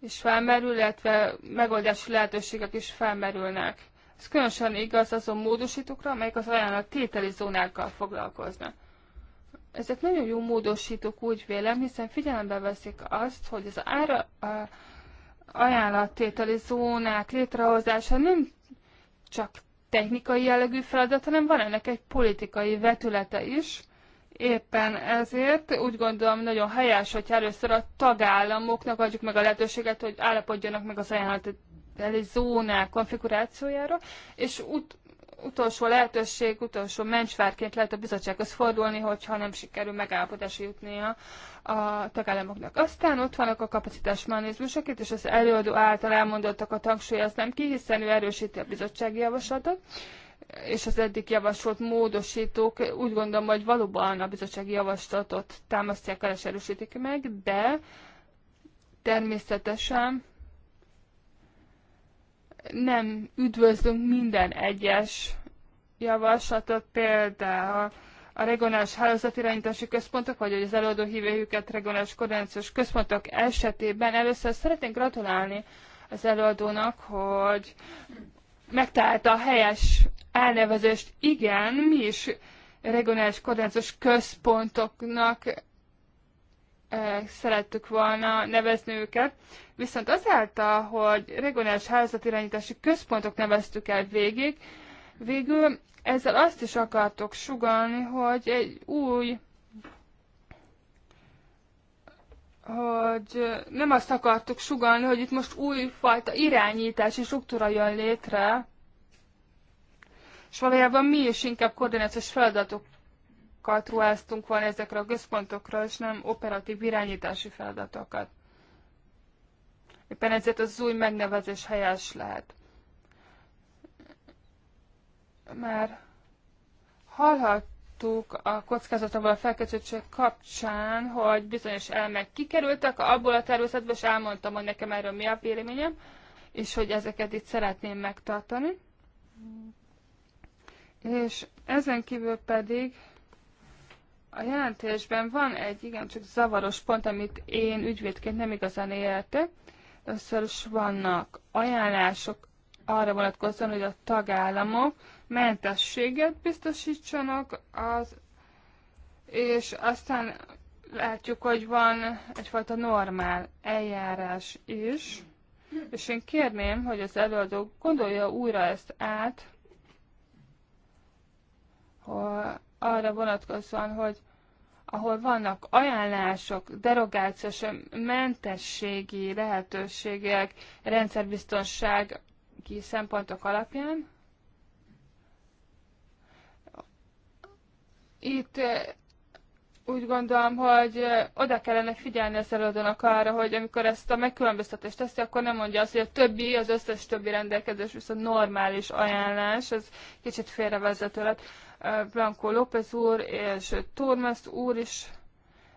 is felmerül, illetve megoldási lehetőségek is felmerülnek. Ez különösen igaz azon módosítókra, amelyek az ajánlat tételi zónákkal foglalkoznak. Ezek nagyon jó módosítók, úgy vélem, hiszen figyelembe veszik azt, hogy az ára, a ajánlattételi zónák létrehozása nem csak technikai jellegű feladat, hanem van ennek egy politikai vetülete is. Éppen ezért úgy gondolom nagyon helyes, hogy először a tagállamoknak adjuk meg a lehetőséget, hogy állapodjanak meg az egy zónák konfigurációjára, és ut- utolsó lehetőség, utolsó mencsvárként lehet a bizottsághoz fordulni, hogyha nem sikerül megállapodási jutnia a tagállamoknak. Aztán ott vannak a kapacitás és az előadó által elmondottak az nem ki, hiszen ő erősíti a bizottsági javaslatot és az eddig javasolt módosítók úgy gondolom, hogy valóban a bizottsági javaslatot támasztják el és erősítik meg, de természetesen nem üdvözlünk minden egyes javaslatot, például a regionális hálózatirányítási központok, vagy az előadó hívőjüket regionális koordinációs központok esetében. Először szeretnénk gratulálni az előadónak, hogy megtalálta a helyes elnevezést. Igen, mi is regionális koordinációs központoknak szerettük volna nevezni őket. Viszont azáltal, hogy regionális házatirányítási központok neveztük el végig, végül ezzel azt is akartok sugalni, hogy egy új hogy nem azt akartuk sugalni, hogy itt most újfajta irányítási struktúra jön létre, és valójában mi is inkább koordinációs feladatok feladatokat ruháztunk volna ezekre a központokra, és nem operatív irányítási feladatokat. Éppen ezért az új megnevezés helyes lehet. Már hallhattuk a kockázatokból a felkészültség kapcsán, hogy bizonyos elmek kikerültek abból a tervezetből, és elmondtam, hogy nekem erről mi a véleményem, és hogy ezeket itt szeretném megtartani. És ezen kívül pedig a jelentésben van egy igencsak zavaros pont, amit én ügyvédként nem igazán értek. Összör is vannak ajánlások arra vonatkozóan, hogy a tagállamok mentességet biztosítsanak, az, és aztán látjuk, hogy van egyfajta normál eljárás is, és én kérném, hogy az előadó gondolja újra ezt át, hogy arra vonatkozóan, hogy ahol vannak ajánlások, derogációs, mentességi lehetőségek, rendszerbiztonsági szempontok alapján. Itt eh, úgy gondolom, hogy eh, oda kellene figyelni az előadónak arra, hogy amikor ezt a megkülönböztetést teszi, akkor nem mondja azt, hogy a többi, az összes többi rendelkezés viszont normális ajánlás, ez kicsit félrevezető lett. Blanco López úr és Turmes úr is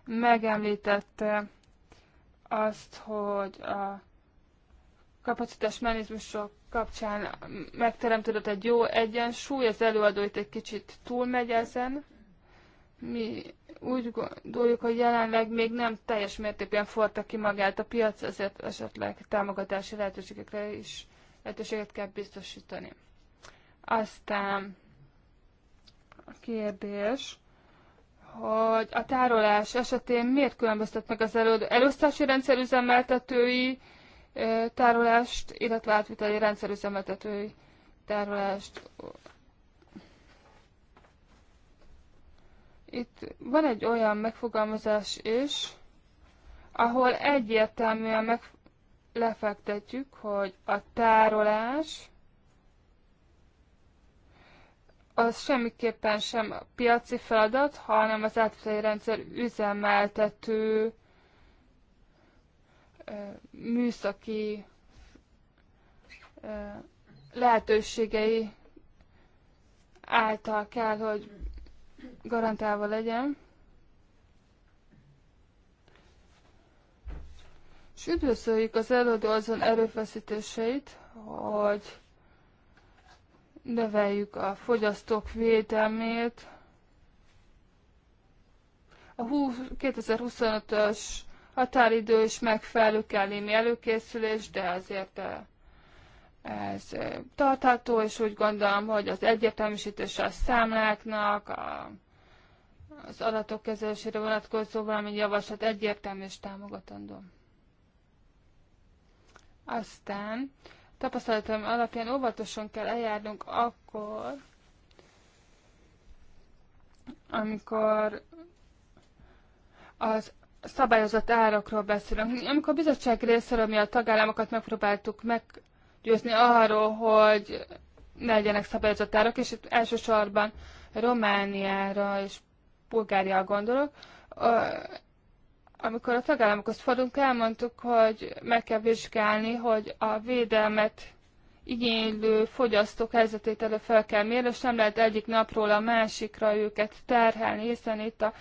megemlítette azt, hogy a kapacitás mechanizmusok kapcsán megteremtődött egy jó egyensúly, az előadó itt egy kicsit túlmegy ezen. Mi úgy gondoljuk, hogy jelenleg még nem teljes mértékben forta ki magát a piac, ezért esetleg támogatási lehetőségekre is lehetőséget kell biztosítani. Aztán kérdés, hogy a tárolás esetén miért különböztet meg az elő, elosztási rendszerüzemeltetői tárolást, illetve átviteli rendszerüzemeltetői tárolást. Itt van egy olyan megfogalmazás is, ahol egyértelműen meg lefektetjük, hogy a tárolás az semmiképpen sem a piaci feladat, hanem az átvételi rendszer üzemeltető műszaki lehetőségei által kell, hogy garantálva legyen. És üdvözöljük az előadó azon erőfeszítéseit, hogy növeljük a fogyasztók védelmét. A 2025-ös határidő is megfelelő kell némi előkészülés, de azért eh, ez eh, tartható, és úgy gondolom, hogy az egyértelműsítés a számláknak, a, az adatok kezelésére vonatkozó valami javaslat egyértelmű és támogatandó. Aztán tapasztalatom alapján óvatosan kell eljárnunk akkor, amikor az szabályozott árakról beszélünk. Amikor a bizottság részéről mi a tagállamokat megpróbáltuk meggyőzni arról, hogy ne legyenek szabályozott árak, és itt elsősorban Romániára és Bulgáriára gondolok, amikor a tagállamokhoz fordulunk, elmondtuk, hogy meg kell vizsgálni, hogy a védelmet igénylő fogyasztók helyzetét elő fel kell mérni, és nem lehet egyik napról a másikra őket terhelni, hiszen itt a,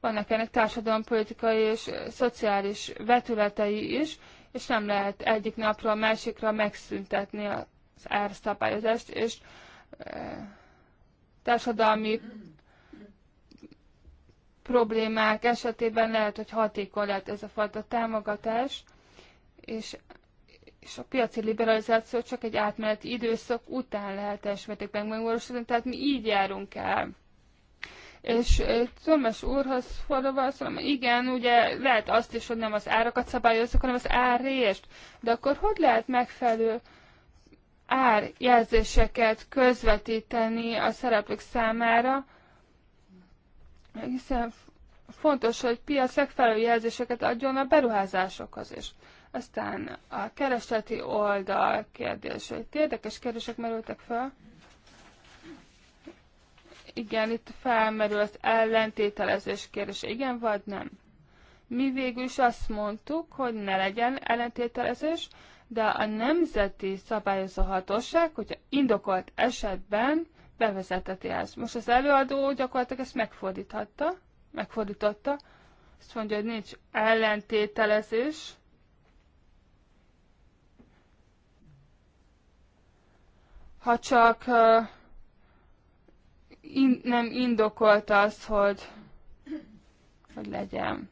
vannak ennek társadalompolitikai és szociális vetületei is, és nem lehet egyik napról a másikra megszüntetni az árszabályozást, és e, társadalmi problémák esetében lehet, hogy hatékony lehet ez a fajta támogatás, és, és a piaci liberalizáció csak egy átmeneti időszak után lehet teljes mértékben megvalósítani, tehát mi így járunk el. És Tomás úrhoz fordulva azt mondom, igen, ugye lehet azt is, hogy nem az árakat szabályozzuk, hanem az árrést. De akkor hogy lehet megfelelő árjelzéseket közvetíteni a szereplők számára, hiszen fontos, hogy piac megfelelő jelzéseket adjon a beruházásokhoz is. Aztán a keresleti oldal kérdéseit. Érdekes kérdések merültek fel. Igen, itt felmerül az ellentételezés kérdése. Igen vagy nem? Mi végül is azt mondtuk, hogy ne legyen ellentételezés, de a nemzeti szabályozó hatóság, hogyha indokolt esetben bevezetett ezt. Most az előadó gyakorlatilag ezt megfordíthatta, megfordította, azt mondja, hogy nincs ellentételezés, ha csak uh, in, nem indokolt az, hogy, hogy legyen.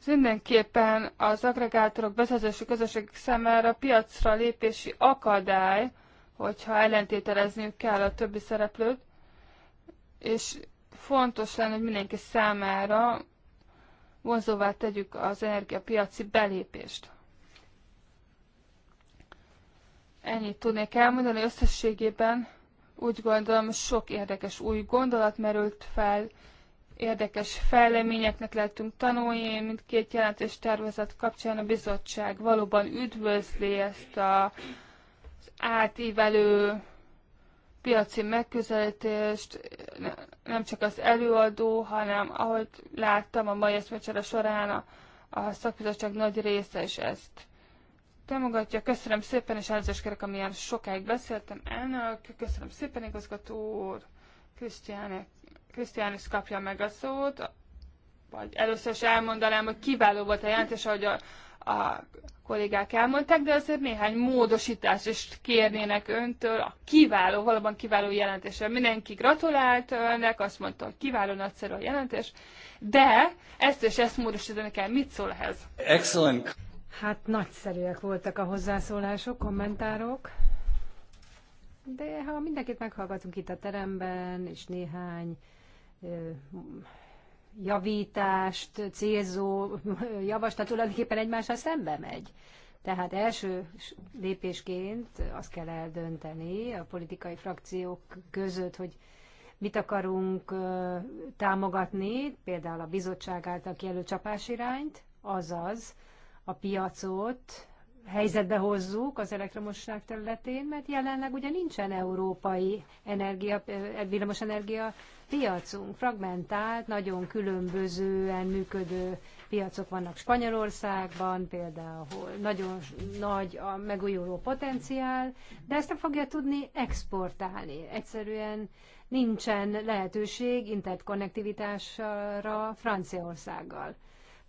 Ez mindenképpen az agregátorok vezetési közösségek számára piacra lépési akadály, hogyha ellentételezniük kell a többi szereplőt, és fontos lenne, hogy mindenki számára vonzóvá tegyük az energiapiaci belépést. Ennyit tudnék elmondani, összességében úgy gondolom, sok érdekes új gondolat merült fel, érdekes fejleményeknek lettünk tanulni, két jelentés tervezet kapcsán a bizottság valóban üdvözli ezt a átívelő piaci megközelítést, nem csak az előadó, hanem ahogy láttam a mai eszmecsere során, a, a szakbizottság nagy része is ezt támogatja. Köszönöm szépen, és elnézést kérek, amilyen sokáig beszéltem. Elnök, köszönöm szépen, igazgató úr. Krisztián is kapja meg a szót. Vagy először is elmondanám, hogy kiváló volt a jelentés, ahogy a, a kollégák elmondták, de azért néhány módosítást is kérnének öntől. A kiváló, valóban kiváló jelentésre. Mindenki gratulált önnek, azt mondta, hogy kiváló, nagyszerű a jelentés, de ezt és ezt módosítani kell. Mit szól ehhez? Excellent. Hát nagyszerűek voltak a hozzászólások, kommentárok. De ha mindenkit meghallgatunk itt a teremben, és néhány javítást célzó javaslat tulajdonképpen egymással szembe megy. Tehát első lépésként azt kell eldönteni a politikai frakciók között, hogy mit akarunk támogatni, például a bizottság által kijelölt csapásirányt, azaz a piacot helyzetbe hozzuk az elektromosság területén, mert jelenleg ugye nincsen európai energia, villamosenergia piacunk fragmentált, nagyon különbözően működő piacok vannak Spanyolországban, például nagyon nagy a megújuló potenciál, de ezt nem fogja tudni exportálni. Egyszerűen nincsen lehetőség interkonnektivitásra Franciaországgal.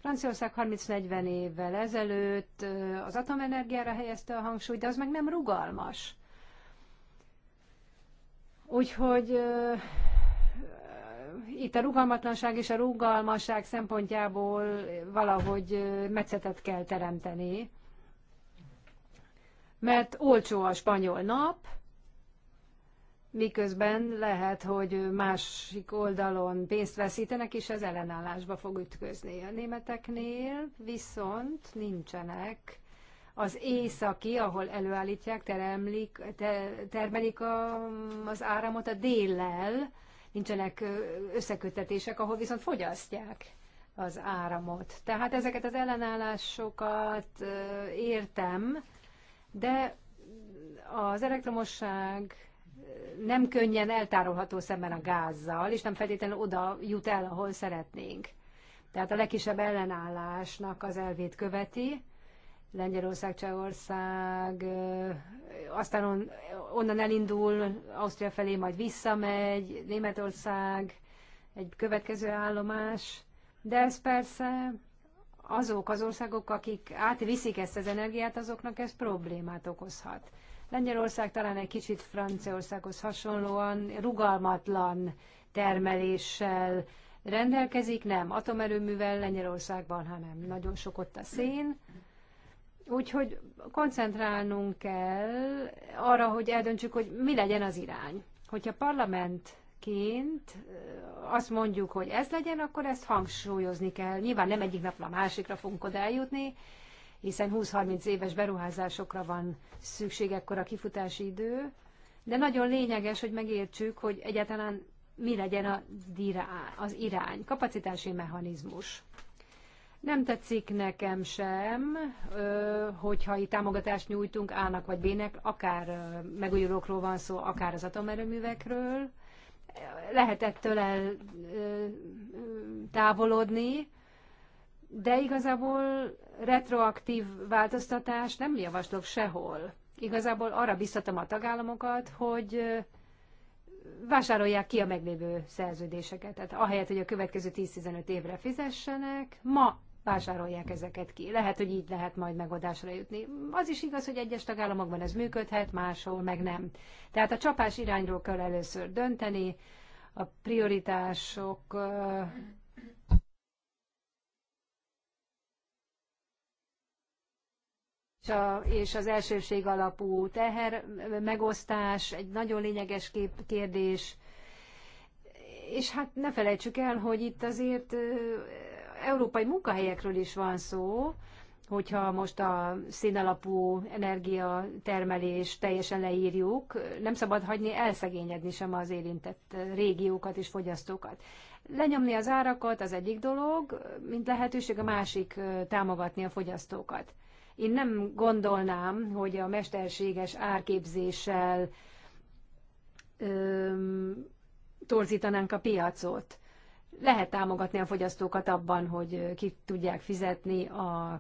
Franciaország 30-40 évvel ezelőtt az atomenergiára helyezte a hangsúlyt, de az meg nem rugalmas. Úgyhogy itt a rugalmatlanság és a rugalmasság szempontjából valahogy meccetet kell teremteni, mert olcsó a spanyol nap, miközben lehet, hogy másik oldalon pénzt veszítenek, és ez ellenállásba fog ütközni. A németeknél viszont nincsenek az északi, ahol előállítják, teremlik, te, termelik a, az áramot a déllel, nincsenek összekötetések, ahol viszont fogyasztják az áramot. Tehát ezeket az ellenállásokat értem, de az elektromosság nem könnyen eltárolható szemben a gázzal, és nem feltétlenül oda jut el, ahol szeretnénk. Tehát a legkisebb ellenállásnak az elvét követi, Lengyelország, Csehország, aztán on, onnan elindul, Ausztria felé majd visszamegy, Németország, egy következő állomás, de ez persze azok az országok, akik átviszik ezt az energiát, azoknak ez problémát okozhat. Lengyelország talán egy kicsit Franciaországhoz hasonlóan rugalmatlan termeléssel rendelkezik, nem atomerőművel Lengyelországban, hanem nagyon sok ott a szén, Úgyhogy koncentrálnunk kell arra, hogy eldöntsük, hogy mi legyen az irány. Hogyha parlamentként azt mondjuk, hogy ez legyen, akkor ezt hangsúlyozni kell. Nyilván nem egyik napra a másikra fogunk oda eljutni, hiszen 20-30 éves beruházásokra van szükség ekkor a kifutási idő, de nagyon lényeges, hogy megértsük, hogy egyáltalán mi legyen az irány, kapacitási mechanizmus. Nem tetszik nekem sem, hogyha itt támogatást nyújtunk A-nak vagy B-nek, akár megújulókról van szó, akár az atomerőművekről. Lehet ettől el távolodni, de igazából retroaktív változtatás nem javaslok sehol. Igazából arra biztatom a tagállamokat, hogy vásárolják ki a meglévő szerződéseket. Tehát ahelyett, hogy a következő 10-15 évre fizessenek, ma vásárolják ezeket ki. Lehet, hogy így lehet majd megoldásra jutni. Az is igaz, hogy egyes tagállamokban ez működhet, máshol meg nem. Tehát a csapás irányról kell először dönteni, a prioritások és az elsőség alapú teher megosztás egy nagyon lényeges kép, kérdés. És hát ne felejtsük el, hogy itt azért európai munkahelyekről is van szó, hogyha most a színalapú energiatermelés teljesen leírjuk, nem szabad hagyni elszegényedni sem az érintett régiókat és fogyasztókat. Lenyomni az árakat az egyik dolog, mint lehetőség a másik támogatni a fogyasztókat. Én nem gondolnám, hogy a mesterséges árképzéssel öm, torzítanánk a piacot lehet támogatni a fogyasztókat abban, hogy ki tudják fizetni a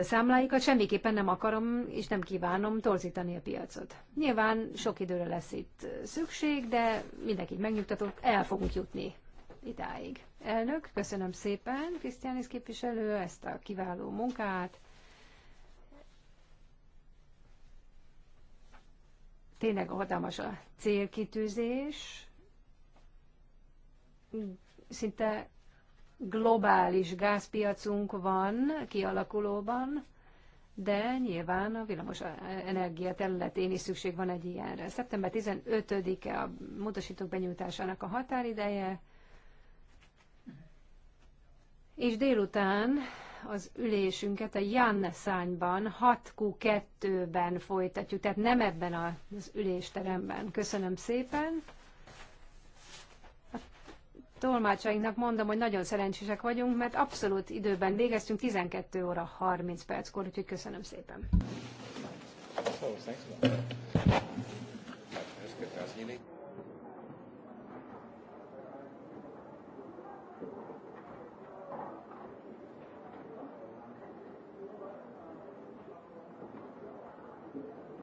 számláikat, semmiképpen nem akarom és nem kívánom torzítani a piacot. Nyilván sok időre lesz itt szükség, de mindenkit megnyugtatott, el fogunk jutni idáig. Elnök, köszönöm szépen, Krisztiánis képviselő, ezt a kiváló munkát. Tényleg hatalmas a célkitűzés, szinte globális gázpiacunk van kialakulóban, de nyilván a villamos e- energia területén is szükség van egy ilyenre. Szeptember 15-e a módosítók benyújtásának a határideje, és délután az ülésünket a Jan szányban, 6Q2-ben folytatjuk, tehát nem ebben az ülésteremben. Köszönöm szépen! tolmácsainknak mondom, hogy nagyon szerencsések vagyunk, mert abszolút időben végeztünk 12 óra 30 perckor, úgyhogy köszönöm szépen. Oh,